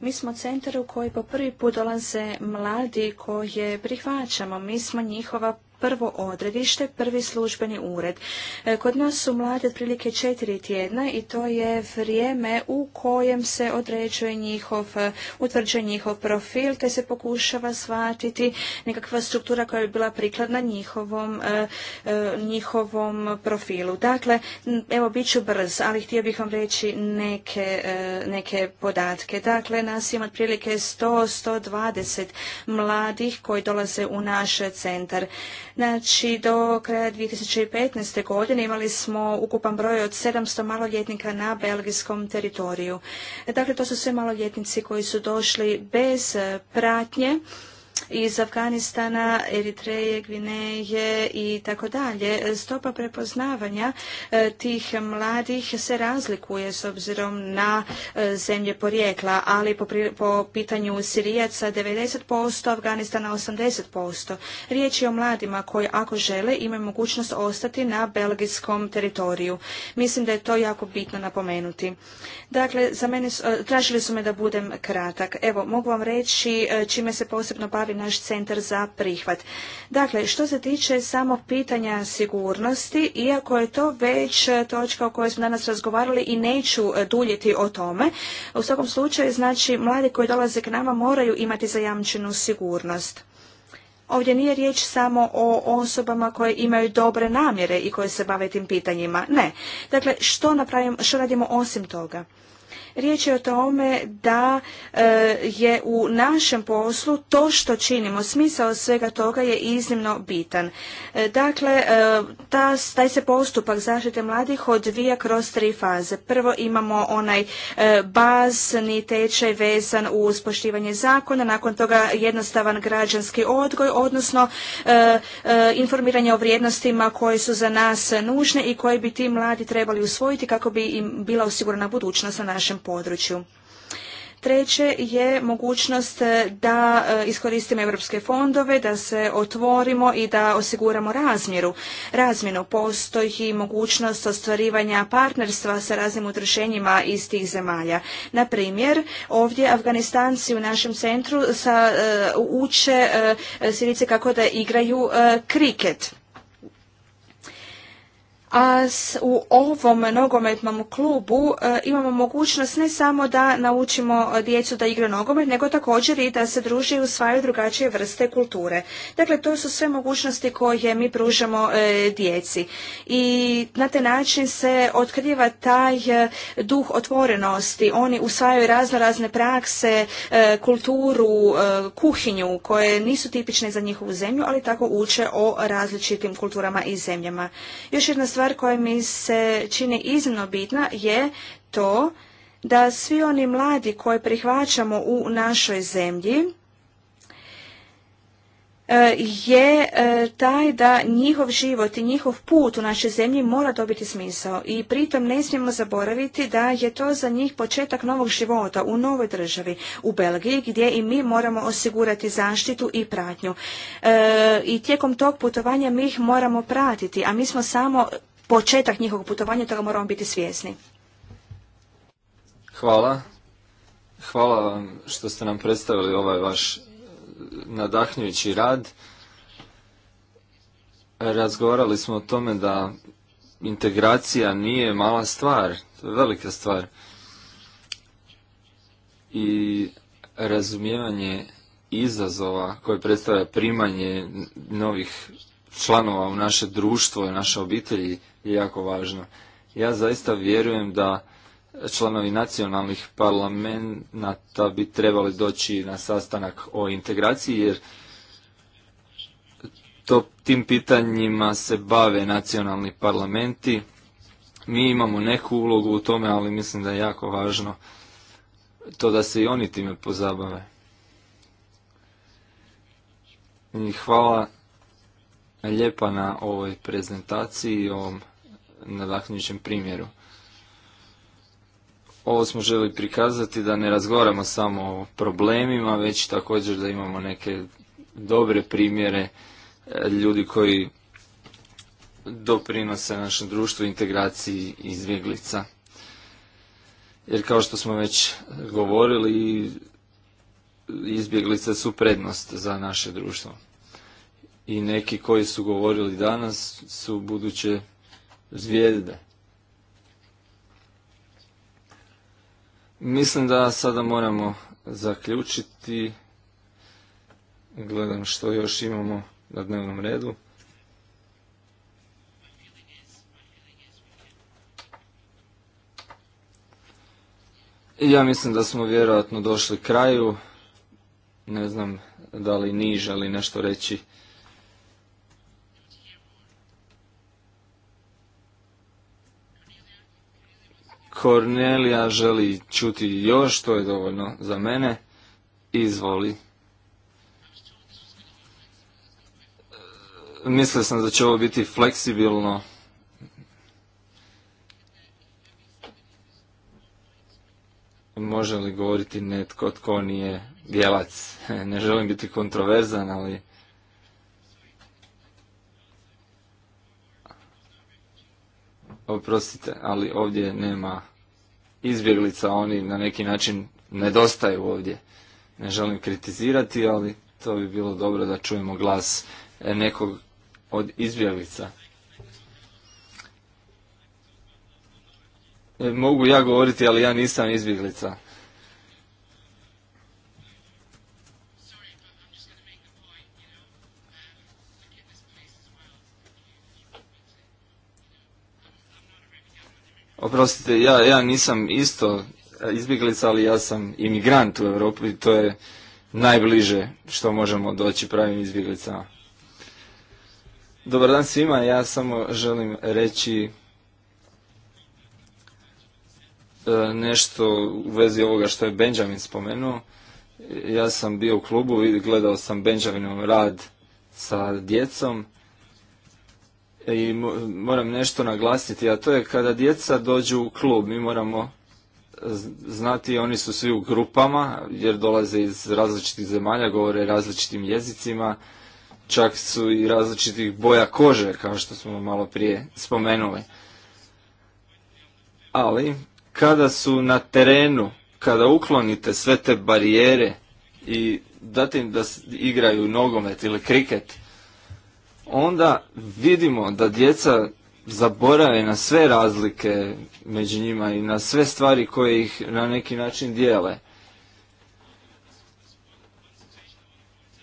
Mi smo centar u koji po prvi put dolaze mladi koje prihvaćamo. Mi smo njihova prvo odredište, prvi službeni ured. E, kod nas su mlade otprilike četiri tjedna i to je vrijeme u kojem se određuje njihov, e, utvrđuje njihov profil, te se pokušava shvatiti nekakva struktura koja bi bila prikladna njihovom, e, njihovom profilu. Dakle, evo, bit ću brz, ali htio bih vam reći neke, neke podatke. Dakle, nas ima otprilike 100-120 mladih koji dolaze u naš centar. Znači, do kraja 2015. godine imali smo ukupan broj od 700 maloljetnika na belgijskom teritoriju. Dakle, to su sve maloljetnici koji su došli bez pratnje iz Afganistana, Eritreje, Gvineje i tako dalje. Stopa prepoznavanja e, tih mladih se razlikuje s obzirom na e, zemlje porijekla, ali po, po pitanju Sirijaca 90%, Afganistana 80%. Riječ je o mladima koji ako žele imaju mogućnost ostati na belgijskom teritoriju. Mislim da je to jako bitno napomenuti. Dakle, za mene, e, tražili su me da budem kratak. Evo, mogu vam reći čime se posebno bavim naš centar za prihvat. Dakle, što se tiče samo pitanja sigurnosti, iako je to već e, točka o kojoj smo danas razgovarali i neću e, duljiti o tome, u svakom slučaju, znači, mladi koji dolaze k nama moraju imati zajamčenu sigurnost. Ovdje nije riječ samo o osobama koje imaju dobre namjere i koje se bave tim pitanjima. Ne. Dakle, što radimo osim toga? Riječ je o tome da e, je u našem poslu to što činimo, smisao svega toga je iznimno bitan. E, dakle, e, ta, taj se postupak zaštite mladih odvija kroz tri faze. Prvo imamo onaj bazni tečaj vezan uz poštivanje zakona, nakon toga jednostavan građanski odgoj, odnosno informiranje o vrijednostima koje su za nas nužne i koje bi ti mladi trebali usvojiti kako bi im bila osigurana budućnost na našem području. Treće je mogućnost da e, iskoristimo europske fondove, da se otvorimo i da osiguramo razmjeru. Razmjenu postoji mogućnost ostvarivanja partnerstva sa raznim udruženjima iz tih zemalja. Na primjer, ovdje Afganistanci u našem centru sa, e, uče e, Sirice kako da igraju kriket a u ovom nogometnom klubu e, imamo mogućnost ne samo da naučimo e, djecu da igra nogomet, nego također i da se druže i usvajaju drugačije vrste kulture. Dakle, to su sve mogućnosti koje mi pružamo e, djeci. I na taj način se otkriva taj duh otvorenosti. Oni usvajaju razno razne prakse, kulturu, kuhinju koje nisu tipične za njihovu zemlju, ali tako uče o različitim kulturama i zemljama. Još jedna stvar stvar koja mi se čini iznimno bitna je to da svi oni mladi koje prihvaćamo u našoj zemlji e, je e, taj da njihov život i njihov put u našoj zemlji mora dobiti smisao i pritom ne smijemo zaboraviti da je to za njih početak novog života u novoj državi, u Belgiji gdje i mi moramo osigurati zaštitu i pratnju. E, I tijekom tog putovanja mi ih moramo pratiti, a mi smo samo početak njihovog putovanja, toga moramo biti svjesni.
Hvala. Hvala vam što ste nam predstavili ovaj vaš eh, nadahnjujući rad. Razgovarali smo o tome da integracija nije mala stvar, to je velika stvar. I razumijevanje izazova koje predstavlja primanje novih članova u naše društvo i naše obitelji je jako važno. Ja zaista vjerujem da članovi nacionalnih parlamenta bi trebali doći na sastanak o integraciji jer to, tim pitanjima se bave nacionalni parlamenti. Mi imamo neku ulogu u tome, ali mislim da je jako važno to da se i oni time pozabave. hvala lijepa na ovoj prezentaciji i ovom nadahnućem primjeru. Ovo smo želi prikazati da ne razgovaramo samo o problemima, već također da imamo neke dobre primjere e, ljudi koji doprinose našem društvu integraciji izbjeglica. Jer kao što smo već govorili, izbjeglice su prednost za naše društvo. I neki koji su govorili danas su buduće zvijezde. Mislim da sada moramo zaključiti. Gledam što još imamo na dnevnom redu. Ja mislim da smo vjerojatno došli kraju. Ne znam da li niže ili nešto reći. Kornelija želi čuti još, to je dovoljno za mene. Izvoli. Mislio sam da će ovo biti fleksibilno. Može li govoriti netko tko nije bijelac? Ne želim biti kontroverzan, ali... Oprostite, ali ovdje nema izbjeglica, oni na neki način nedostaju ovdje. Ne želim kritizirati, ali to bi bilo dobro da čujemo glas e, nekog od izbjeglica. E, mogu ja govoriti, ali ja nisam izbjeglica. Oprostite, ja, ja nisam isto e, izbjeglica, ali ja sam imigrant u Europi i to je najbliže što možemo doći pravim izbjeglicama. Dobar dan svima, ja samo želim reći e, nešto u vezi ovoga što je Benjamin spomenuo. Ja sam bio u klubu i gledao sam Benjaminov rad sa djecom i moram nešto naglasiti, a to je kada djeca dođu u klub, mi moramo znati, oni su svi u grupama, jer dolaze iz različitih zemalja, govore različitim jezicima, čak su i različitih boja kože, kao što smo malo prije spomenuli. Ali, kada su na terenu, kada uklonite sve te barijere i date im da igraju nogomet ili kriket, onda vidimo da djeca zaborave na sve razlike među njima i na sve stvari koje ih na neki način dijele.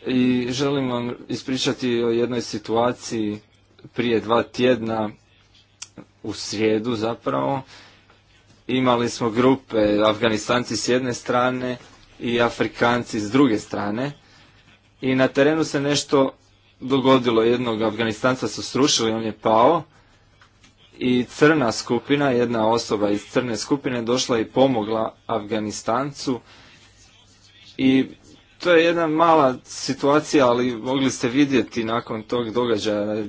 I želim vam ispričati o jednoj situaciji prije dva tjedna u srijedu zapravo. Imali smo grupe Afganistanci s jedne strane i Afrikanci s druge strane. I na terenu se nešto dogodilo. Jednog Afganistanca su srušili, on je pao i crna skupina, jedna osoba iz crne skupine došla i pomogla Afganistancu i to je jedna mala situacija, ali mogli ste vidjeti nakon tog događaja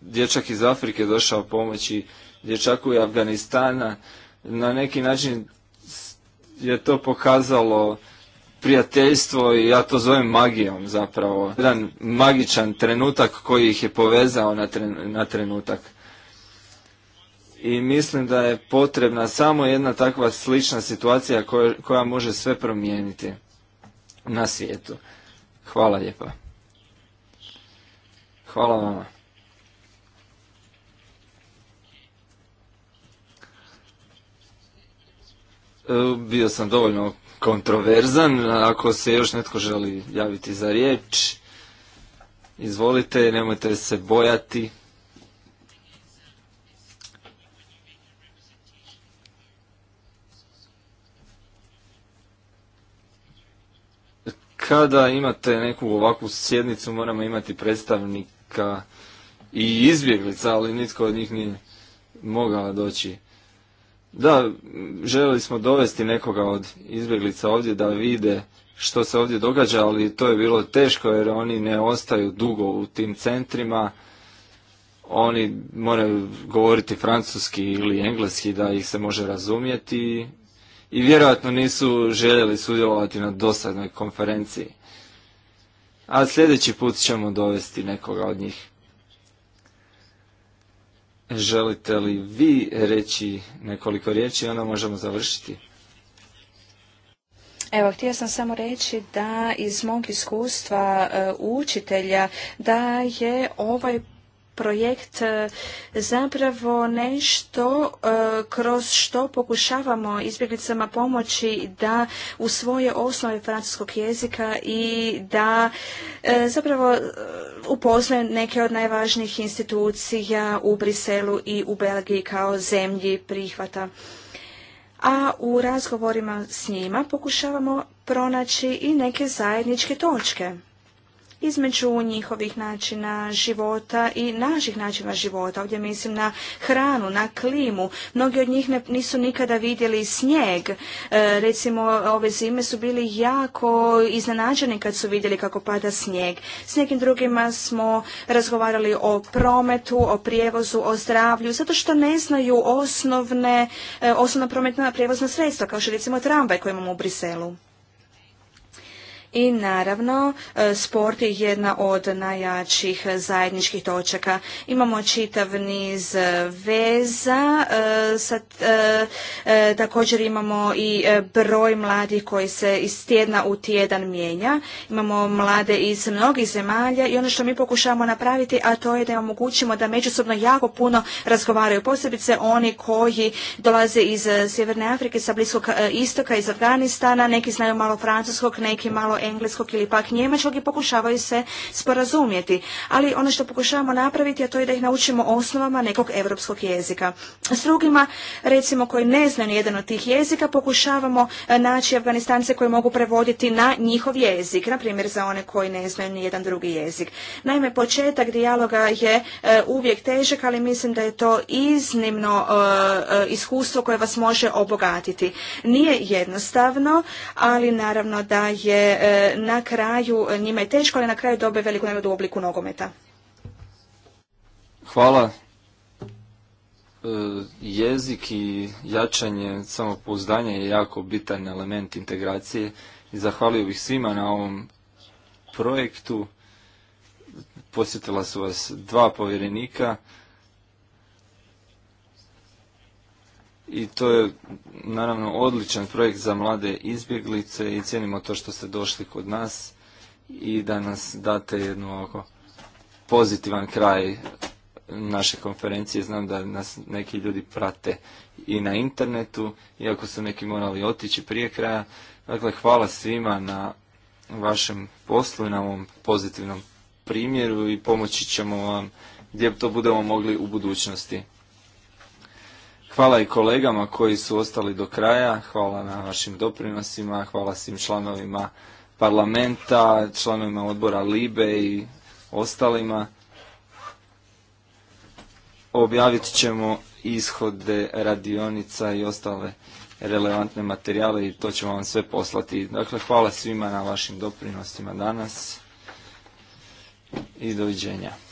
dječak iz Afrike došao pomoći dječaku i Afganistana. Na neki način je to pokazalo prijateljstvo i ja to zovem magijom zapravo. Jedan magičan trenutak koji ih je povezao na, trenutak. I mislim da je potrebna samo jedna takva slična situacija koja, koja može sve promijeniti na svijetu. Hvala lijepa. Hvala vama. E, bio sam dovoljno kontroverzan. Ako se još netko želi javiti za riječ, izvolite, nemojte se bojati. Kada imate neku ovakvu sjednicu moramo imati predstavnika i izbjeglica, ali nitko od njih nije mogao doći. Da, željeli smo dovesti nekoga od izbjeglica ovdje da vide što se ovdje događa, ali to je bilo teško jer oni ne ostaju dugo u tim centrima. Oni moraju govoriti francuski ili engleski da ih se može razumjeti i vjerojatno nisu željeli sudjelovati na dosadnoj konferenciji. A sljedeći put ćemo dovesti nekoga od njih. Želite li vi reći nekoliko riječi, onda možemo završiti.
Evo, htio sam samo reći da iz mog iskustva e, učitelja da je ovaj projekt e, zapravo nešto e, kroz što pokušavamo izbjeglicama pomoći da u svoje osnove francuskog jezika i da e, zapravo upoznaju neke od najvažnijih institucija u Briselu i u Belgiji kao zemlji prihvata a u razgovorima s njima pokušavamo pronaći i neke zajedničke točke između njihovih načina života i naših načina života. Ovdje mislim na hranu, na klimu. Mnogi od njih ne, nisu nikada vidjeli snijeg. E, recimo, ove zime su bili jako iznenađeni kad su vidjeli kako pada snijeg. S nekim drugima smo razgovarali o prometu, o prijevozu, o zdravlju, zato što ne znaju osnovne, e, osnovna prometna prijevozna sredstva, kao što recimo tramvaj koje imamo u Briselu i naravno e, sport je jedna od najjačih zajedničkih točaka. Imamo čitav niz veza, e, e, također imamo i broj mladih koji se iz tjedna u tjedan mijenja. Imamo mlade iz mnogih zemalja i ono što mi pokušavamo napraviti, a to je da im omogućimo da međusobno jako puno razgovaraju, posebice oni koji dolaze iz Sjeverne Afrike, sa Bliskog istoka, iz Afganistana, neki znaju malo francuskog, neki malo engleskog ili pak njemačkog i pokušavaju se sporazumjeti. Ali ono što pokušavamo napraviti, a to je da ih naučimo osnovama nekog europskog jezika. S drugima, recimo koji ne znaju jedan od tih jezika, pokušavamo e, naći Afganistance koji mogu prevoditi na njihov jezik, na primjer za one koji ne znaju ni jedan drugi jezik. Naime, početak dijaloga je e, uvijek težak, ali mislim da je to iznimno e, iskustvo koje vas može obogatiti. Nije jednostavno, ali naravno da je E, na kraju njima je teško, ali na kraju dobe veliku nagradu u obliku nogometa.
Hvala. E, jezik i jačanje samopouzdanja je jako bitan element integracije i zahvalio bih svima na ovom projektu. Posjetila su vas dva povjerenika i to je naravno odličan projekt za mlade izbjeglice i cijenimo to što ste došli kod nas i da nas date jednu ovako pozitivan kraj naše konferencije. Znam da nas neki ljudi prate i na internetu, iako su neki morali otići prije kraja. Dakle, hvala svima na vašem poslu i na ovom pozitivnom primjeru i pomoći ćemo vam gdje to budemo mogli u budućnosti. Hvala i kolegama koji su ostali do kraja, hvala na vašim doprinosima, hvala svim članovima parlamenta, članovima odbora Libe i ostalima. Objavit ćemo ishode radionica i ostale relevantne materijale i to ćemo vam sve poslati. Dakle, hvala svima na vašim doprinosima danas i doviđenja.